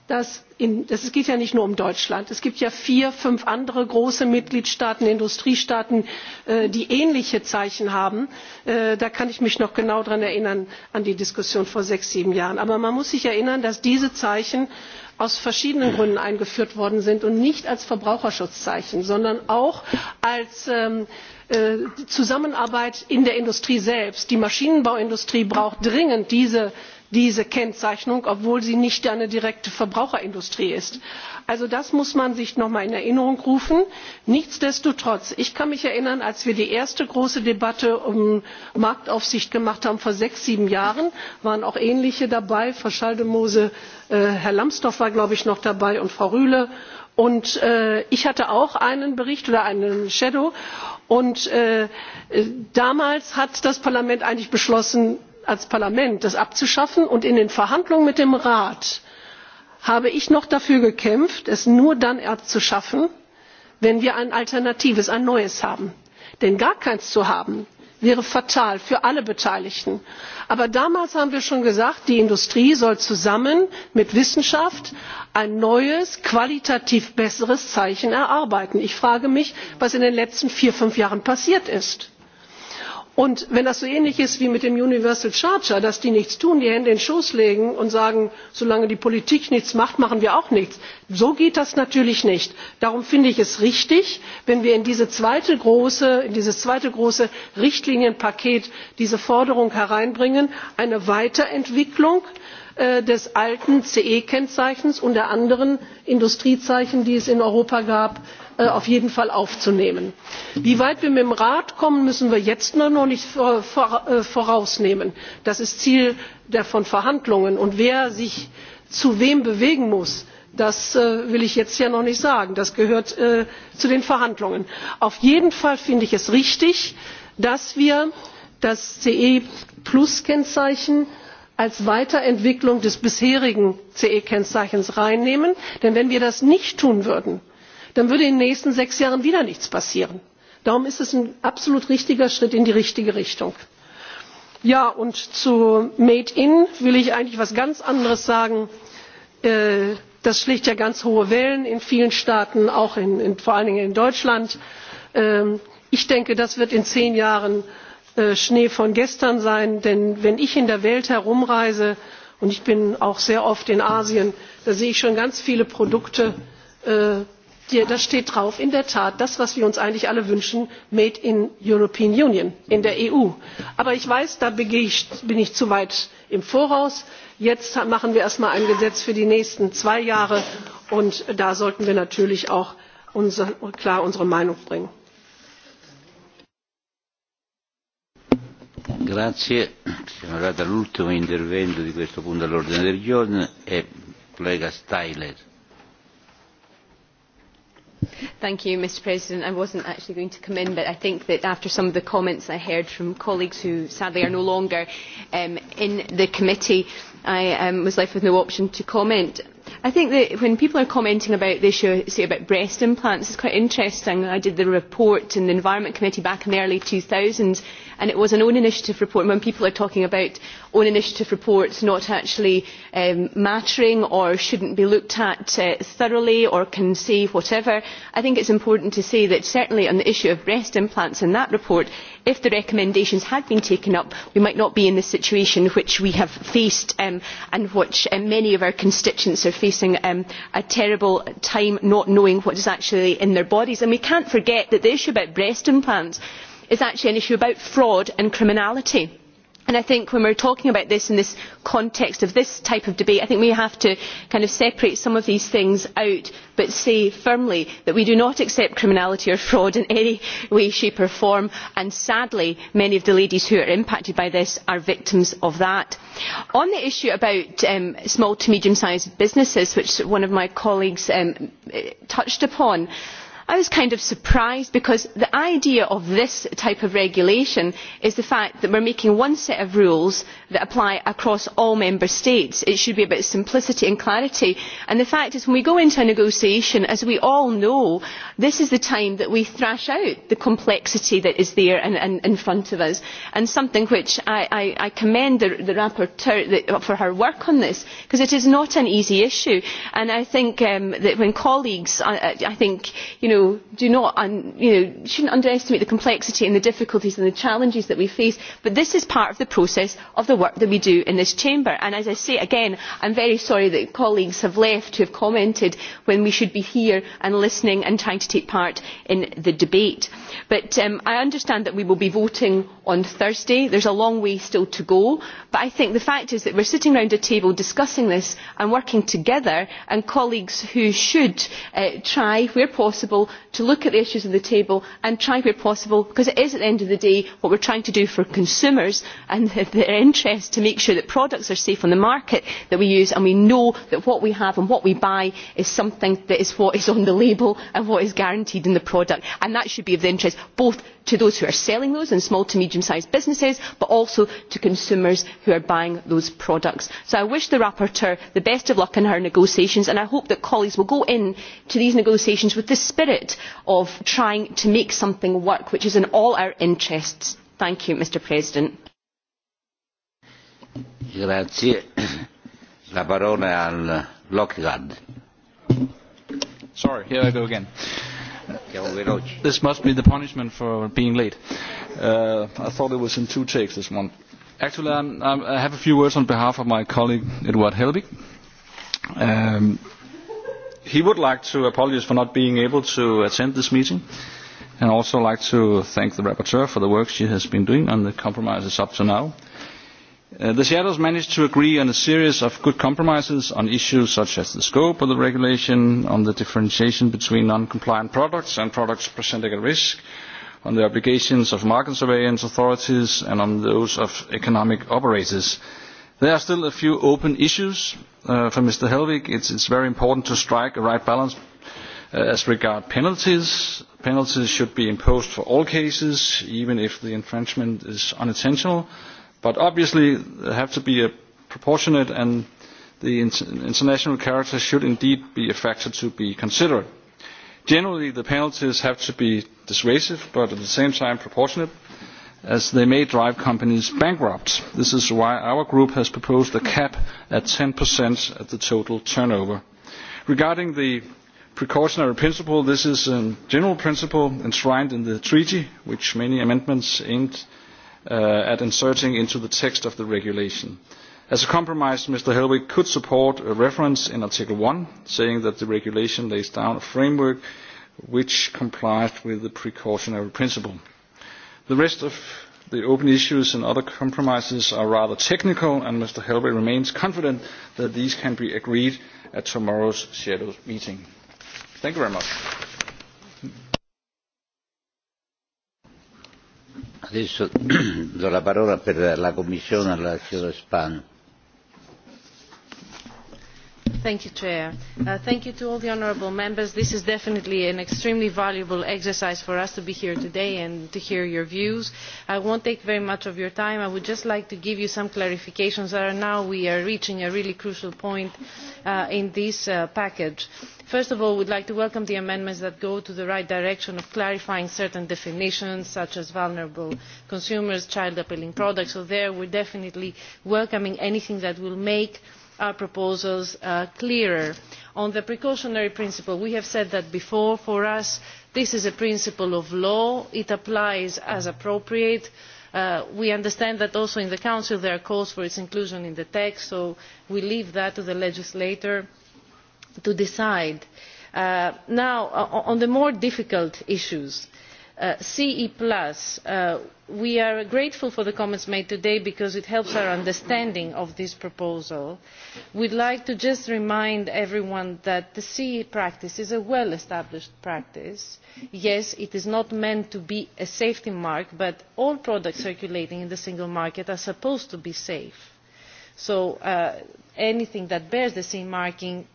es geht ja nicht nur um deutschland es gibt ja vier fünf andere große mitgliedstaaten industriestaaten äh, die ähnliche zeichen haben äh, da kann ich mich noch genau daran erinnern an die diskussion vor sechs sieben jahren. aber man muss sich erinnern dass diese zeichen aus verschiedenen gründen eingeführt worden sind und nicht als verbraucherschutzzeichen sondern auch als ähm, äh, zusammenarbeit in der industrie selbst. die maschinenbauindustrie braucht dringend diese diese kennzeichnung obwohl sie nicht eine direkte verbraucherindustrie ist. also das muss man sich noch einmal in erinnerung rufen. nichtsdestotrotz ich kann mich erinnern als wir die erste große debatte um marktaufsicht gemacht haben vor sechs sieben jahren waren auch ähnliche dabei frau schaldemose äh, herr lambsdorff war glaube ich noch dabei und frau rühle und äh, ich hatte auch einen bericht oder einen shadow und äh, damals hat das parlament eigentlich beschlossen als parlament das abzuschaffen und in den verhandlungen mit dem rat habe ich noch dafür gekämpft es nur dann abzuschaffen wenn wir ein alternatives ein neues haben. denn gar keines zu haben wäre fatal für alle beteiligten. aber damals haben wir schon gesagt die industrie soll zusammen mit wissenschaft ein neues qualitativ besseres zeichen erarbeiten. ich frage mich was in den letzten vier fünf jahren passiert ist und wenn das so ähnlich ist wie mit dem universal charter dass die nichts tun die hände in den schoß legen und sagen solange die politik nichts macht machen wir auch nichts so geht das natürlich nicht. darum finde ich es richtig wenn wir in dieses zweite große richtlinienpaket diese forderung hineinbringen eine weiterentwicklung äh, des alten ce kennzeichens und der anderen industriezeichen die es in europa gab Äh, auf jeden fall aufzunehmen. wie weit wir mit dem rat kommen müssen wir jetzt noch nicht äh, vorausnehmen das ist ziel von verhandlungen und wer sich zu wem bewegen muss das äh, will ich jetzt hier noch nicht sagen das gehört zu den verhandlungen. auf jeden fall finde ich es richtig dass wir das ce kennzeichen als weiterentwicklung des bisherigen ce kennzeichens hereinnehmen denn wenn wir das nicht tun würden dann würde in den nächsten sechs jahren wieder nichts passieren. darum ist es ein absolut richtiger schritt in die richtige richtung. zu made in will ich eigentlich etwas ganz anderes sagen äh, das schlägt ja ganz hohe wellen in vielen staaten auch vor allen dingen in deutschland. Ähm, ich denke das wird in zehn jahren äh, schnee von gestern sein denn wenn ich in der welt herumreise und ich bin auch sehr oft in asien da sehe ich schon ganz viele produkte äh, da steht drauf in der tat das was wir uns eigentlich alle wünschen made in european union in der eu. aber ich weiß da bin ich zu weit im voraus jetzt machen wir erst mal ein gesetz für die nächsten zwei jahre und da sollten wir natürlich auch klar unsere meinung bringen. You, mr president i was not actually going to come in but i think that after some of the comments i heard from colleagues who sadly are no longer um, in the committee i um, was left with no option to comment. i think that when people are commenting about the issue say about breast implants it is quite interesting. i did the report in the environment committee back in the early two thousand s and it was an own initiative report. when people are talking about own initiative reports not actually um, mattering or should not be looked at uh, thoroughly or can say whatever i think it is important to say that certainly on the issue of breast implants in that report if the recommendations had been taken up we might not be in the situation which we have faced um, and which um, many of our constituents are facing um, a terrible time not knowing what is actually in their bodies. And we cannot forget that the issue about breast implants is is actually an issue about fraud and criminality. And i think when we are talking about this in the context of this type of debate we have to kind of separate some of these things out but say firmly that we do not accept criminality or fraud in any way shape or form and sadly many of the ladies who are impacted by this are victims of that. on the issue about um, small to medium sized businesses which one of my colleagues um, touched upon i i was kind of surprised because the idea of this type of regulation is the fact that we are making one set of rules that apply across all member states. it should be about simplicity and clarity and the fact is when we go into a negotiation as we all know this is the time that we thrash out the complexity that is there and, in front of us and something which i, commend the, rapporteur for her work on this because it is not an easy issue and i think um, that when colleagues i, I think you know, know, do not un, you know, shouldn't underestimate the complexity and the difficulties and the challenges that we face. But this is part of the process of the work that we do in this chamber. And as I say again, I'm very sorry that colleagues have left who have commented when we should be here and listening and trying to take part in the debate but um, i understand that we will be voting on thursday. there is a long way still to go but i think the fact is that we are sitting around a table discussing this and working together and colleagues who should uh, try where possible to look at the issues on the table and try where possible because it is at the end of the day what we are trying to do for consumers and their interests to make sure that products are safe on the market that we use and we know that what we have and what we buy is something that is what is on the label and what is guaranteed in the product and that should be of the which is both to those who are selling those in small to medium sized businesses but also to consumers who are buying those products. so i wish the rapporteur the best of luck in her negotiations and i hope that colleagues will go into these negotiations with the spirit of trying to make something work which is in all our interests. thank you mr president. Grazie. La al Lockhart. Sorry, here I go again. This must be the punishment for being late. Uh, I thought it was in two takes, this one. Actually, I'm, I'm, I have a few words on behalf of my colleague Eduard Helbig. Um, he would like to apologize for not being able to attend this meeting and also like to thank the rapporteur for the work she has been doing on the compromises up to now. Uh, the shadows managed to agree on a series of good compromises on issues such as the scope of the regulation, on the differentiation between non-compliant products and products presenting a risk, on the obligations of market surveillance authorities and on those of economic operators. There are still a few open issues. Uh, for Mr. Helvig, it is very important to strike a right balance uh, as regards penalties. Penalties should be imposed for all cases, even if the infringement is unintentional. But obviously they have to be a uh, proportionate and the international character should indeed be a factor to be considered. Generally, the penalties have to be dissuasive, but at the same time proportionate, as they may drive companies bankrupt. This is why our group has proposed a cap at 10% of the total turnover. Regarding the precautionary principle, this is a general principle enshrined in the treaty, which many amendments aimed Uh, at inserting into the text of the regulation. As a compromise, Mr. Helwig could support a reference in Article 1 saying that the regulation lays down a framework which complies with the precautionary principle. The rest of the open issues and other compromises are rather technical, and Mr. Helwig remains confident that these can be agreed at tomorrow's shadow meeting. Thank you very much. Adesso do la parola per la Commissione alla signora Spano. Thank you, uh, thank you to all the honourable members. This is definitely an extremely valuable exercise for us to be here today and to hear your views. I won't take very much of your time. I would just like to give you some clarifications that now we are reaching a really crucial point uh, in this uh, package. First of all, we would like to welcome the amendments that go to the right direction of clarifying certain definitions, such as vulnerable consumers, child appealing products. So there are definitely welcoming anything that will make our proposals clearer. on the precautionary principle we have said that before for us this is a principle of law it applies as appropriate. Uh, we understand that also in the council there are calls for its inclusion in the text so we leave that to the legislator to decide. Uh, now on the more difficult issues uh, ce we are grateful for the comments made today because it helps our understanding of this proposal. we would like to just remind everyone that the ce practice is a well established practice. yes it is not meant to be a safety mark but all products circulating in the single market are supposed to be safe so uh, anything that bears the ce marking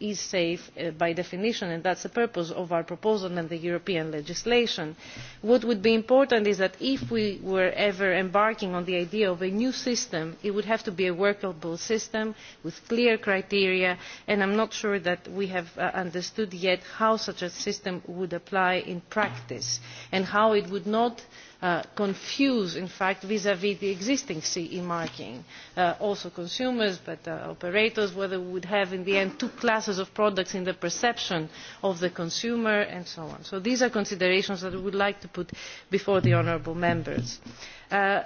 is safe uh, by definition and that is the purpose of our proposal and the european legislation. what would be important is that if we were ever embarking on the idea of a new system it would have to be a workable system with clear criteria and i am not sure that we have uh, understood yet how such a system would apply in practice and how it would not Uh, confuse in fact vis vis the existing ce marking uh, also consumers but uh, operators whether we would have in the end two classes of products in the perception of the consumer and so on. so these are considerations that we would like to put before the honourable members.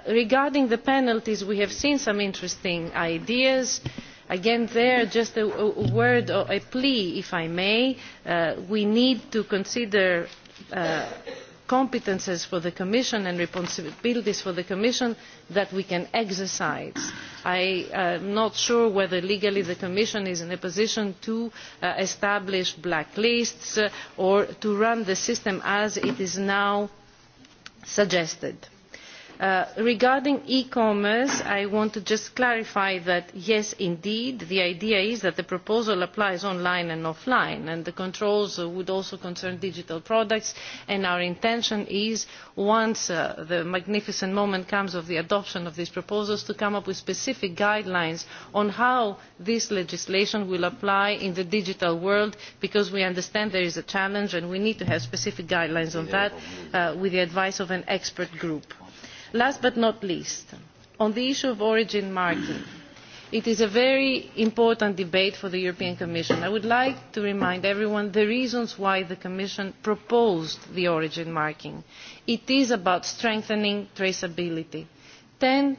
regarding the penalties we have seen some interesting ideas again there just a, a word a plea if i may uh, we need to consider uh, competences for the commission and responsibilities for the commission that we can exercise. i uh, am not sure whether legally the commission is in a position to uh, establish blacklists uh, or to run the system as it is now suggested Uh, regarding e commerce i want to just clarify that yes indeed the idea is that the proposal applies online and offline and the controls would also concern digital products and our intention is once uh, the magnificent moment comes of the adoption of these proposals to come up with specific guidelines on how this legislation will apply in the digital world because we understand there is a challenge and we need to have specific guidelines on that uh, with the advice of an expert group last but not least on the issue of origin marking it is a very important debate for the european commission. i would like to remind everyone of the reasons why the commission proposed the origin marking. it is about strengthening traceability. ten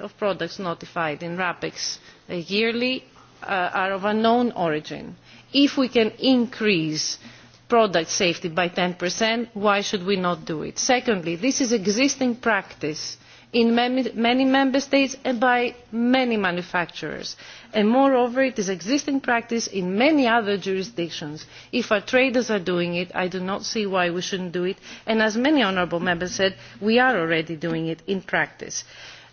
of products notified in rapex uh, yearly uh, are of unknown origin. if we can increase product safety by 10%, why should we not do it? Secondly, this is existing practice in many, member states and by many manufacturers. And moreover, it is existing practice in many other jurisdictions. If our traders are doing it, I do not see why we shouldn't do it. And as many honourable members said, we are already doing it in practice.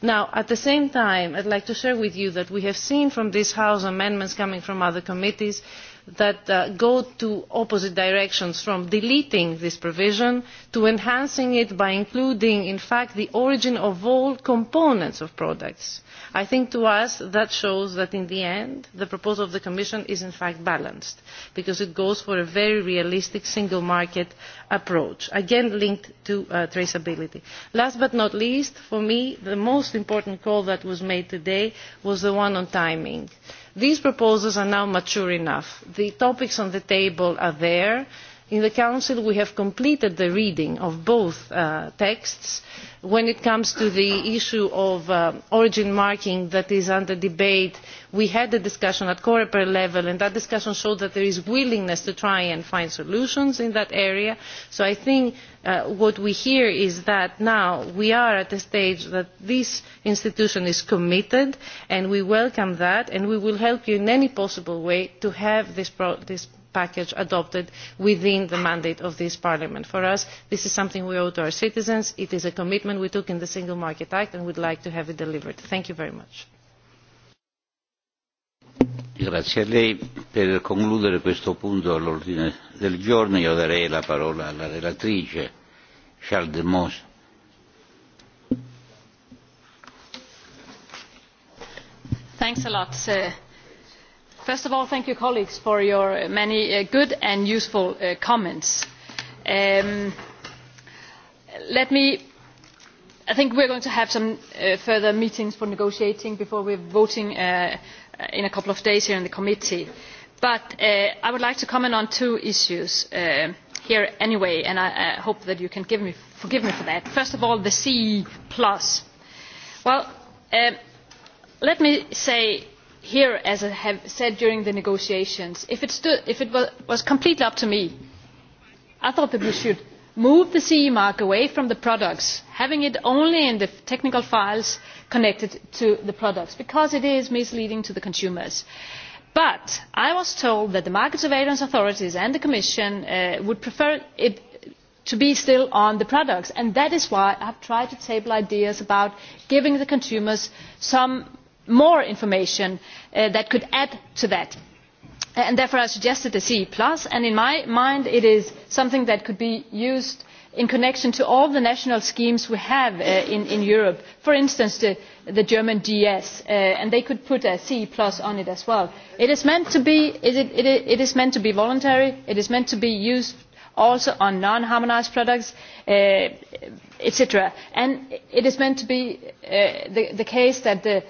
Now, at the same time, I'd like to share with you that we have seen from this House amendments coming from other committees that uh, go to opposite directions from deleting this provision to enhancing it by including in fact the origin of all components of products. i think to us that shows that in the end the proposal of the commission is in fact balanced because it goes for a very realistic single market approach again linked to uh, traceability. last but not least for me the most important call that was made today was the one on timing these proposals are now mature enough the topics on the table are there and in the council we have completed the reading of both uh, texts. when it comes to the issue of uh, origin marking that is under debate we had a discussion at coreper level and that discussion showed that there is willingness to try and find solutions in that area so i think uh, what we hear is that now we are at a stage that this institution is committed and we welcome that and we will help you in any possible way to have this, pro this package adopted within the mandate of this parliament. for us this is something we owe to our citizens it is a commitment we took in the single market act and we would like to have it delivered. thank you very much. Grazie a lei. Per concludere questo punto all'ordine del giorno io darei la parola alla relatrice Charles de Mos. Thanks a lot, sir first of all thank you colleagues for your uh, many uh, good and useful uh, comments. Um, let me i think we are going to have some further meetings for negotiating before we vote voting in a couple of days here in the committee but i would like to comment on two issues here anyway and i hope that you can forgive me for that. first of all the ce well um, let me say here as i have said during the negotiations if it, was completely up to me i thought that we should move the ce mark away from the products having it only in the technical files connected to the products because it is misleading to the consumers. but i was told that the market surveillance authorities and the commission uh, would prefer it to be still on the products and that is why i have tried to table ideas about giving the consumers some more information uh, that could add to that uh, and therefore i suggested the ce and in my mind it is something that could be used in connection with all the national schemes we have uh, in, europe for instance the, german ds and they could put a ce on it as well. it is meant to be, voluntary it is meant to be used also on non harmonised products etc. and it is meant to be the, the case that the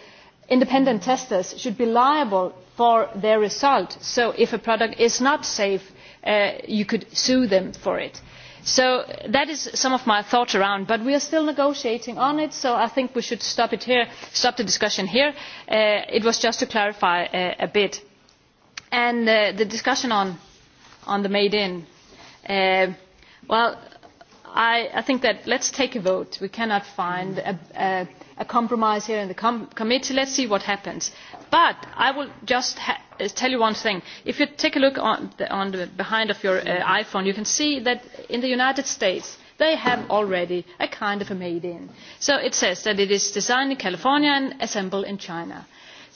independent testers should be liable for their result so if a product is not safe uh, you could sue them for it. so that is some of my thoughts around it but we are still negotiating on it so i think we should stop, here, stop the discussion here. Uh, it was just to clarify uh, a, bit. and the discussion on, on the made in well I, think that let us take a vote. we cannot find a a compromise here in the committee let us see what happens. but i will just tell you one thing if you take a look at the, on behind of your uh, iphone you can see that in the united states they have already a kind of a made in. so it says that it is designed in california and assembled in china.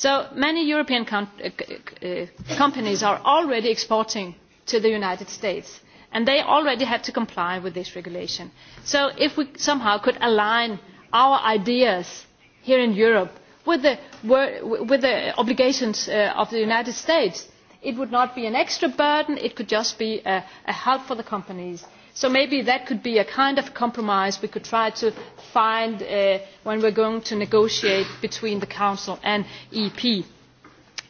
so many european uh, uh, companies are already exporting to the united states and they already have to comply with this regulation. so if we somehow could align our ideas here in europe with the, obligations uh, of the united states it would not be an extra burden it could just be a, help for the companies. so maybe that could be a kind of compromise we could try to find uh, when we are going to negotiate between the council and ep.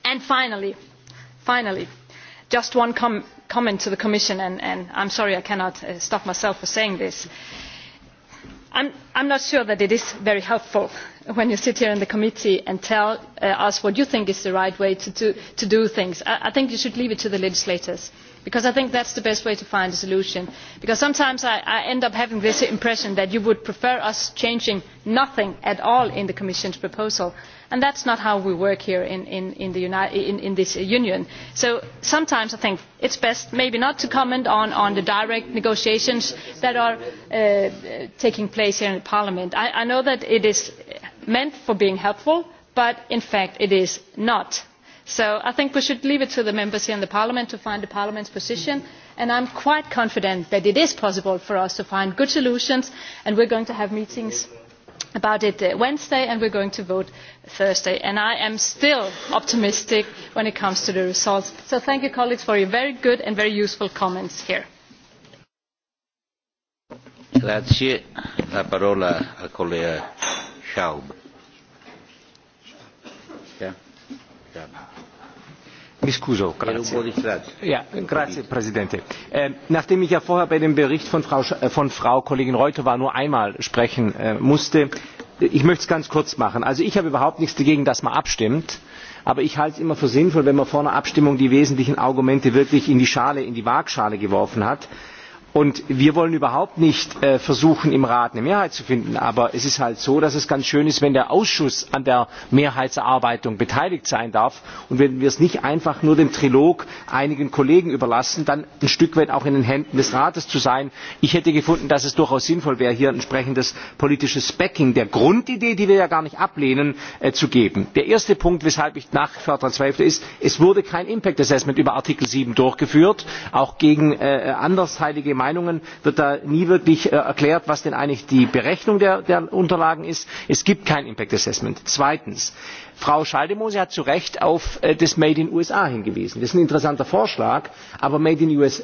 and finally, finally just one comment to the commission and, i am sorry i cannot uh, stop myself from saying this i am not sure that it is very helpful when you sit here in the committee and tell uh, us what you think is the right way to do things. i think you should leave it to the legislators because i think that is the best way to find a solution. sometimes i end up having this impression that you would prefer us changing nothing at all in the commission's proposal and that is not how we work here in, this union. so sometimes i think it is best maybe not to comment on, the direct negotiations that are uh, taking place here in parliament. I, know that it is meant for being helpful but in fact it is not. so i think we should leave it to the members here in parliament to find parliament's position and i am quite confident that it is possible for us to find good solutions and we are going to have meetings about it uh, wednesday and we are going to vote thursday and i am still optimistic when it comes to the results so thank you colleagues for your very good and very useful comments here. Mi scuso, grazie. grazie, Präsidente. Ähm, nachdem ich ja vorher bei dem Bericht von Frau, äh, von Frau Kollegin Reutowa nur einmal sprechen äh, musste, ich möchte es ganz kurz machen. Also ich habe überhaupt nichts dagegen, dass man abstimmt. Aber ich halte es immer für sinnvoll, wenn man vor einer Abstimmung die wesentlichen Argumente wirklich in die Schale, in die Waagschale geworfen hat Und wir wollen überhaupt nicht äh, versuchen, im Rat eine Mehrheit zu finden. Aber es ist halt so, dass es ganz schön ist, wenn der Ausschuss an der Mehrheitserarbeitung beteiligt sein darf. Und wenn wir es nicht einfach nur dem Trilog einigen Kollegen überlassen, dann ein Stück weit auch in den Händen des Rates zu sein. Ich hätte gefunden, dass es durchaus sinnvoll wäre, hier ein entsprechendes politisches Backing der Grundidee, die wir ja gar nicht ablehnen, äh, zu geben. Der erste Punkt, weshalb ich nach daran zweifle, ist, es wurde kein Impact Assessment über Artikel 7 durchgeführt, auch gegen äh, andersheilige meinungen wird da nie wirklich äh, erklärt was denn eigentlich die berechnung der, der unterlagen ist. es gibt kein impact assessment. zweitens frau schaldemose hat zu recht auf äh, das made in usa hingewiesen. das ist ein interessanter vorschlag aber made in usa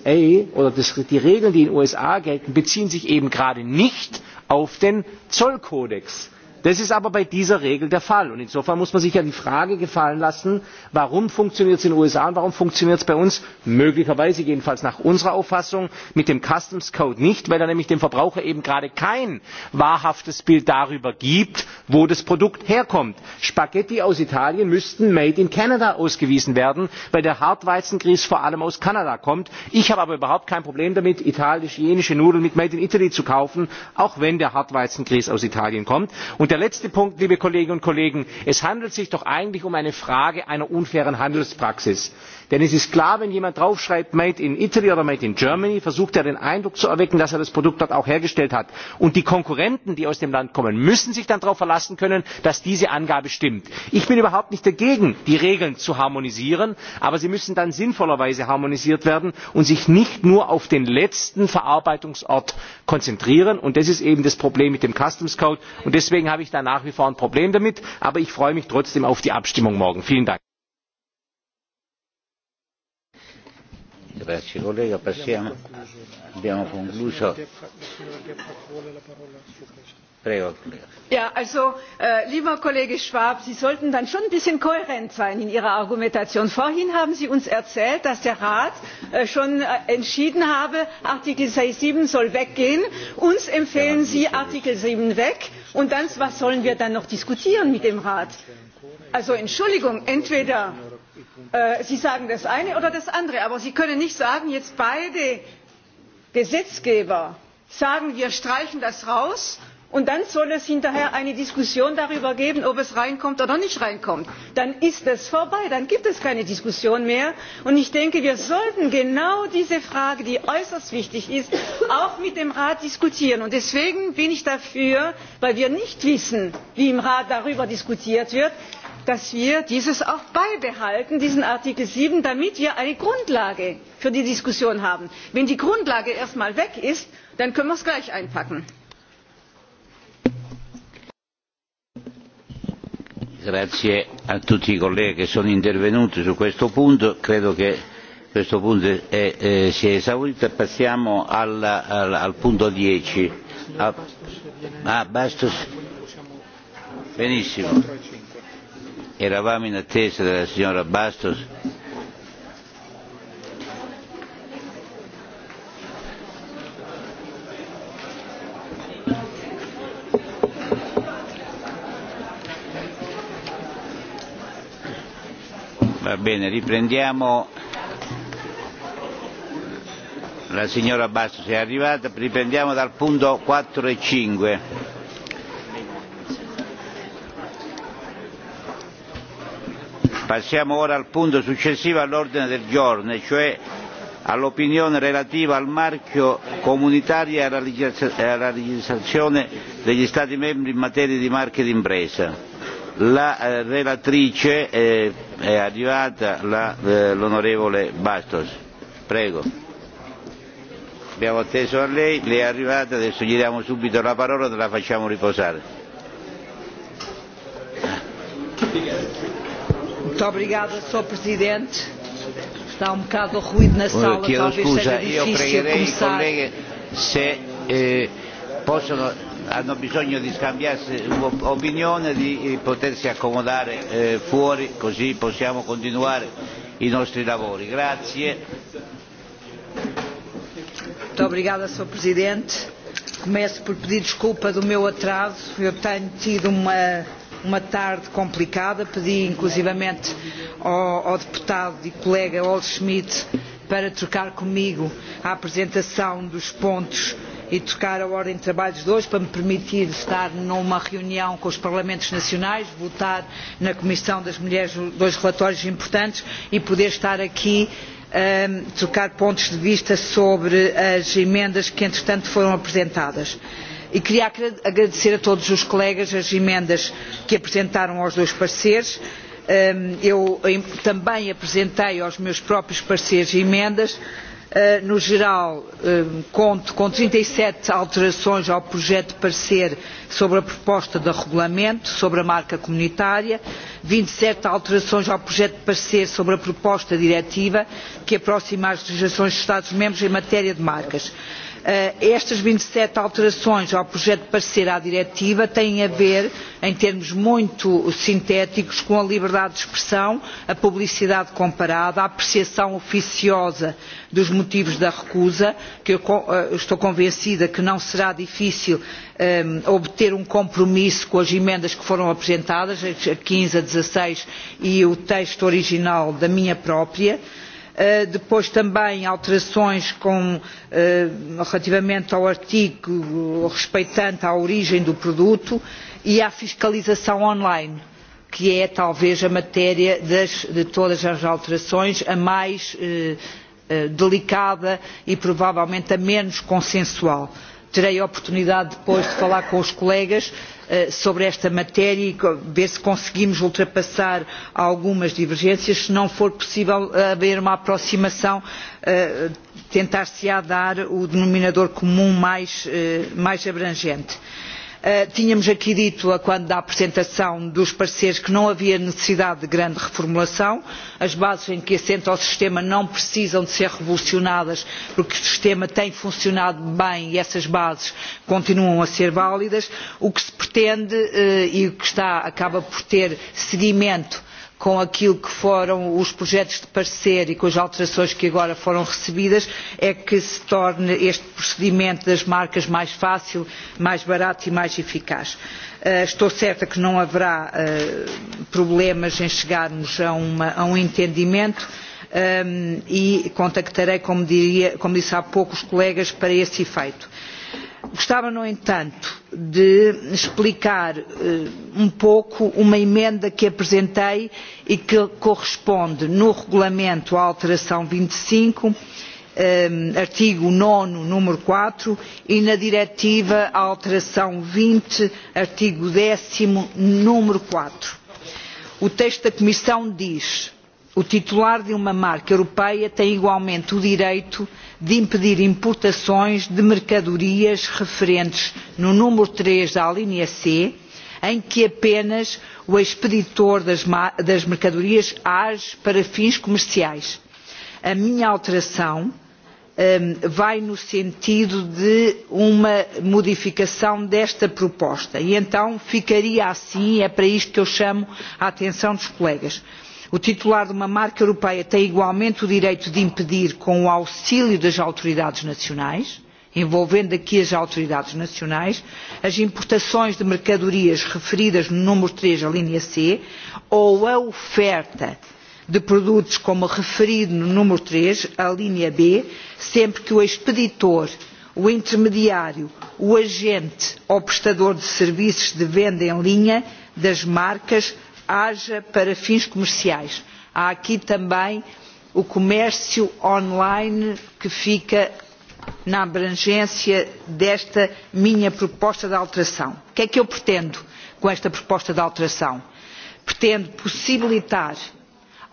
oder das, die regeln die in den usa gelten beziehen sich eben gerade nicht auf den zollkodex das ist aber bei dieser regel der fall und insofern muss man sich ja die frage gefallen lassen warum funktioniert es in den usa und warum funktioniert es bei uns möglicherweise jedenfalls nach unserer auffassung mit dem customs code nicht weil er nämlich dem verbraucher eben gerade kein wahrhaftes bild darüber gibt wo das produkt herkommt. spaghetti aus italien müssten made in canada ausgewiesen werden weil der hartweizengrieß vor allem aus kanada kommt. ich habe aber überhaupt kein problem damit italienische nudeln mit made in italy zu kaufen auch wenn der hartweizengrieß aus italien kommt der letzte punkt liebe kolleginnen und kollegen es handelt sich doch eigentlich um eine frage einer unfairen handelspraxis denn es ist klar wenn jemand draufschreibt made in italy oder made in germany versucht er den eindruck zu erwecken dass er das produkt dort auch hergestellt hat. und die konkurrenten die aus dem land kommen müssen sich dann darauf verlassen können dass diese angabe stimmt. ich bin überhaupt nicht dagegen die regeln zu harmonisieren aber sie müssen dann sinnvollerweise harmonisiert werden und sich nicht nur auf den letzten verarbeitungsort konzentrieren. und das ist eben das problem mit dem customs code und deswegen habe ich da nach wie vor ein problem damit. aber ich freue mich trotzdem auf die abstimmung morgen. Grazie collega, passiamo. Abbiamo concluso. Prego, Ja, also, äh, lieber Kollege Schwab, Sie sollten dann schon ein bisschen kohärent sein in Ihrer Argumentation. Vorhin haben Sie uns erzählt, dass der Rat äh, schon äh, entschieden habe, Artikel sieben soll weggehen. Uns empfehlen Sie Artikel sieben weg. Und dann, was sollen wir dann noch diskutieren mit dem Rat? Also Entschuldigung, entweder Äh, sie sagen das eine oder das andere aber sie können nicht sagen jetzt beide gesetzgeber sagen wir streichen das raus und dann soll es hinterher eine diskussion darüber geben ob es reinkommt oder nicht reinkommt. dann ist es vorbei dann gibt es keine diskussion mehr und ich denke wir sollten genau diese frage die äußerst wichtig ist auch mit dem rat diskutieren und deswegen bin ich dafür weil wir nicht wissen wie im rat darüber diskutiert wird dass wir dies auch beibehalten diesen artikel sieben damit wir eine grundlage für die diskussion haben. wenn die grundlage erst einmal weg ist dann können wir es gleich einpacken. grazie a tutti i colleghi che sono intervenuti su questo punto credo che questo punto è, sia esaurito passiamo al, al, al punto 10 ah, ah, Bastos benissimo eravamo in attesa della signora Bastos. Va bene, riprendiamo. La signora Bastos è arrivata, riprendiamo dal punto 4 e 5 Passiamo ora al punto successivo all'ordine del giorno, cioè all'opinione relativa al marchio comunitario e alla legislazione degli Stati membri in materia di marchi d'impresa. La eh, relatrice eh, è arrivata, eh, l'onorevole Bastos. Prego. Abbiamo atteso a lei, lei è arrivata, adesso gli diamo subito la parola e la facciamo riposare. Muito obrigada, Sr. Presidente. Está um bocado de ruído na sala, Chiedo talvez scusa, seja difficile começar. Colleghe, se eh, possono, hanno bisogno di scambiarsi opinione, di potersi accomodare eh, fuori, così possiamo continuare i nostri lavori. Grazie. Muito obrigada, Sr. Presidente. Começo por pedir desculpa do meu atraso. Eu tenho tido uma uma tarde complicada. Pedi inclusivamente ao, ao deputado e colega Ol Schmidt para trocar comigo a apresentação dos pontos e trocar a ordem de trabalhos de hoje para me permitir estar numa reunião com os Parlamentos Nacionais, votar na Comissão das Mulheres dois relatórios importantes e poder estar aqui um, trocar pontos de vista sobre as emendas que, entretanto, foram apresentadas. E queria agradecer a todos os colegas as emendas que apresentaram aos dois pareceres. Eu também apresentei aos meus próprios pareceres emendas. No geral, conto com 37 alterações ao projeto de parecer sobre a proposta de regulamento sobre a marca comunitária, 27 alterações ao projeto de parecer sobre a proposta de diretiva que aproxima as legislações dos Estados-membros em matéria de marcas Eh, estas vinte e sete alterações ao projeto de parecer à diretiva têm a ver em termos muito sintéticos com a liberdade de expressão a publicidade comparada a apreciação oficiosa dos motivos da recusa que eu eh, estou convencida que não será difícil um, obter um compromisso com as emendas que foram apresentadas a quinze a dezasseis e o texto original da minha própria. Eh, depois também alterações eh, relativamente ao artigo respeitante à origem do produto e à fiscalização online que é talvez a matéria das, de todas as alterações a mais eh, delicada e provavelmente a menos consensual. terei a oportunidade depois de falar com os colegas Eh, sobre esta matéria e ver se conseguimos ultrapassar algumas divergências. Se não for possível eh, haver uma aproximação, eh, tentar-se-á dar o denominador comum mais, abrangente. Eh, tínhamos aqui dito quando da apresentação dos pareceres que não havia necessidade de grande reformulação as bases em que assenta o sistema não precisam de ser revolucionadas porque o sistema tem funcionado bem e essas bases continuam a ser válidas o que se pretende eh, e o que está, acaba por ter seguimento com aquilo que foram os projetos de parecer e com as alterações que agora foram recebidas, é que se torne este procedimento das marcas mais fácil, mais barato e mais eficaz. Ah, estou certa que não haverá ah, problemas em chegarmos a, uma, a um entendimento. Ah, e contactarei, como, diria, como disse há pouco, os colegas para esse efeito gostava no entanto de explicar eh, um pouco uma emenda que apresentei e que corresponde no regulamento à alteração vinte e cinco eh, artigo nove número quatro e na diretiva à alteração vinte artigo dez número quatro. o texto da comissão diz o titular de uma marca europeia tem igualmente o direito de de impedir importações de mercadorias referentes no número 3 da alínea C, em que apenas o expeditor das, mercadorias age para fins comerciais. A minha alteração um, vai no sentido de uma modificação desta proposta e então ficaria assim, é para isto que eu chamo a atenção dos colegas o titular de uma marca europeia tem igualmente o direito de impedir com o auxílio das autoridades nacionais envolvendo aqui as autoridades nacionais as importações de mercadorias referidas no número três alínea c ou a oferta de produtos como referido no número três alínea b sempre que o expeditor o intermediário o agente ou prestador de serviços de venda em linha das marcas haja para fins comerciais. Há aqui também o comércio online que fica na abrangência desta minha proposta de alteração. O que é que eu pretendo com esta proposta de alteração? Pretendo possibilitar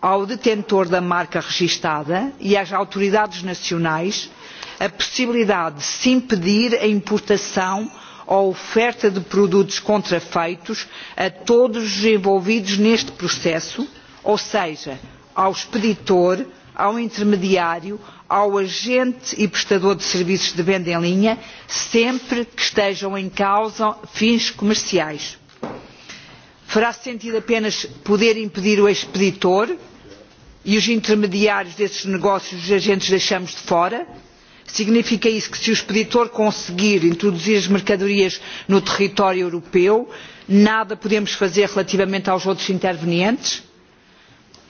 ao detentor da marca registada e às autoridades nacionais a possibilidade de se impedir a importação à oferta de produtos contrafeitos a todos os envolvidos neste processo, ou seja, ao expeditor, ao intermediário, ao agente e prestador de serviços de venda em linha, sempre que estejam em causa fins comerciais. Fará sentido apenas poder impedir o expeditor e os intermediários desses negócios os agentes deixamos de fora? significa isso que se o expeditor conseguir introduzir as mercadorias no território europeu nada podemos fazer relativamente aos outros intervenientes?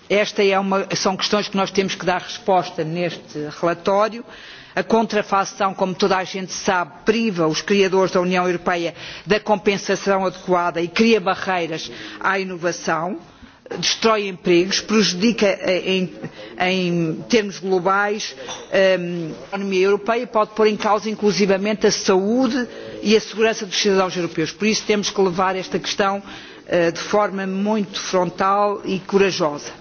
estas é são questões que nós temos que dar resposta neste relatório. a contrafação como toda a gente sabe priva os criadores da união europeia da compensação adequada e cria barreiras à inovação destrói empregos prejudica em, em termos globais um, a economia europeia e pode pôr em causa inclusivamente a saúde e a segurança dos cidadãos europeus. por isso temos que levar esta questão uh, de forma muito frontal e corajosa.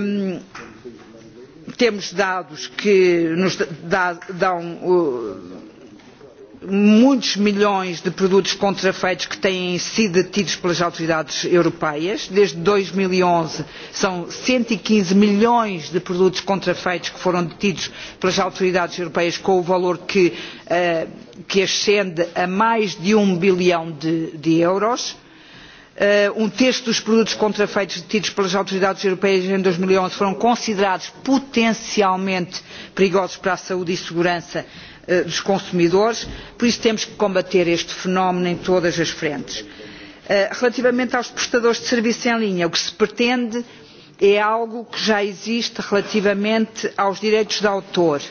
Um, temos dados que nos da, dão uh, muitos milhões de produtos contrafeitos que têm sido detidos pelas autoridades europeias. Desde 2011, são 115 milhões de produtos contrafeitos que foram detidos pelas autoridades europeias com o valor que, uh, que ascende a mais de 1 um bilhão de, de euros. Uh, um terço dos produtos contrafeitos detidos pelas autoridades europeias em 2011 foram considerados potencialmente perigosos para a saúde e segurança Eh, dos consumidores, por isso temos que combater este fenómeno em todas as frentes. Eh, relativamente aos prestadores de serviços em linha, o que se pretende é algo que já existe relativamente aos direitos de autor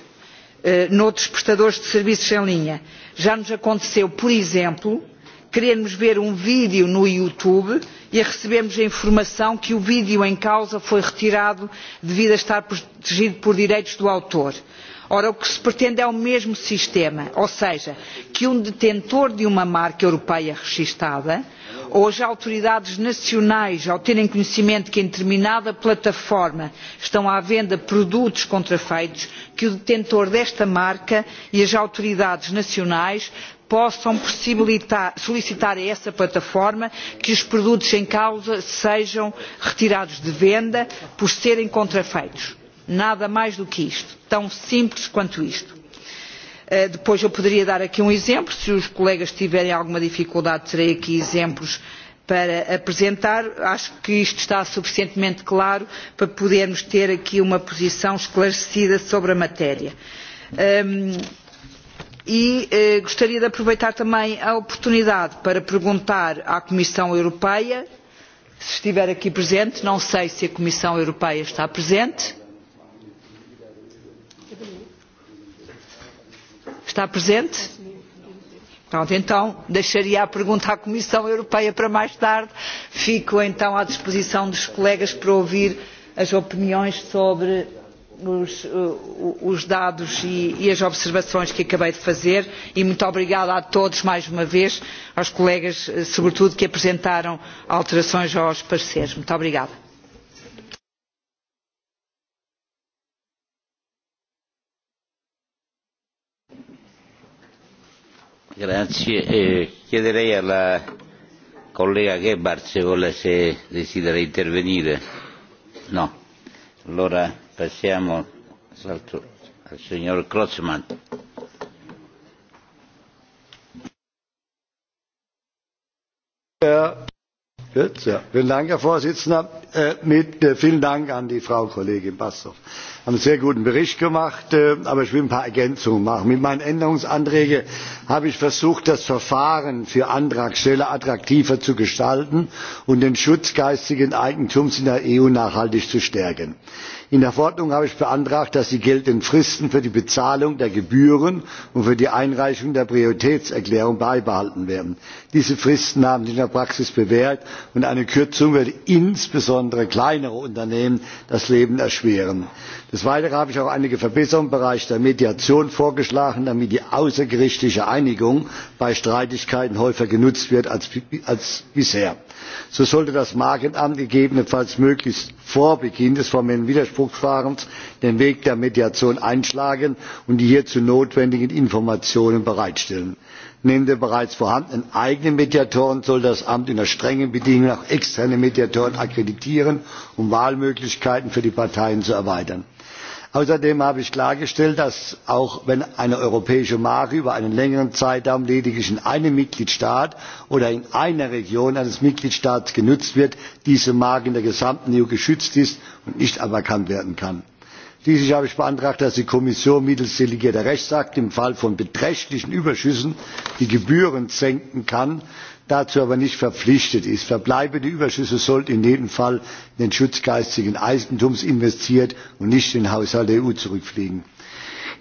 eh, noutros prestadores de serviços em linha. Já nos aconteceu, por exemplo, querermos ver um vídeo no YouTube e recebemos a informação que o vídeo em causa foi retirado devido a estar protegido por direitos do autor. Ora, o que se pretende é o mesmo sistema, ou seja, que um detentor de uma marca europeia registada ou as autoridades nacionais, ao terem conhecimento que em determinada plataforma estão à venda produtos contrafeitos, que o detentor desta marca e as autoridades nacionais possam solicitar a essa plataforma que os produtos em causa sejam retirados de venda por serem contrafeitos nada mais do que isto tão simples quanto isto. Eh, depois eu poderia dar aqui um exemplo se os colegas tiverem alguma dificuldade terei aqui exemplos para apresentar acho que isto está suficientemente claro para podermos ter aqui uma posição esclarecida sobre a matéria. Um, e eh, gostaria de aproveitar também a oportunidade para perguntar à comissão europeia se estiver aqui presente não sei se a comissão europeia está presente Está presente? Pronto, então deixaria a pergunta à Comissão Europeia para mais tarde. Fico então à disposição dos colegas para ouvir as opiniões sobre os, os dados e, e as observações que acabei de fazer e muito obrigada a todos mais uma vez, aos colegas eh, sobretudo que apresentaram alterações aos pareceres. Muito obrigada. Grazie. Eh, chiederei alla collega Gebhardt se, vuole, se desidera intervenire. No. Allora passiamo salto, al signor Klotzmann. Herr Gut, ja. Vielen Dank, Herr Vorsitzender. Äh, mit, äh, vielen Dank an die Frau Kollegin Bassow. Haben einen sehr guten Bericht gemacht, äh, aber ich will ein paar Ergänzungen machen. Mit meinen Änderungsanträgen habe ich versucht, das Verfahren für Antragsteller attraktiver zu gestalten und den Schutz geistigen Eigentums in der EU nachhaltig zu stärken in der verordnung habe ich beantragt dass die geltenden fristen für die bezahlung der gebühren und für die einreichung der prioritätserklärung beibehalten werden. diese fristen haben sich in der praxis bewährt und eine kürzung würde insbesondere kleineren unternehmen das leben erschweren. des weiteren habe ich auch einige verbesserungen im bereich der mediation vorgeschlagen damit die außergerichtliche einigung bei streitigkeiten häufiger genutzt wird als bisher so sollte das markenamt gegebenenfalls möglichst vor beginn des formellen widerspruchsverfahrens den weg der mediation einschlagen und die hierzu notwendigen informationen bereitstellen. neben den bereits vorhandenen eigenen mediatoren soll das amt unter strengen bedingungen auch externe mediatoren akkreditieren um wahlmöglichkeiten für die parteien zu erweitern außerdem habe ich klargestellt dass auch wenn eine europäische marke über einen längeren zeitraum lediglich in einem mitgliedstaat oder in einer region eines mitgliedstaats genutzt wird diese marke in der gesamten eu geschützt ist und nicht aberkannt werden kann. Schließlich habe ich beantragt, dass die Kommission mittels delegierter Rechtsakte im Fall von beträchtlichen Überschüssen die Gebühren senken kann, dazu aber nicht verpflichtet ist. verbleibende überschüsse sollten in jedem fall in den schutz geistigen eigentums investiert und nicht in den haushalt der eu zurückfließen.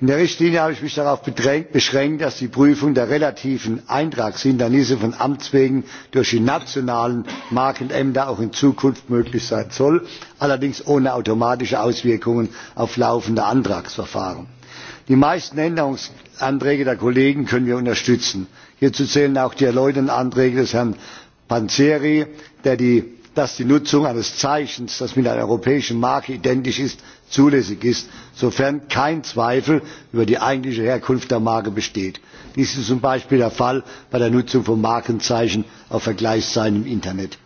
in der richtlinie habe ich mich darauf beschränkt dass die prüfung der relativen eintragshindernisse von amts wegen durch die nationalen markenämter auch in zukunft möglich sein soll allerdings ohne automatische auswirkungen auf laufende antragsverfahren. die meisten änderungsanträge der kollegen können wir unterstützen hierzu zählen auch die erneuten anträge des herrn panzeri der dass die nutzung eines zeichens das mit einer europäischen marke identisch ist zulässig ist sofern kein zweifel über die eigentliche herkunft der marke besteht. dies ist zum beispiel der fall bei der nutzung von markenzeichen auf vergleichsseiten im internet.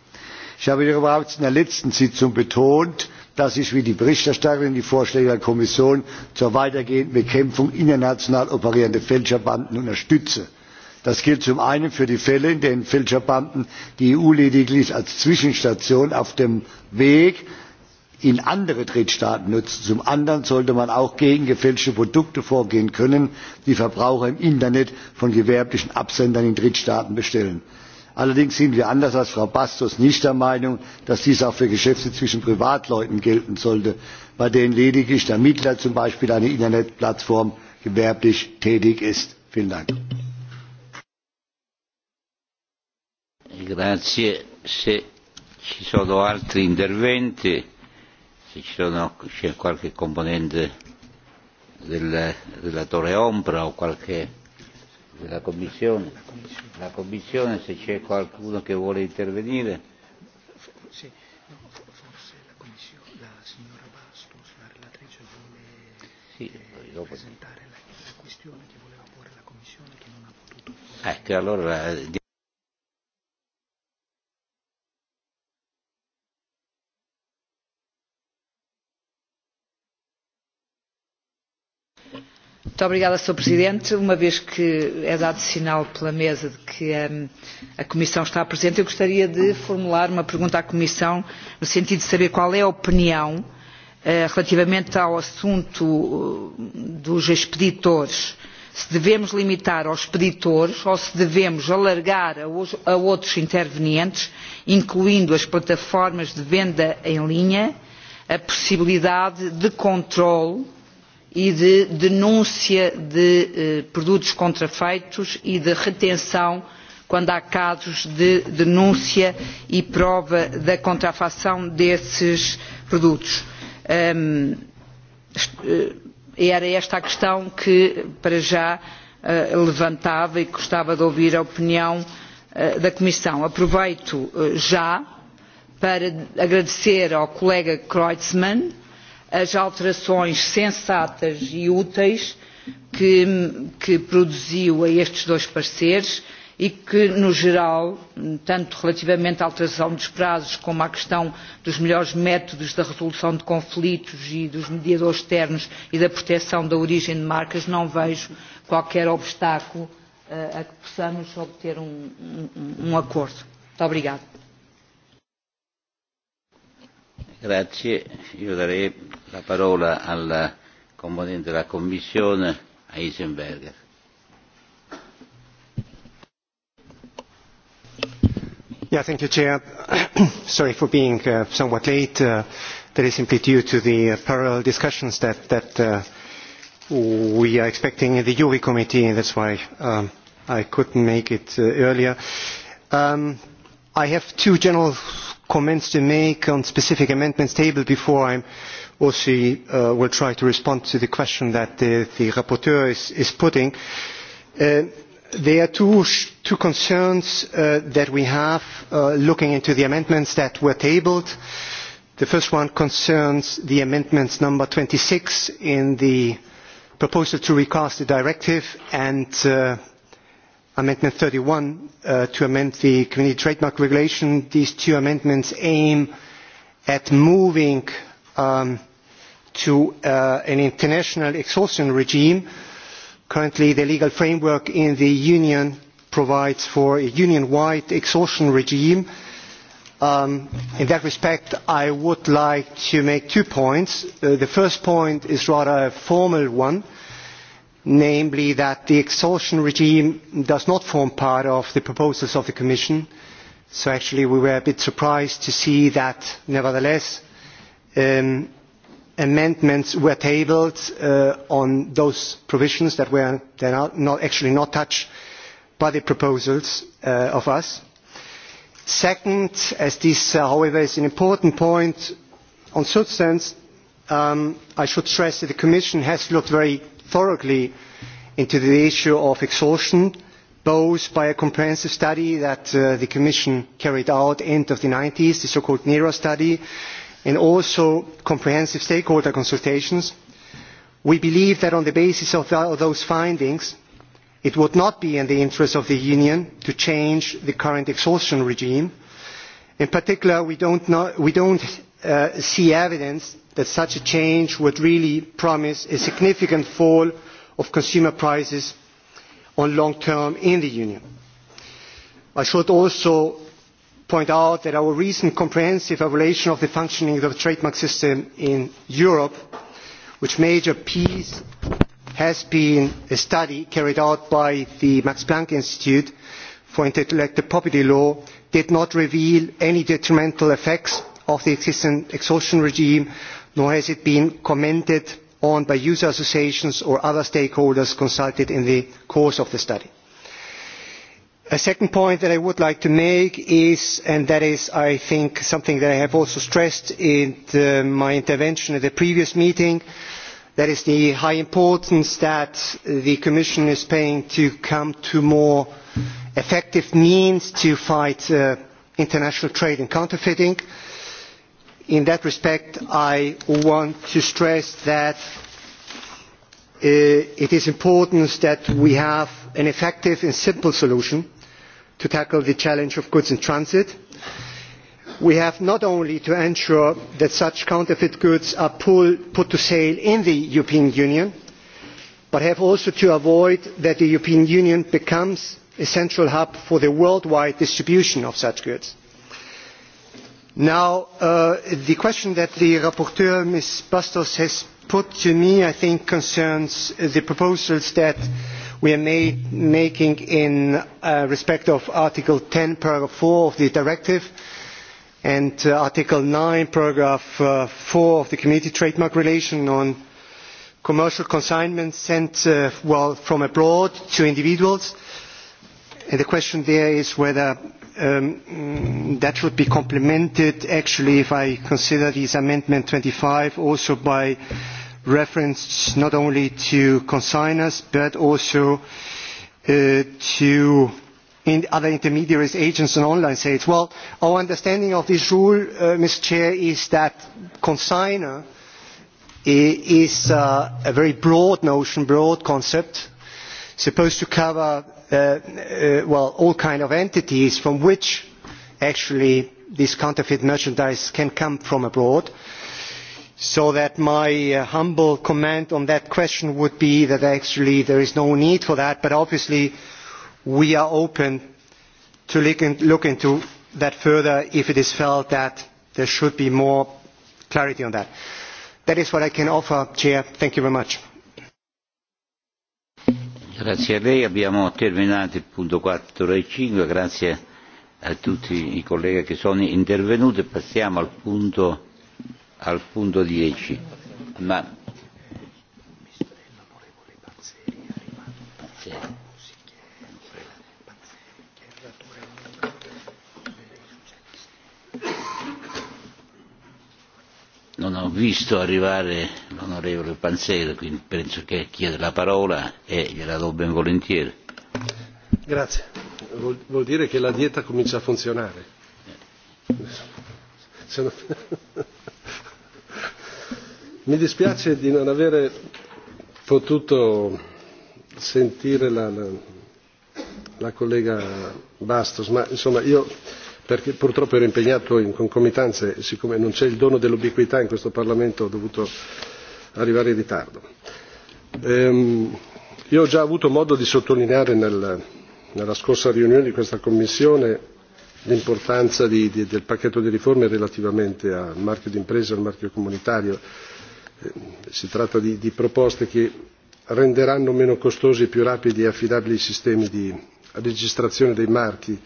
ich habe bereits in der letzten sitzung betont dass ich wie die berichterstatterin die vorschläge der kommission zur weitergehenden bekämpfung international operierender fälscherbanden unterstütze das gilt zum einen für die fälle in denen fälscherbanden die eu lediglich als zwischenstation auf dem weg in andere drittstaaten nutzen. zum anderen sollte man auch gegen gefälschte produkte vorgehen können die verbraucher im internet von gewerblichen absendern in drittstaaten bestellen. allerdings sind wir anders als frau bastos nicht der meinung dass dies auch für geschäfte zwischen privatleuten gelten sollte bei denen lediglich der mittler zum beispiel eine internetplattform gewerblich tätig ist. vielen dank. Grazie. Se ci sono altri interventi, se ci sono, c'è qualche componente del relatore Ombra o qualche della Commissione, la Commissione se c'è qualcuno che vuole intervenire. Sì, no, forse la Commissione, la signora Bastos, la relatrice vuole sì, eh, dopo... presentare la, la questione che voleva porre la Commissione che non ha potuto. Ecco, allora Muito obrigada, Sr. Presidente. Uma vez que é dado sinal pela mesa de que um, a Comissão está presente, eu gostaria de formular uma pergunta à Comissão no sentido de saber qual é a opinião uh, relativamente ao assunto eh, dos expeditores. Se devemos limitar aos expeditores ou se devemos alargar a, a outros intervenientes, incluindo as plataformas de venda em linha, a possibilidade de controle e de denúncia de eh, produtos contrafeitos e de retenção quando há casos de denúncia e prova da contrafação desses produtos. Eh, era esta a questão que, para já, eh, levantava e gostava de ouvir a opinião da Comissão. Aproveito já para agradecer ao colega Kreutzmann as alterações sensatas e úteis que, que produziu a estes dois pareceres e que, no geral, tanto relativamente à alteração dos prazos como à questão dos melhores métodos da resolução de conflitos e dos mediadores externos e da proteção da origem de marcas, não vejo qualquer obstáculo eh, a que possamos obter um, um, um acordo. Muito obrigada. Grazie. Io darei la parola al componente della Commissione, Eisenberger. Yeah, thank you, Chair. Sorry for being uh, somewhat late. Uh, that is simply due to the uh, parallel discussions that, that uh, we are expecting in the URI committee, that's why um, I couldn't make it uh, earlier. Um, I have two general comments to make on specific amendments tabled before I also uh, will try to respond to the question that the, the rapporteur is, is putting. Uh, there are two, two concerns uh, that we have uh, looking into the amendments that were tabled. The first one concerns the amendments number 26 in the proposal to recast the directive and uh, Amendment 31 uh, to amend the Community Trademark Regulation. These two amendments aim at moving um, to uh, an international exhaustion regime. Currently, the legal framework in the Union provides for a union-wide exhaustion regime. Um, in that respect, I would like to make two points. Uh, the first point is rather a formal one. Uh, namely that the exhaustion regime does not form part of the proposals of the commission so actually we were a bit surprised to see that nevertheless um, amendments were tabled uh, on those provisions that were not, not actually not touched by the proposals uh, of us. Second, as this uh, however is an important point on substance, um, I should stress that the Commission has looked very thoroughly into the issue of exhaustion, both by a comprehensive study that uh, the Commission carried out end of the 90s, the so-called NERA study, and also comprehensive stakeholder consultations. We believe that on the basis of those findings, it would not be in the interest of the Union to change the current exhaustion regime. In particular, we don't, know, we don't uh, see evidence that such a change would really promise a significant fall of consumer prices on long term in the Union. I should also point out that our recent comprehensive evaluation of the functioning of the trademark system in Europe, which major piece has been a study carried out by the Max Planck Institute for Intellectual Property Law, did not reveal any detrimental effects of the existing exhaustion regime nor has it been commented on by user associations or other stakeholders consulted in the course of the study. a second point that i would like to make is and that is i think something that i have also stressed in my intervention at the previous meeting that is the high importance that the commission is paying to come to more effective means to fight uh, international trade in counterfeiting in that respect i want to stress that uh, it is important that we have an effective and simple solution to tackle the challenge of goods in transit. we have not only to ensure that such counterfeit goods are put to sale in the european union but have also to avoid that the european union becomes a central hub for the worldwide distribution of such goods now uh, the question that the rapporteur ms bastos has put to me i think concerns the proposals that we are making in uh, respect of article ten paragraph four of the directive and uh, article nine paragraph four of the community trademark regulation on commercial consignments sent well, from abroad to individuals and the question there is whether um, that would be complemented actually if I consider this amendment 25 also by reference not only to consignors but also uh, to in other intermediaries, agents and online sales. Well, our understanding of this rule, uh, Mr. Chair, is that consignor is uh, a very broad notion, broad concept, supposed to cover Uh, uh, well, all kinds of entities from which actually this counterfeit merchandise can come from abroad so that my uh, humble comment on that question would be that actually there is no need for that but obviously we are open to look into that further if it is felt that there should be more clarity on that. that is what i can offer chair thank you very much. Grazie a lei, abbiamo terminato il punto 4 e 5, grazie a tutti i colleghi che sono intervenuti. Passiamo al punto, al punto 10. Ma non ho visto arrivare l'onorevole Panzeri, quindi penso che chieda la parola e gliela do ben volentieri. Grazie. Vuol, vuol dire che la dieta comincia a funzionare. Sono... Mi dispiace di non avere potuto sentire la, la, la collega Bastos, ma insomma io perché purtroppo ero impegnato in concomitanza e siccome non c'è il dono dell'ubiquità in questo parlamento ho dovuto arrivare in ritardo. Ehm, io ho già avuto modo di sottolineare nella scorsa riunione di questa commissione l'importanza del pacchetto di riforme relativamente al marchio d'impresa e al marchio comunitario. Eh, si tratta di, proposte che renderanno meno costosi, e più rapidi e affidabili i sistemi di registrazione dei marchi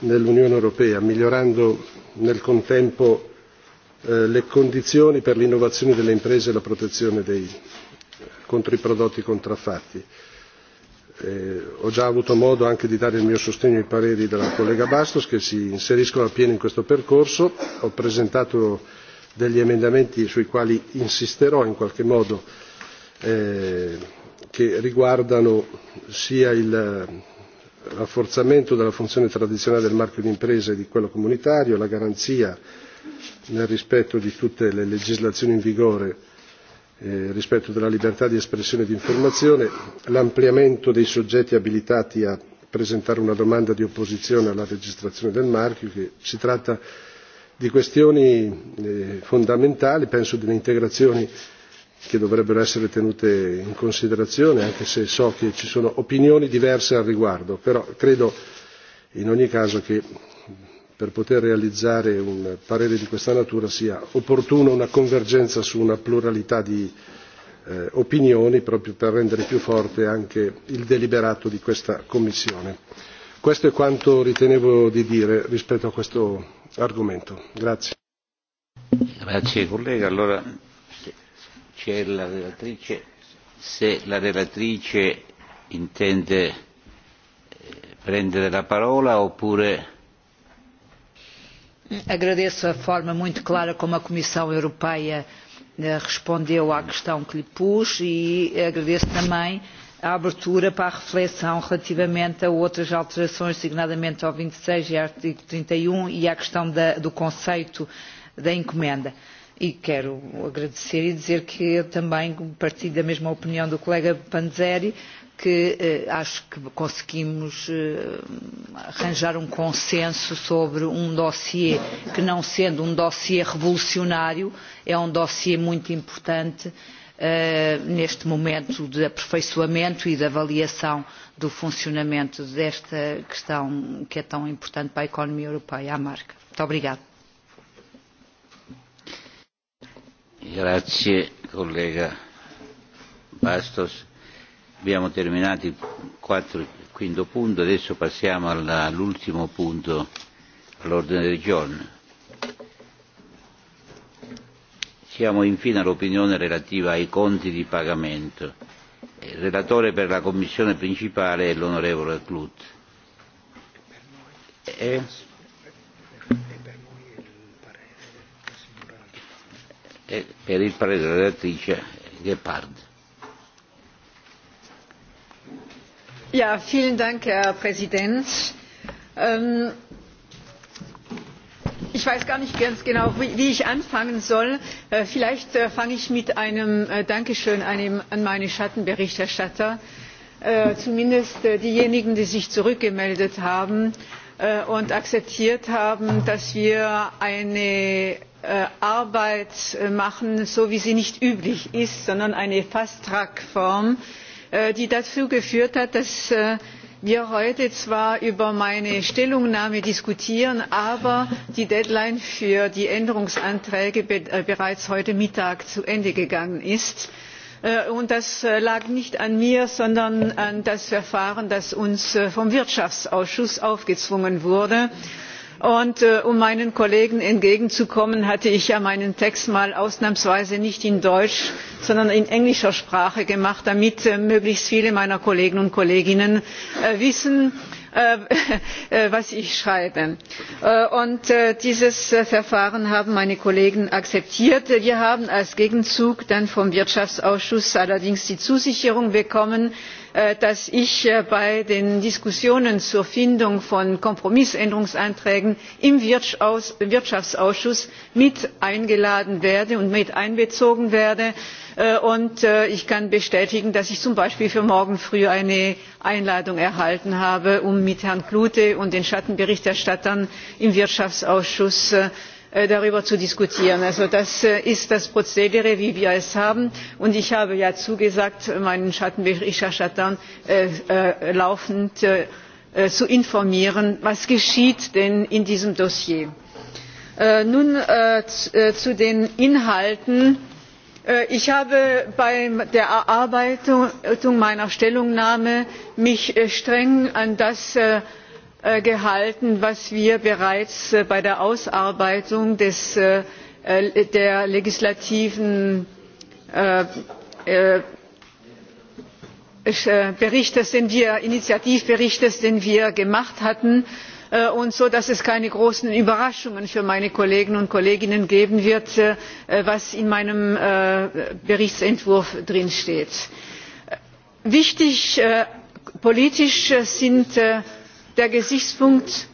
nell'Unione Europea, migliorando nel contempo eh, le condizioni per l'innovazione delle imprese e la protezione dei, contro i prodotti contraffatti. Eh, ho già avuto modo anche di dare il mio sostegno ai pareri della collega Bastos che si inseriscono appieno in questo percorso. Ho presentato degli emendamenti sui quali insisterò in qualche modo eh, che riguardano sia il, rafforzamento della funzione tradizionale del marchio d'impresa e di quello comunitario, la garanzia nel rispetto di tutte le legislazioni in vigore eh, rispetto della libertà di espressione e di informazione, l'ampliamento dei soggetti abilitati a presentare una domanda di opposizione alla registrazione del marchio, che si tratta di questioni eh, fondamentali, penso delle integrazioni che dovrebbero essere tenute in considerazione anche se so che ci sono opinioni diverse al riguardo però credo in ogni caso che per poter realizzare un parere di questa natura sia opportuna una convergenza su una pluralità di eh, opinioni proprio per rendere più forte anche il deliberato di questa commissione. questo è quanto ritenevo di dire rispetto a questo argomento. grazie. grazie collega allora c'è la relatrice, se la relatrice intende eh, prendere la parola oppure. Agradeço a forma muito clara como a Comissão Europeia eh, respondeu à questão que lhe pus e agradeço também a abertura para a reflexão relativamente a outras alterações, designadamente ao 26 e artigo 31 um e à questão da, do conceito da encomenda. Uh, e quero agradecer e dizer que eu também partilho da mesma opinião do colega Panzeri, que eh, acho que conseguimos eh, arranjar um consenso sobre um dossiê que, não sendo um dossiê revolucionário, é um dossiê muito importante eh, neste momento de aperfeiçoamento e de avaliação do funcionamento desta questão que é tão importante para a economia europeia, a marca. Muito obrigada. Grazie collega Bastos. Abbiamo terminato il, quattro, il quinto punto, adesso passiamo all'ultimo punto all'ordine del giorno. Siamo infine all'opinione relativa ai conti di pagamento. Il relatore per la commissione principale è l'onorevole Clut. Eh? per il parere della Gepard. Ja, vielen Dank, Herr Präsident. Ähm, ich weiß gar nicht ganz genau, wie, wie ich anfangen soll. Äh, vielleicht äh, fange ich mit einem äh, Dankeschön einem, an meine Schattenberichterstatter, äh, zumindest äh, diejenigen, die sich zurückgemeldet haben äh, und akzeptiert haben dass wir eine Äh, arbeit äh, machen so wie sie nicht üblich ist sondern eine fast track form äh, die dazu geführt hat dass wir heute zwar über meine stellungnahme diskutieren aber die deadline für die änderungsanträge bereits heute mittag zu ende gegangen ist. das lag nicht an mir sondern an dem verfahren das uns vom wirtschaftsausschuss aufgezwungen wurde und äh, um meinen kollegen entgegenzukommen hatte ich ja meinen text mal ausnahmsweise nicht in deutsch sondern in englischer sprache gemacht damit äh, möglichst viele meiner kolleginnen und äh, kollegen wissen was ich schreibe. dieses verfahren haben meine kollegen akzeptiert. wir haben als gegenzug dann vom wirtschaftsausschuss allerdings die zusicherung bekommen Äh, dass ich äh, bei den diskussionen zur findung von kompromissänderungsanträgen im wirtschaftsausschuss mit eingeladen werde und mit einbezogen werde äh, und ich kann bestätigen dass ich zum beispiel für morgen früh eine einladung erhalten habe um mit herrn klute und den schattenberichterstattern im wirtschaftsausschuss Äh, darüber zu diskutieren. das äh, ist das prozedere wie wir es haben und ich habe ja zugesagt meinen schattenberichterstattern äh, laufend zu informieren was geschieht denn in diesem dossier. nun zu den inhalten ich habe mich bei der erarbeitung meiner stellungnahme streng an das Äh, gehalten was wir bereits äh, bei der ausarbeitung äh, der legislativen berichtes, den wir, gemacht hatten und so dass es keine großen überraschungen für meine kollegen und kolleginnen geben wird was in meinem berichtsentwurf steht. wichtig politisch sind der gesichtspunkt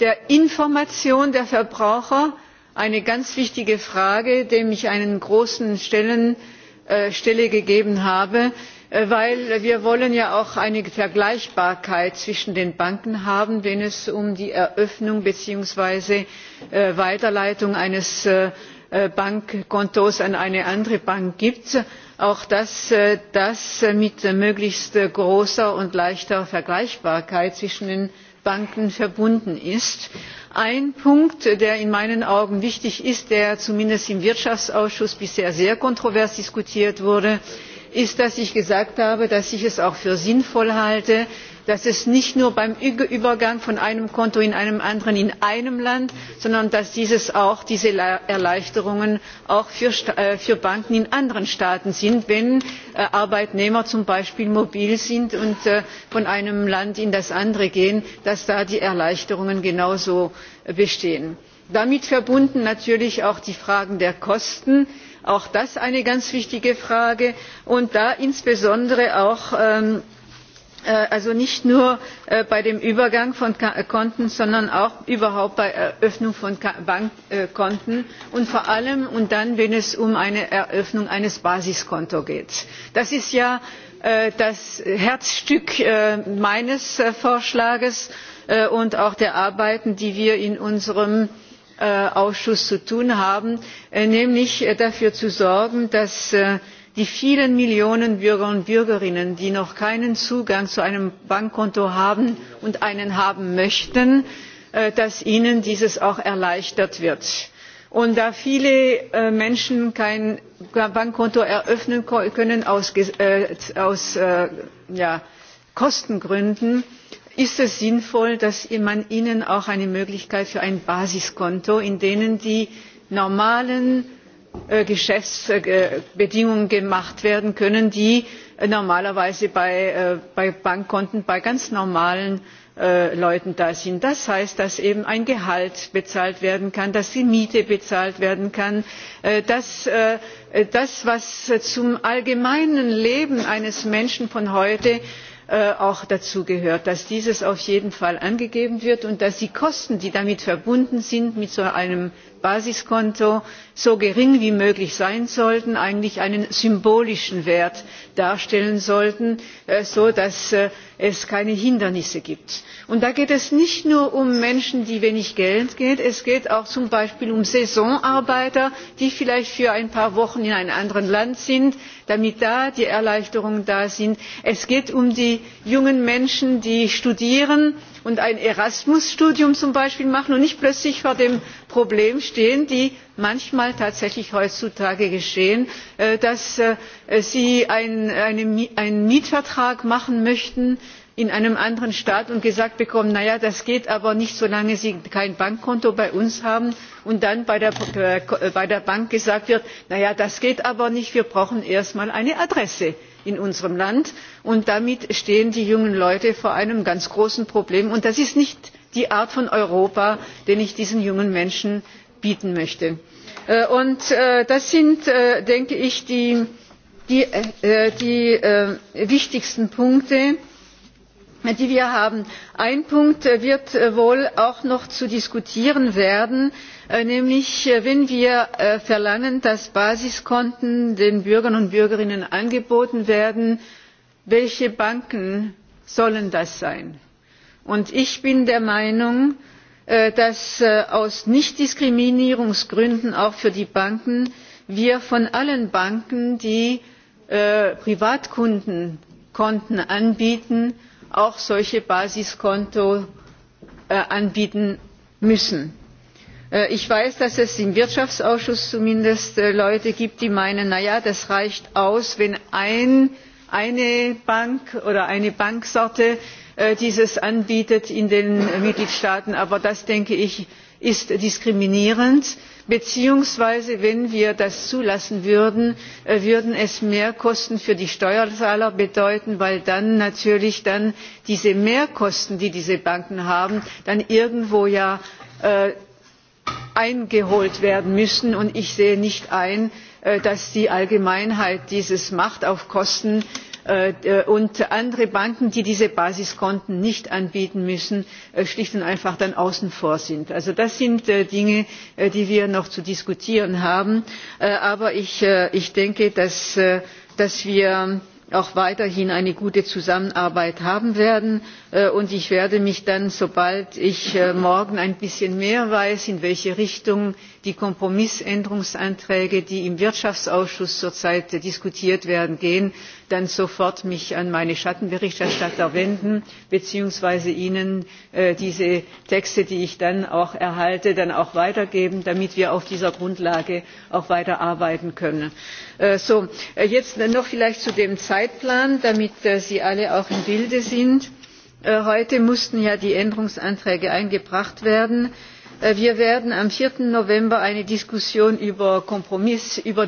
der information der verbraucher eine ganz wichtige frage dem ich einen großen stellenwert äh, gegeben habe denn äh, wir wollen ja auch eine vergleichbarkeit zwischen den banken haben wenn es um die eröffnung beziehungsweise äh, weiterleitung eines bankkontos an eine andere bank geht auch dass äh, das mit möglichst großer und leichter vergleichbarkeit zwischen den banken verbunden ist. ein punkt der in meinen augen wichtig ist der zumindest im wirtschaftsausschuss bisher sehr kontrovers diskutiert wurde ist dass ich gesagt habe dass ich es auch für sinnvoll halte dass es nicht nur beim übergang von einem konto in ein anderes in einem land sondern dass diese erleichterungen auch äh, für banken in anderen staaten sind wenn äh, arbeitnehmer zum beispiel mobil sind und äh, von einem land in das andere gehen dass da die erleichterungen genauso bestehen. damit verbunden natürlich auch die fragen der kosten auch das eine ganz wichtige frage und da insbesondere auch ähm, Äh, also nicht nur äh, bei dem übergang von äh, konten sondern auch überhaupt bei der eröffnung von bankkonten und vor allem dann wenn es um die eröffnung eines basiskontos geht. das ist ja das herzstück meines vorschlags und auch der arbeiten die wir in unserem ausschuss zu tun haben nämlich dafür zu sorgen dass die vielen millionen bürger und bürgerinnen die noch keinen zugang zu einem bankkonto haben und einen haben möchten äh, dass ihnen dieses auch erleichtert wird. Und da viele äh, menschen kein bankkonto eröffnen können aus, äh, kostengründen ist es sinnvoll dass man ihnen auch eine möglichkeit für ein basiskonto gibt in dem die normalen Äh, geschäftsbedingungen äh, gemacht werden können die äh, normalerweise bei bankkonten bei ganz normalen leuten da sind. das heißt dass eben ein gehalt bezahlt werden kann dass die miete bezahlt werden kann dass das was zum allgemeinen leben eines menschen von heute auch dazugehört dass dieses auf jeden fall angegeben wird und dass die kosten die damit verbunden sind mit so einem basiskonto so gering wie möglich sein sollten eigentlich einen symbolischen wert darstellen sollten äh, so dass äh, es keine hindernisse gibt. und da geht es nicht nur um menschen die wenig geld haben es geht auch zum beispiel um saisonarbeiter die vielleicht für ein paar wochen in einem anderen land sind damit da die erleichterungen da sind. es geht um die jungen menschen die studieren und ein erasmus studium zum beispiel machen und nicht plötzlich vor dem problem stehen das manchmal tatsächlich heutzutage geschieht äh, dass äh, sie einen mietvertrag machen möchten in einem anderen staat und gesagt bekommen na ja das geht aber nicht solange sie kein bankkonto bei uns haben und dann bei der äh, bank gesagt wird na ja das geht aber nicht wir brauchen erst mal eine adresse in unserem land und damit stehen die jungen leute vor einem ganz großen problem und das ist nicht die art von europa die ich diesen jungen menschen bieten möchte. Äh, äh, das sind äh, denke ich die wichtigsten punkte die wir haben. ein punkt wird wohl auch noch zu diskutieren sein Äh, nämlich äh, wenn wir äh, verlangen dass basiskonten den bürgern und bürgerinnen angeboten werden welche banken sollen das sein? ich bin der meinung dass wir aus nichtdiskriminierungsgründen auch für die banken von allen banken die privatkundenkonten anbieten auch solche basiskonten anbieten müssen. Äh, ich weiß dass es im wirtschaftsausschuss zumindest äh, leute gibt die meinen na ja das reicht aus wenn eine bank oder eine banksorte äh, dies anbietet in den mitgliedstaaten aber das denke ich ist diskriminierend beziehungsweise wenn wir das zulassen würden würde es mehrkosten für die steuerzahler bedeuten weil dann natürlich diese mehrkosten die diese banken haben dann irgendwo ja eingeholt werden müssen und ich sehe nicht ein äh, dass die allgemeinheit dies macht auf kosten äh, äh, und andere banken die diese basiskonten nicht anbieten müssen schlicht und einfach dann außen vor sind. also das sind dinge die wir noch zu diskutieren haben aber ich denke dass wir auch weiterhin eine gute zusammenarbeit haben werden. Äh, und ich werde mich dann sobald ich äh, morgen ein bisschen mehr weiß in welche richtung die kompromissänderungsanträge die im wirtschaftsausschuss zurzeit diskutiert werden gehen dann sofort an meine schattenberichterstatter wenden beziehungsweise ihnen äh, diese texte die ich dann auch erhalte dann auch weitergeben damit wir auf dieser grundlage auch weiterarbeiten können. jetzt noch vielleicht zu dem zeitplan damit sie alle auch im bilde sind Äh, heute mussten ja die änderungsanträge eingebracht werden. Äh, wir werden am. vier november eine diskussion über,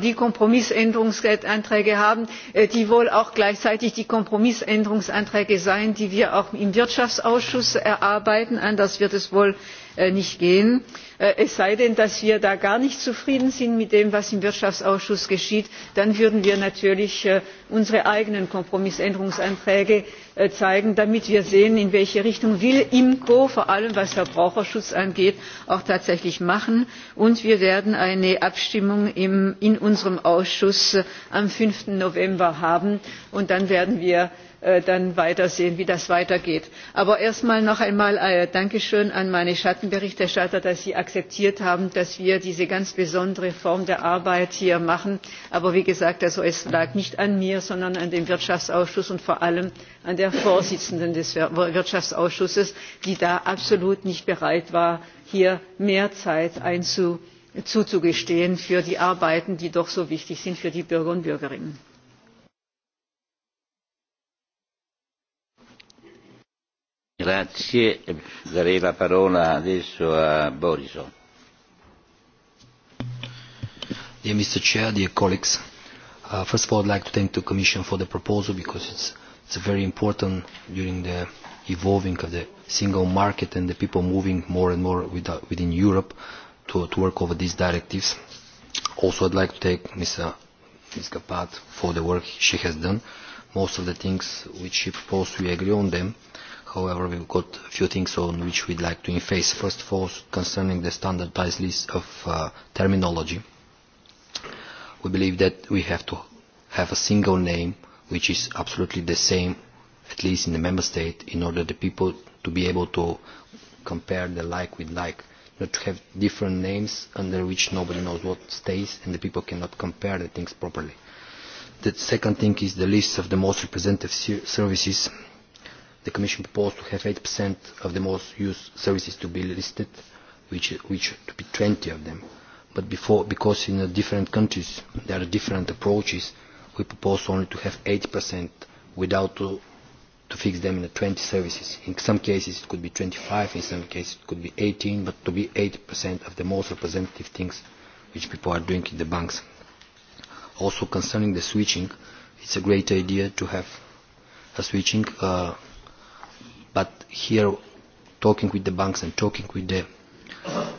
die kompromissänderungsanträge haben äh, die wohl auch gleichzeitig die kompromissänderungsanträge sein die wir auch im wirtschaftsausschuss erarbeiten anders wird es wohl nicht gehen Äh, es sei denn dass wir da gar nicht zufrieden sind mit dem was im wirtschaftsausschuss geschieht dann würden wir natürlich äh, unsere eigenen kompromissänderungsanträge äh, zeigen damit wir sehen in welche richtung imco vor allem was verbraucherschutz angeht auch tatsächlich machen will und wir werden eine abstimmung in unserem ausschuss am. fünf november haben und dann werden wir Äh, dann weitersehen wie das weitergeht. aber erst einmal noch einmal äh, dankeschön an meine schattenberichterstatter dass sie akzeptiert haben dass wir diese ganz besondere form der arbeit hier machen. aber wie gesagt es lag nicht an mir sondern an dem wirtschaftsausschuss und vor allem an der vorsitzenden des wirtschaftsausschusses die da absolut nicht bereit war hier mehr zeit zuzugestehen für die arbeiten die doch so wichtig sind für die bürger und bürgerinnen. Grazie. Darei la parola adesso a Borisov. Dear Mr. Chair, dear colleagues, uh, first of all, I'd like to thank the Commission for the proposal because it's, it's very important during the evolving of the single market and the people moving more and more uh, within Europe to, to work over these directives. Also, I'd like to thank Mr. Ms. Kapat for the work she has done. Most of the things which she proposed, we agree on them. However, we've got a few things on which we'd like to face. First of all, concerning the standardized list of uh, terminology, we believe that we have to have a single name which is absolutely the same, at least in the member state, in order the people to be able to compare the like with like, not to have different names under which nobody knows what stays and the people cannot compare the things properly. The second thing is the list of the most representative services the Commission proposed to have 8% of the most used services to be listed, which, which to be 20 of them. But before, because in the different countries there are different approaches, we propose only to have 8% without to, to fix them in the 20 services. In some cases it could be 25, in some cases it could be 18, but to be 8% of the most representative things which people are doing in the banks. Also concerning the switching, it's a great idea to have a switching uh, But here, talking with the banks and talking with the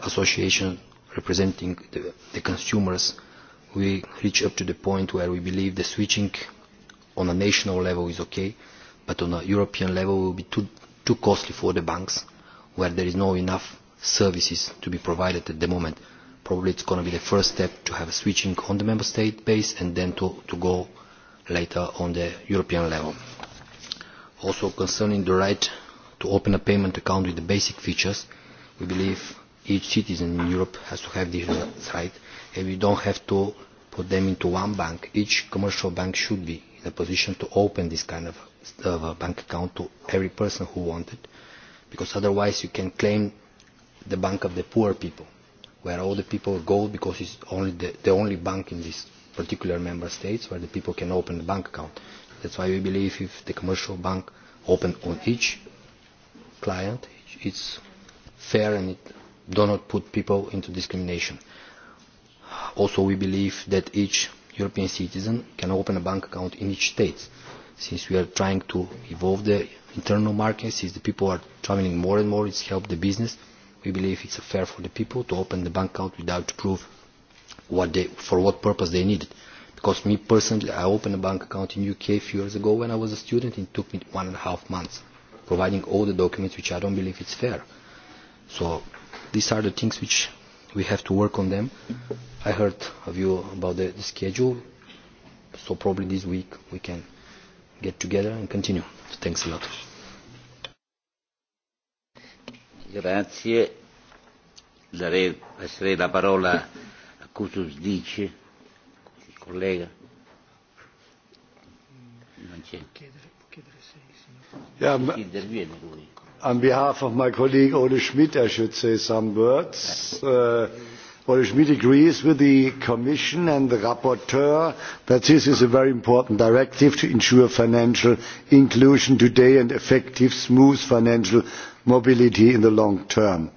association representing the, the consumers, we reach up to the point where we believe the switching on a national level is okay, but on a European level will be too, too costly for the banks, where there is no enough services to be provided at the moment. Probably it's going to be the first step to have a switching on the member state base and then to, to go later on the European level. Also concerning the right to open a payment account with the basic features. We believe each citizen in Europe has to have this right, and we don't have to put them into one bank. Each commercial bank should be in a position to open this kind of, of a bank account to every person who wants it, because otherwise you can claim the bank of the poor people, where all the people go because it's only the, the only bank in this particular member states where the people can open the bank account. That's why we believe if the commercial bank open on each client. It's fair and it do not put people into discrimination. Also, we believe that each European citizen can open a bank account in each state. Since we are trying to evolve the internal market, since the people are traveling more and more, it's helped the business. We believe it's fair for the people to open the bank account without to prove what they, for what purpose they need it. Because me personally, I opened a bank account in UK a few years ago when I was a student. It took me one and a half months providing all the documents, which I don't believe it's fair. So these are the things which we have to work on them. I heard of you about the, the schedule, so probably this week we can get together and continue. Thanks a lot. Grazie. Darei, passerei la parola a Cusus Dice, il collega. Non c'è on behalf of my colleague Ole Schmidt, I should say some words. Uh, Ole Schmidt agrees with the Commission and the rapporteur that this is a very important directive to ensure financial inclusion today and effective, smooth financial mobility in the long term.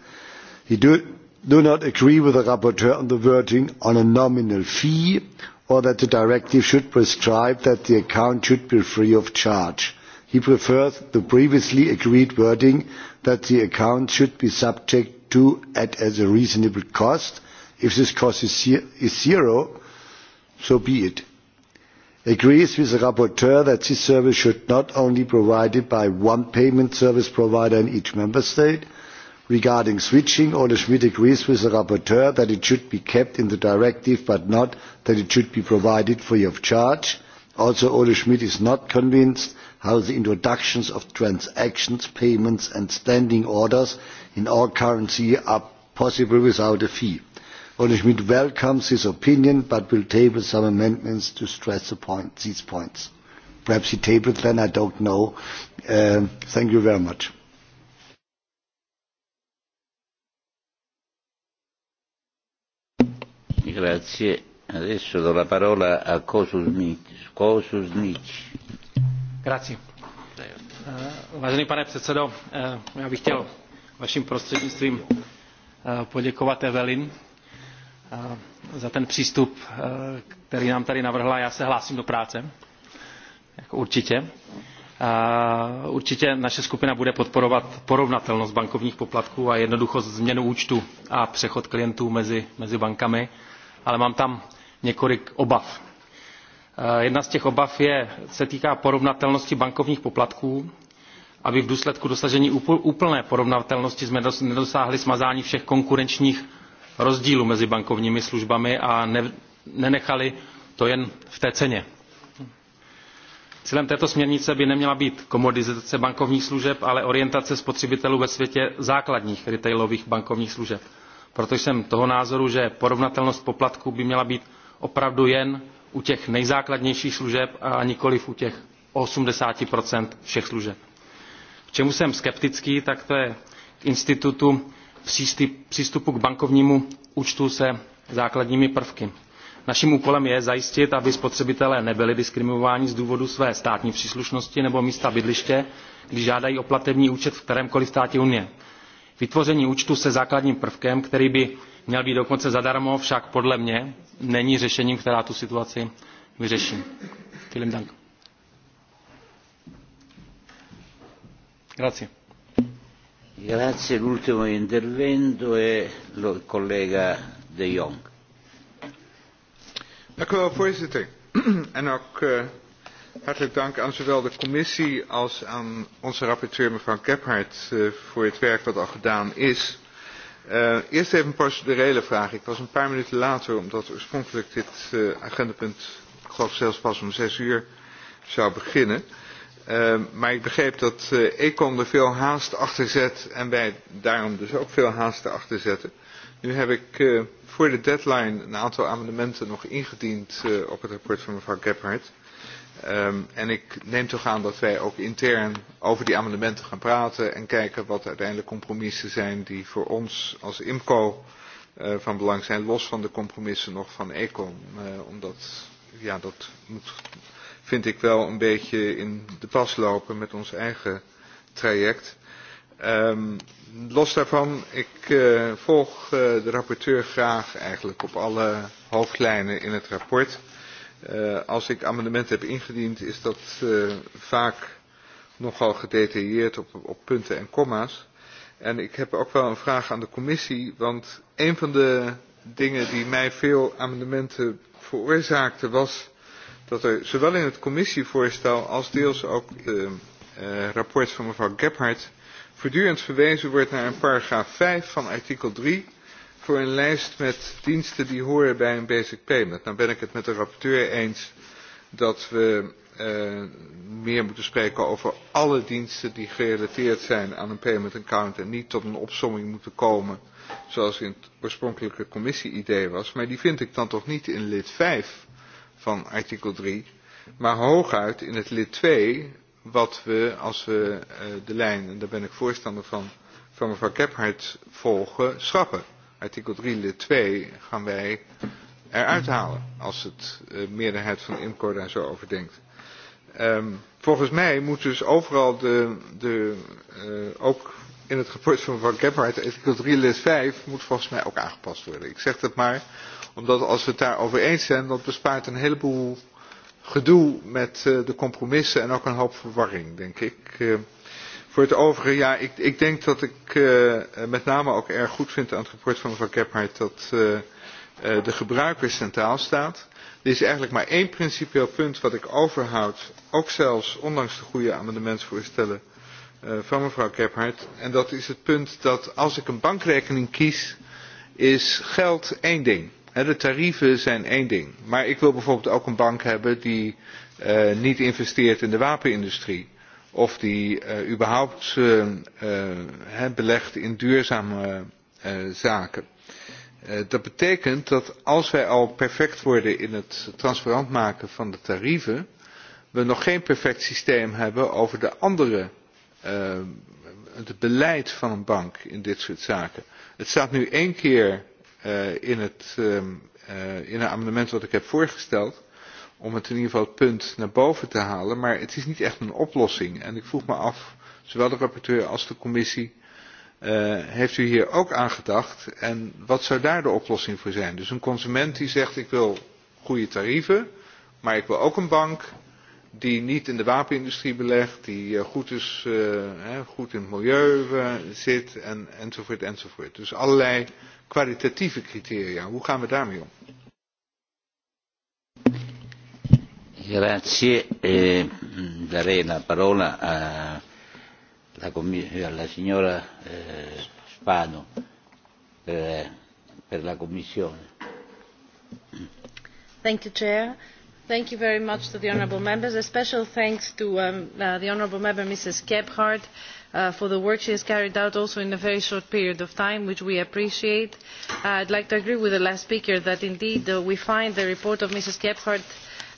He do, do not agree with the rapporteur on the wording on a nominal fee or that the directive should prescribe that the account should be free of charge he prefers the previously agreed wording that the account should be subject to at as a reasonable cost. If this cost is, is zero, so be it. Agrees with the rapporteur that this service should not only be provided by one payment service provider in each member state. Regarding switching, Ole Schmidt agrees with the rapporteur that it should be kept in the directive but not that it should be provided free of charge. Also, Ole Schmidt is not convinced how the introductions of transactions, payments and standing orders in all currency are possible without a fee. Olli Schmidt welcomes his opinion but will table some amendments to stress the point, these points. Perhaps he tabled them, I don't know. Uh, thank you very much. Grazie. Adesso do la parola a Kosusmic. Grazie. Vážený pane předsedo, eh, já bych chtěl vaším prostřednictvím eh, poděkovat Evelyn eh, za ten přístup, který nám tady navrhla. Já se hlásím do práce, jako určitě. Určitě naše skupina bude podporovat porovnatelnost bankovních poplatků a jednoduchost změnu účtu a přechod klientů mezi, mezi bankami, ale mám tam několik obav Eh, jedna z těch obav je, se týká porovnatelnosti bankovních poplatků aby v důsledku dosažení úplné porovnatelnosti jsme nedosáhli smazání všech konkurenčních rozdílů mezi bankovními službami a ne, nenechali to jen v té ceně. Cílem této směrnice by neměla být komoditizace bankovních služeb, ale orientace spotřebitelů ve světě základních retailových bankovních služeb. Proto jsem toho názoru, že porovnatelnost poplatků by měla být opravdu jen u těch nejzákladnějších služeb a nikoliv u těch 80 všech služeb. K čemu jsem skeptický, tak to je k institutu přístupu k bankovnímu účtu se základními prvky. Naším úkolem je zajistit, aby spotřebitelé nebyli diskriminováni z důvodu své státní příslušnosti nebo místa bydliště, když žádají o platební účet v kterémkoliv státě Unie. Vytvoření účtu se základním prvkem, který by měl být dokonce zadarmo však podle mě není řešením která tu situaci vyřeší. Vielen Dank. Grazie. Grazie. L'ultimo intervento è il collega De Jong. Dank u wel, voorzitter. En ook uh, hartelijk dank aan zowel de commissie als aan onze rapporteur mevrouw Gebhardt uh, voor het werk dat al gedaan is. Eh, eerst even een procedurele vraag. Ik was een paar minuten later omdat oorspronkelijk dit eh, agendapunt, ik geloof zelfs pas om zes uur, zou beginnen. Eh, maar ik begreep dat Econ er veel haast achter zet en wij daarom dus ook veel haast erachter zetten. Nu heb ik voor de deadline een aantal amendementen nog ingediend op het verslag van mevrouw Gebhardt. Ehm, en ik neem toch aan dat wij ook intern over die amendementen gaan praten en kijken wat uiteindelijk compromissen zijn die voor ons als IMCO eh, van belang zijn, los van de compromissen nog van econ eh, omdat, ja, dat moet, vind ik wel een beetje in de pas lopen met ons eigen traject. Um, los daarvan, ik uh, volg uh, de rapporteur graag eigenlijk op alle hoofdlijnen in het rapport. Eh, als ik amendementen heb ingediend is dat eh, vaak nogal gedetailleerd op, op punten en komma's. En ik heb ook wel een vraag aan de commissie, want een van de dingen die mij veel amendementen veroorzaakte was dat er zowel in het commissievoorstel als deels ook in het eh, rapport van mevrouw Gebhardt voortdurend verwezen wordt naar een paragraaf 5 van artikel 3 voor een lijst met diensten die horen bij een basic payment. Nou ben ik het met de rapporteur eens dat we uh, meer moeten spreken over alle diensten die gerelateerd zijn aan een payment account en niet tot een opsomming moeten komen zoals in het oorspronkelijke commissie-idee was. Maar die vind ik dan toch niet in lid 5 van artikel 3, maar hooguit in het lid 2 wat we als we uh, de lijn, en daar ben ik voorstander van, van mevrouw Kephart volgen, schrappen artikel 3 lid 2 gaan wij eruit halen als het uh, meerderheid van IMCO daar zo over denkt. Um, volgens mij moet dus overal de, de uh, ook in het rapport van Van Gebhardt, artikel 3 lid 5, moet volgens mij ook aangepast worden. Ik zeg dat maar, omdat als we het daarover eens zijn, dat bespaart een heleboel gedoe met uh, de compromissen en ook een hoop verwarring, denk ik. Uh, Voor het overige, ja, ik, ik denk dat ik uh, met name ook erg goed vind aan het rapport van mevrouw Gebhardt dat uh, uh, de gebruiker centraal staat. Er is eigenlijk maar één principieel punt wat ik overhoud, ook zelfs ondanks de goede amendementsvoorstellen uh, van mevrouw Gebhardt. En dat is het punt dat als ik een bankrekening kies, is geld één ding. He, de tarieven zijn één ding. Maar ik wil bijvoorbeeld ook een bank hebben die uh, niet investeert in de wapenindustrie of die uh, überhaupt uh, eh, uh, eh, belegt in duurzame zaken. dat betekent dat als wij al perfect worden in het transparant maken van de tarieven we nog geen perfect systeem hebben over de andere het beleid van een bank in dit soort zaken. Het staat nu één keer in, het, ehm, in een amendement wat ik heb voorgesteld om het in ieder geval het punt naar boven te halen, maar het is niet echt een oplossing. En ik vroeg me af, zowel de rapporteur als de commissie, uh, heeft u hier ook aan gedacht en wat zou daar de oplossing voor zijn? Dus een consument die zegt ik wil goede tarieven, maar ik wil ook een bank die niet in de wapenindustrie belegt, die eh, goed, is, uh, goed in het milieu uh, zit en, enzovoort enzovoort. Dus allerlei kwalitatieve criteria. Hoe gaan we daarmee om? Grazie. Eh, darei la parola a, la, alla signora eh, Spano per, per la Commissione. Thank you, Chair. Thank you very much to the honourable members. A special thanks to um, uh, the honourable member, Mrs. Gebhardt, Uh, for the work she has carried out also in a very short period of time which we appreciate. Uh, i would like to agree with the last speaker that indeed uh, we find the report of mrs gebhardt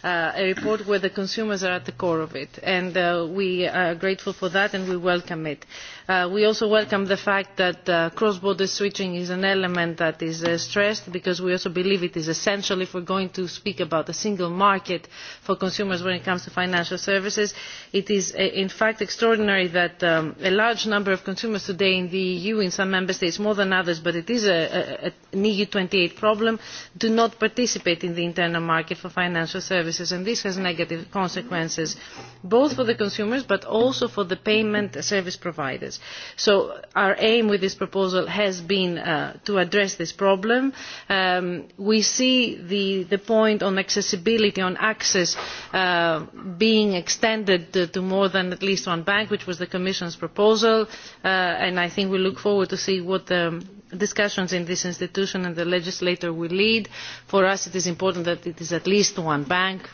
Uh, a report where the consumers are at the core of it. And uh, we are grateful for that and we welcome it. Uh, we also welcome the fact that uh, cross border switching is an element that is uh, stressed because we also believe it is essential if we are going to speak about a single market for consumers when it comes to financial services. it is in fact extraordinary that um, a large number of consumers today in the eu in some member states more than others but it is a, an eu twenty eight problem do not participate in the internal market for financial services and this has negative consequences both for the consumers but also for the payment service providers services. So our aim with this proposal has been uh, to address this problem. Um, we see the, the point on accessibility, on access uh, being extended to, to more than at least one bank, which was the Commission's proposal, uh, and I think we look forward to see what the um, discussions in this institution and the legislator will lead. For us it is important that it is at least one bank,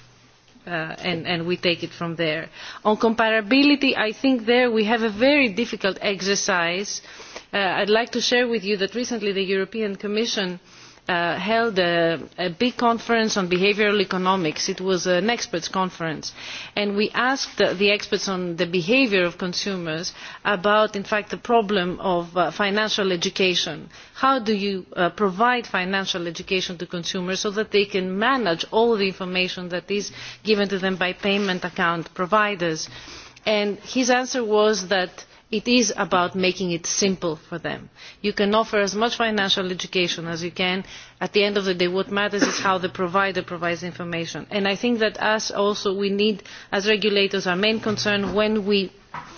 Uh, and, and we take it from there. On comparability, I think there we have a very difficult exercise. Uh, I'd like to share with you that recently the European Commission uh, Uh, held a, big conference on behavioural economics it was an experts conference and we asked the, experts on the behaviour of consumers about in fact the problem of uh, financial education how do you uh, provide financial education to consumers so that they can manage all the information that is given to them by payment account providers and his answer was that it is about making it simple for them. you can offer as much financial education as you can at the end of the day what matters is how the provider provides information and i think that us also we need as regulators our main concern when we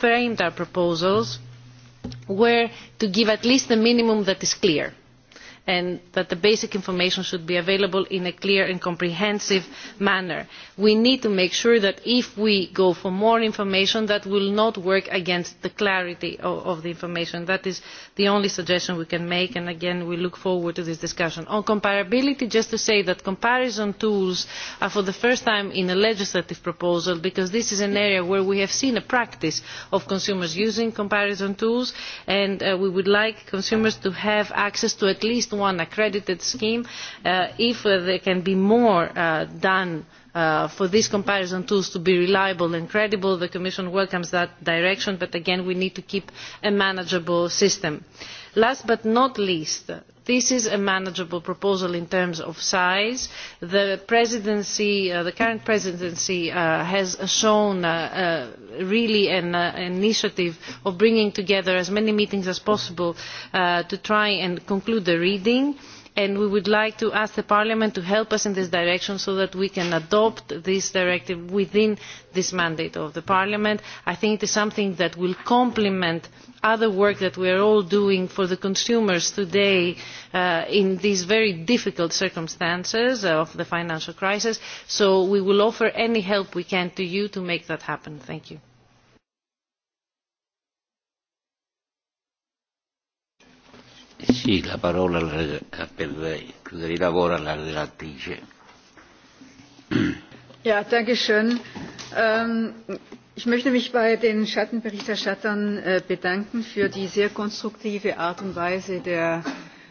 framed our proposals were to give at least the minimum that is clear and that the basic information should be available in a clear and comprehensive manner. We need to make sure that if we go for more information that will not work against the clarity of, the information. That is the only suggestion we can make and again we look forward to this discussion. On comparability, just to say that comparison tools are for the first time in a legislative proposal because this is an area where we have seen a practice of consumers using comparison tools and uh, we would like consumers to have access to at least one accredited scheme uh, if uh, there can be more uh, done Uh, for these comparison tools to be reliable and credible the commission welcomes that direction but again we need to keep a manageable system. last but not least this is a manageable proposal in terms of size. the, presidency, uh, the current presidency uh, has shown uh, uh really an uh, initiative of bringing together as many meetings as possible to try and conclude the reading and we would like to ask parliament to help us in this direction so that we can adopt this directive within this mandate of parliament. i think it is something that will complement other work that we are all doing for the consumers today uh, in these very difficult circumstances of the financial crisis so we will offer any help we can to you to make that happen. thank you. Sì, la parola per chiudere i lavori alla relatrice. Ja, danke schön. Ähm, ich möchte mich bei den Schattenberichterstattern äh, bedanken für die sehr konstruktive Art und Weise der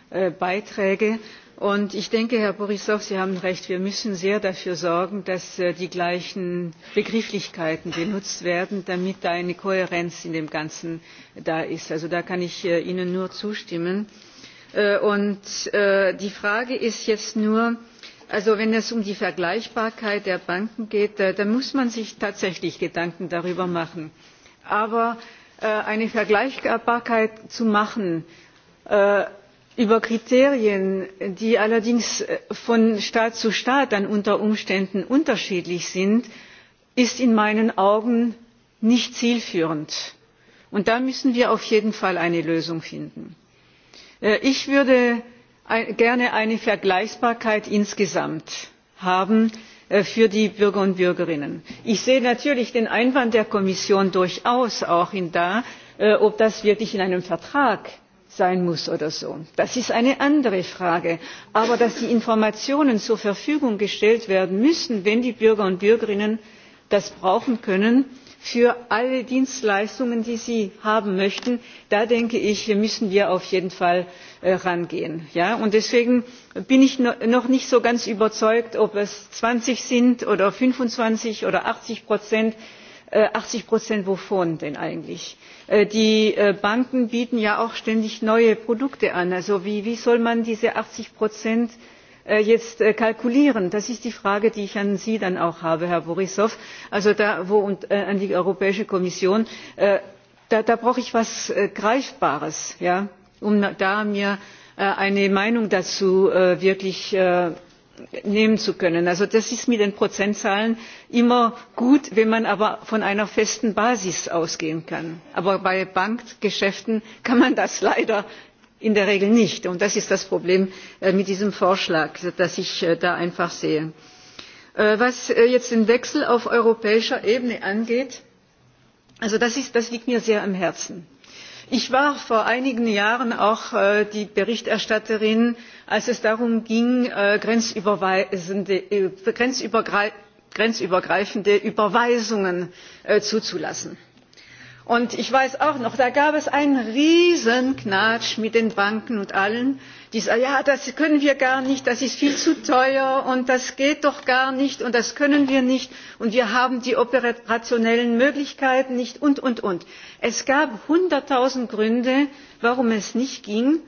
äh, Beiträge und ich denke herr borissow sie haben recht wir müssen sehr dafür sorgen dass äh, die gleichen begrifflichkeiten benutzt werden damit da eine kohärenz in dem ganzen da ist. also da kann ich äh, ihnen nur zustimmen. Äh, die frage ist jetzt nur wenn es um die vergleichbarkeit der banken geht dann muss man sich tatsächlich gedanken darüber machen. aber eine vergleichbarkeit zu machen über kriterien die allerdings äh, von staat zu staat dann unter umständen unterschiedlich sind ist in meinen augen nicht zielführend. und da müssen wir auf jeden fall eine lösung finden. Äh, ich würde gerne eine vergleichbarkeit insgesamt haben äh, für die bürger und bürgerinnen. ich sehe natürlich den einwand der kommission durchaus auch da ob das wirklich in einem vertrag sein muss oder so. das ist eine andere frage. aber dass die informationen zur verfügung gestellt werden müssen wenn die bürger und bürgerinnen das brauchen können für alle dienstleistungen die sie haben möchten da denke ich müssen wir auf jeden fall äh, rangehen. und deswegen bin ich noch nicht so ganz überzeugt ob es zwanzig sind oder fünfundzwanzig oder achtzig äh, achtzig prozent wovon denn eigentlich? Äh, die äh, banken bieten ja auch ständig neue produkte an. also wie, soll man diese achtzig äh, jetzt kalkulieren? das ist die frage die ich an sie dann auch habe herr borissow da, und an die europäische kommission. Da, da, brauche ich etwas greifbares um mir da mir eine meinung dazu wirklich nehmen zu können. also das ist mit den prozentzahlen immer gut wenn man aber von einer festen basis ausgehen kann. aber bei bankgeschäften kann man das leider in der regel nicht und das ist das problem äh, mit diesem vorschlag das ich äh, da einfach sehe. Äh, was jetzt den wechsel auf europäischer ebene angeht das liegt mir sehr am herzen ich war vor einigen jahren auch äh, die berichterstatterin als es darum ging äh, äh, grenzübergreifende überweisungen zuzulassen und ich weiß auch noch da gab es einen riesenknatsch mit den banken und allen die sagten ja das können wir gar nicht das ist viel zu teuer und das geht doch gar nicht und das können wir nicht und wir haben die operationellen möglichkeiten nicht und und und. es gab hunderttausend gründe warum es nicht ging.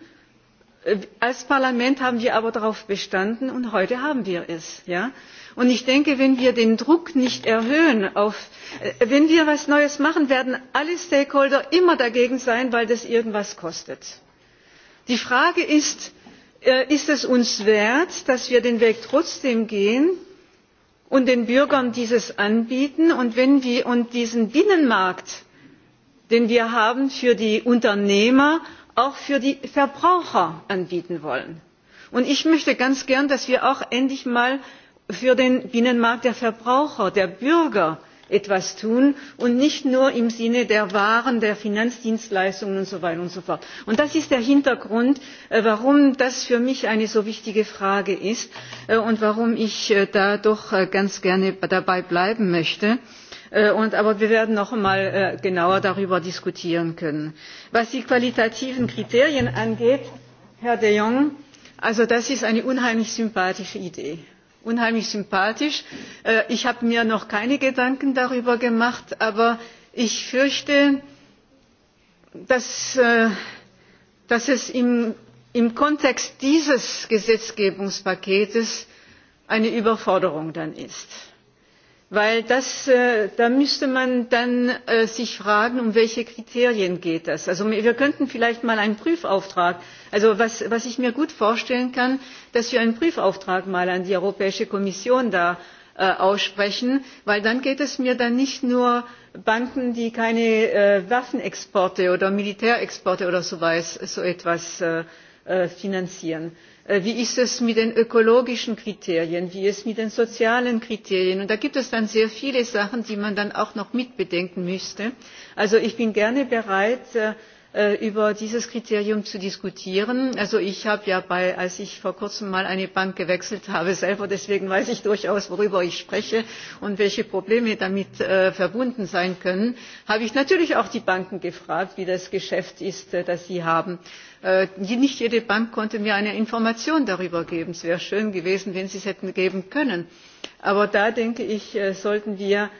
Äh, als parlament haben wir aber darauf bestanden und heute haben wir es. Ja? und ich denke wenn wir den druck nicht erhöhen äh, wenn wir etwas neues machen werden alle stakeholder immer dagegen sein weil das irgendetwas kostet. die frage ist äh, ist es uns wert dass wir den weg trotzdem gehen und den bürgern dieses anbieten und diesen binnenmarkt den wir haben für die unternehmer auch für die verbraucher anbieten wollen? ich möchte ganz gern dass wir auch endlich für den binnenmarkt der verbraucher der bürger etwas tun und nicht nur im sinne der waren der finanzdienstleistungen und so weiter und so fort. das ist der hintergrund äh, warum das für mich eine so wichtige frage ist äh, und warum ich äh, da doch ganz gerne dabei bleiben möchte. aber wir werden noch einmal genauer darüber diskutieren können. was die qualitativen kriterien angeht herr de jong das ist eine unheimlich sympathische idee unheimlich sympathisch. Äh, ich habe mir noch keine gedanken darüber gemacht aber ich fürchte dass, äh, es im, kontext dieses gesetzgebungspakets eine überforderung ist denn äh, da müsste man äh, sich dann fragen um welche kriterien geht es? wir könnten vielleicht mal einen prüfauftrag also was, ich mir gut vorstellen kann dass wir einen prüfauftrag mal an die europäische kommission da, äh, aussprechen denn dann geht es mir dann nicht nur um banken die keine waffenexporte oder militärexporte oder so, etwas finanzieren Äh, wie ist es mit den ökologischen kriterien wie ist es mit den sozialen kriterien? da gibt es dann sehr viele sachen die man dann auch noch mitbedenken müsste. also ich bin gerne bereit äh, Äh, über dieses kriterium zu diskutieren. ich habe ja als ich vor kurzem mal eine bank gewechselt habe selber deswegen weiß ich durchaus worüber ich spreche und welche probleme damit äh, verbunden sein können natürlich auch die banken gefragt wie das geschäft ist äh, das sie haben. nicht jede bank konnte mir eine information darüber geben. es wäre schön gewesen wenn sie es hätten geben können. aber da denke ich sollten wir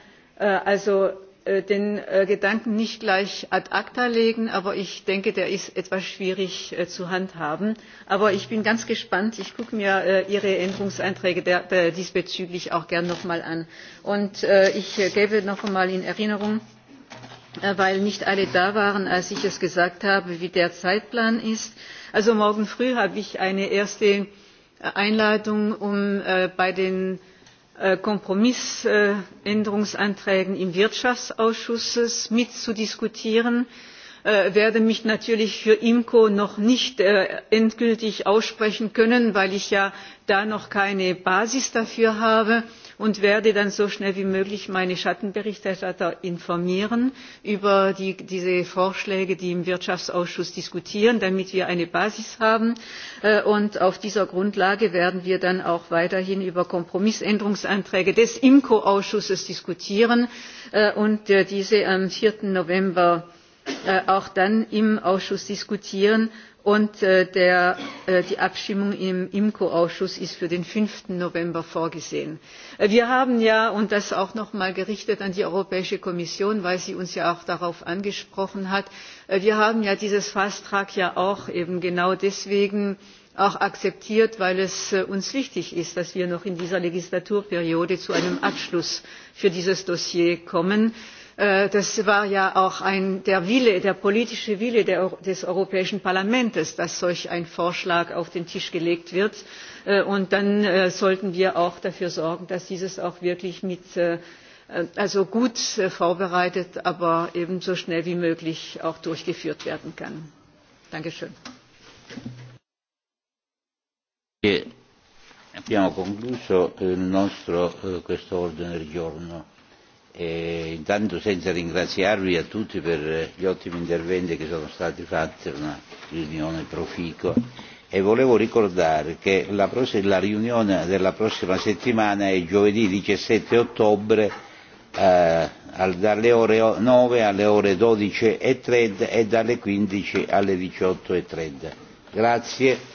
Äh, den äh, gedanken nicht gleich ad acta legen aber ich denke der ist etwas schwierig äh, zu handhaben. aber ich bin ganz gespannt ich schaue mir ihre änderungsanträge diesbezüglich auch gern noch einmal an. und ich rufe noch einmal in erinnerung weil nicht alle da waren als ich es gesagt habe wie der zeitplan ist. also morgen früh habe ich eine erste einladung um bei den Äh, kompromissänderungsanträgen im wirtschaftsausschuss mitzudiskutieren äh, werde mich natürlich für imco noch nicht äh, endgültig aussprechen können weil ich ja da noch keine basis dafür habe und werde dann so schnell wie möglich meine schattenberichterstatter informieren über diese vorschläge die im wirtschaftsausschuss diskutiert diskutieren damit wir eine basis haben äh, und auf dieser grundlage werden wir dann auch weiterhin über kompromissänderungsanträge des imco ausschusses diskutieren äh, und äh, diese am. vier november auch dann im ausschuss diskutieren und äh, äh, die abstimmung im imco ausschuss ist für den. fünf november vorgesehen. Äh, wir haben ja und das auch noch einmal gerichtet an die europäische kommission weil sie uns ja auch darauf angesprochen hat dieses fast track ja auch eben genau deswegen akzeptiert weil es uns wichtig ist dass wir noch in dieser legislaturperiode zu einem abschluss für dieses dossier kommen Äh, das war ja auch der wille der politische wille des europäischen parlaments dass solch ein vorschlag auf den tisch gelegt wird äh, und dann äh, sollten wir auch dafür sorgen dass dies auch wirklich gut vorbereitet aber eben so schnell wie möglich auch durchgeführt werden kann. danke schön. E intanto senza ringraziarvi a tutti per eh, gli ottimi interventi che sono stati fatti, una riunione proficua e volevo ricordare che la, la riunione della prossima settimana è giovedì 17 ottobre eh, dalle ore 9 alle ore 12.30 e dalle 15 alle 18.30. Grazie.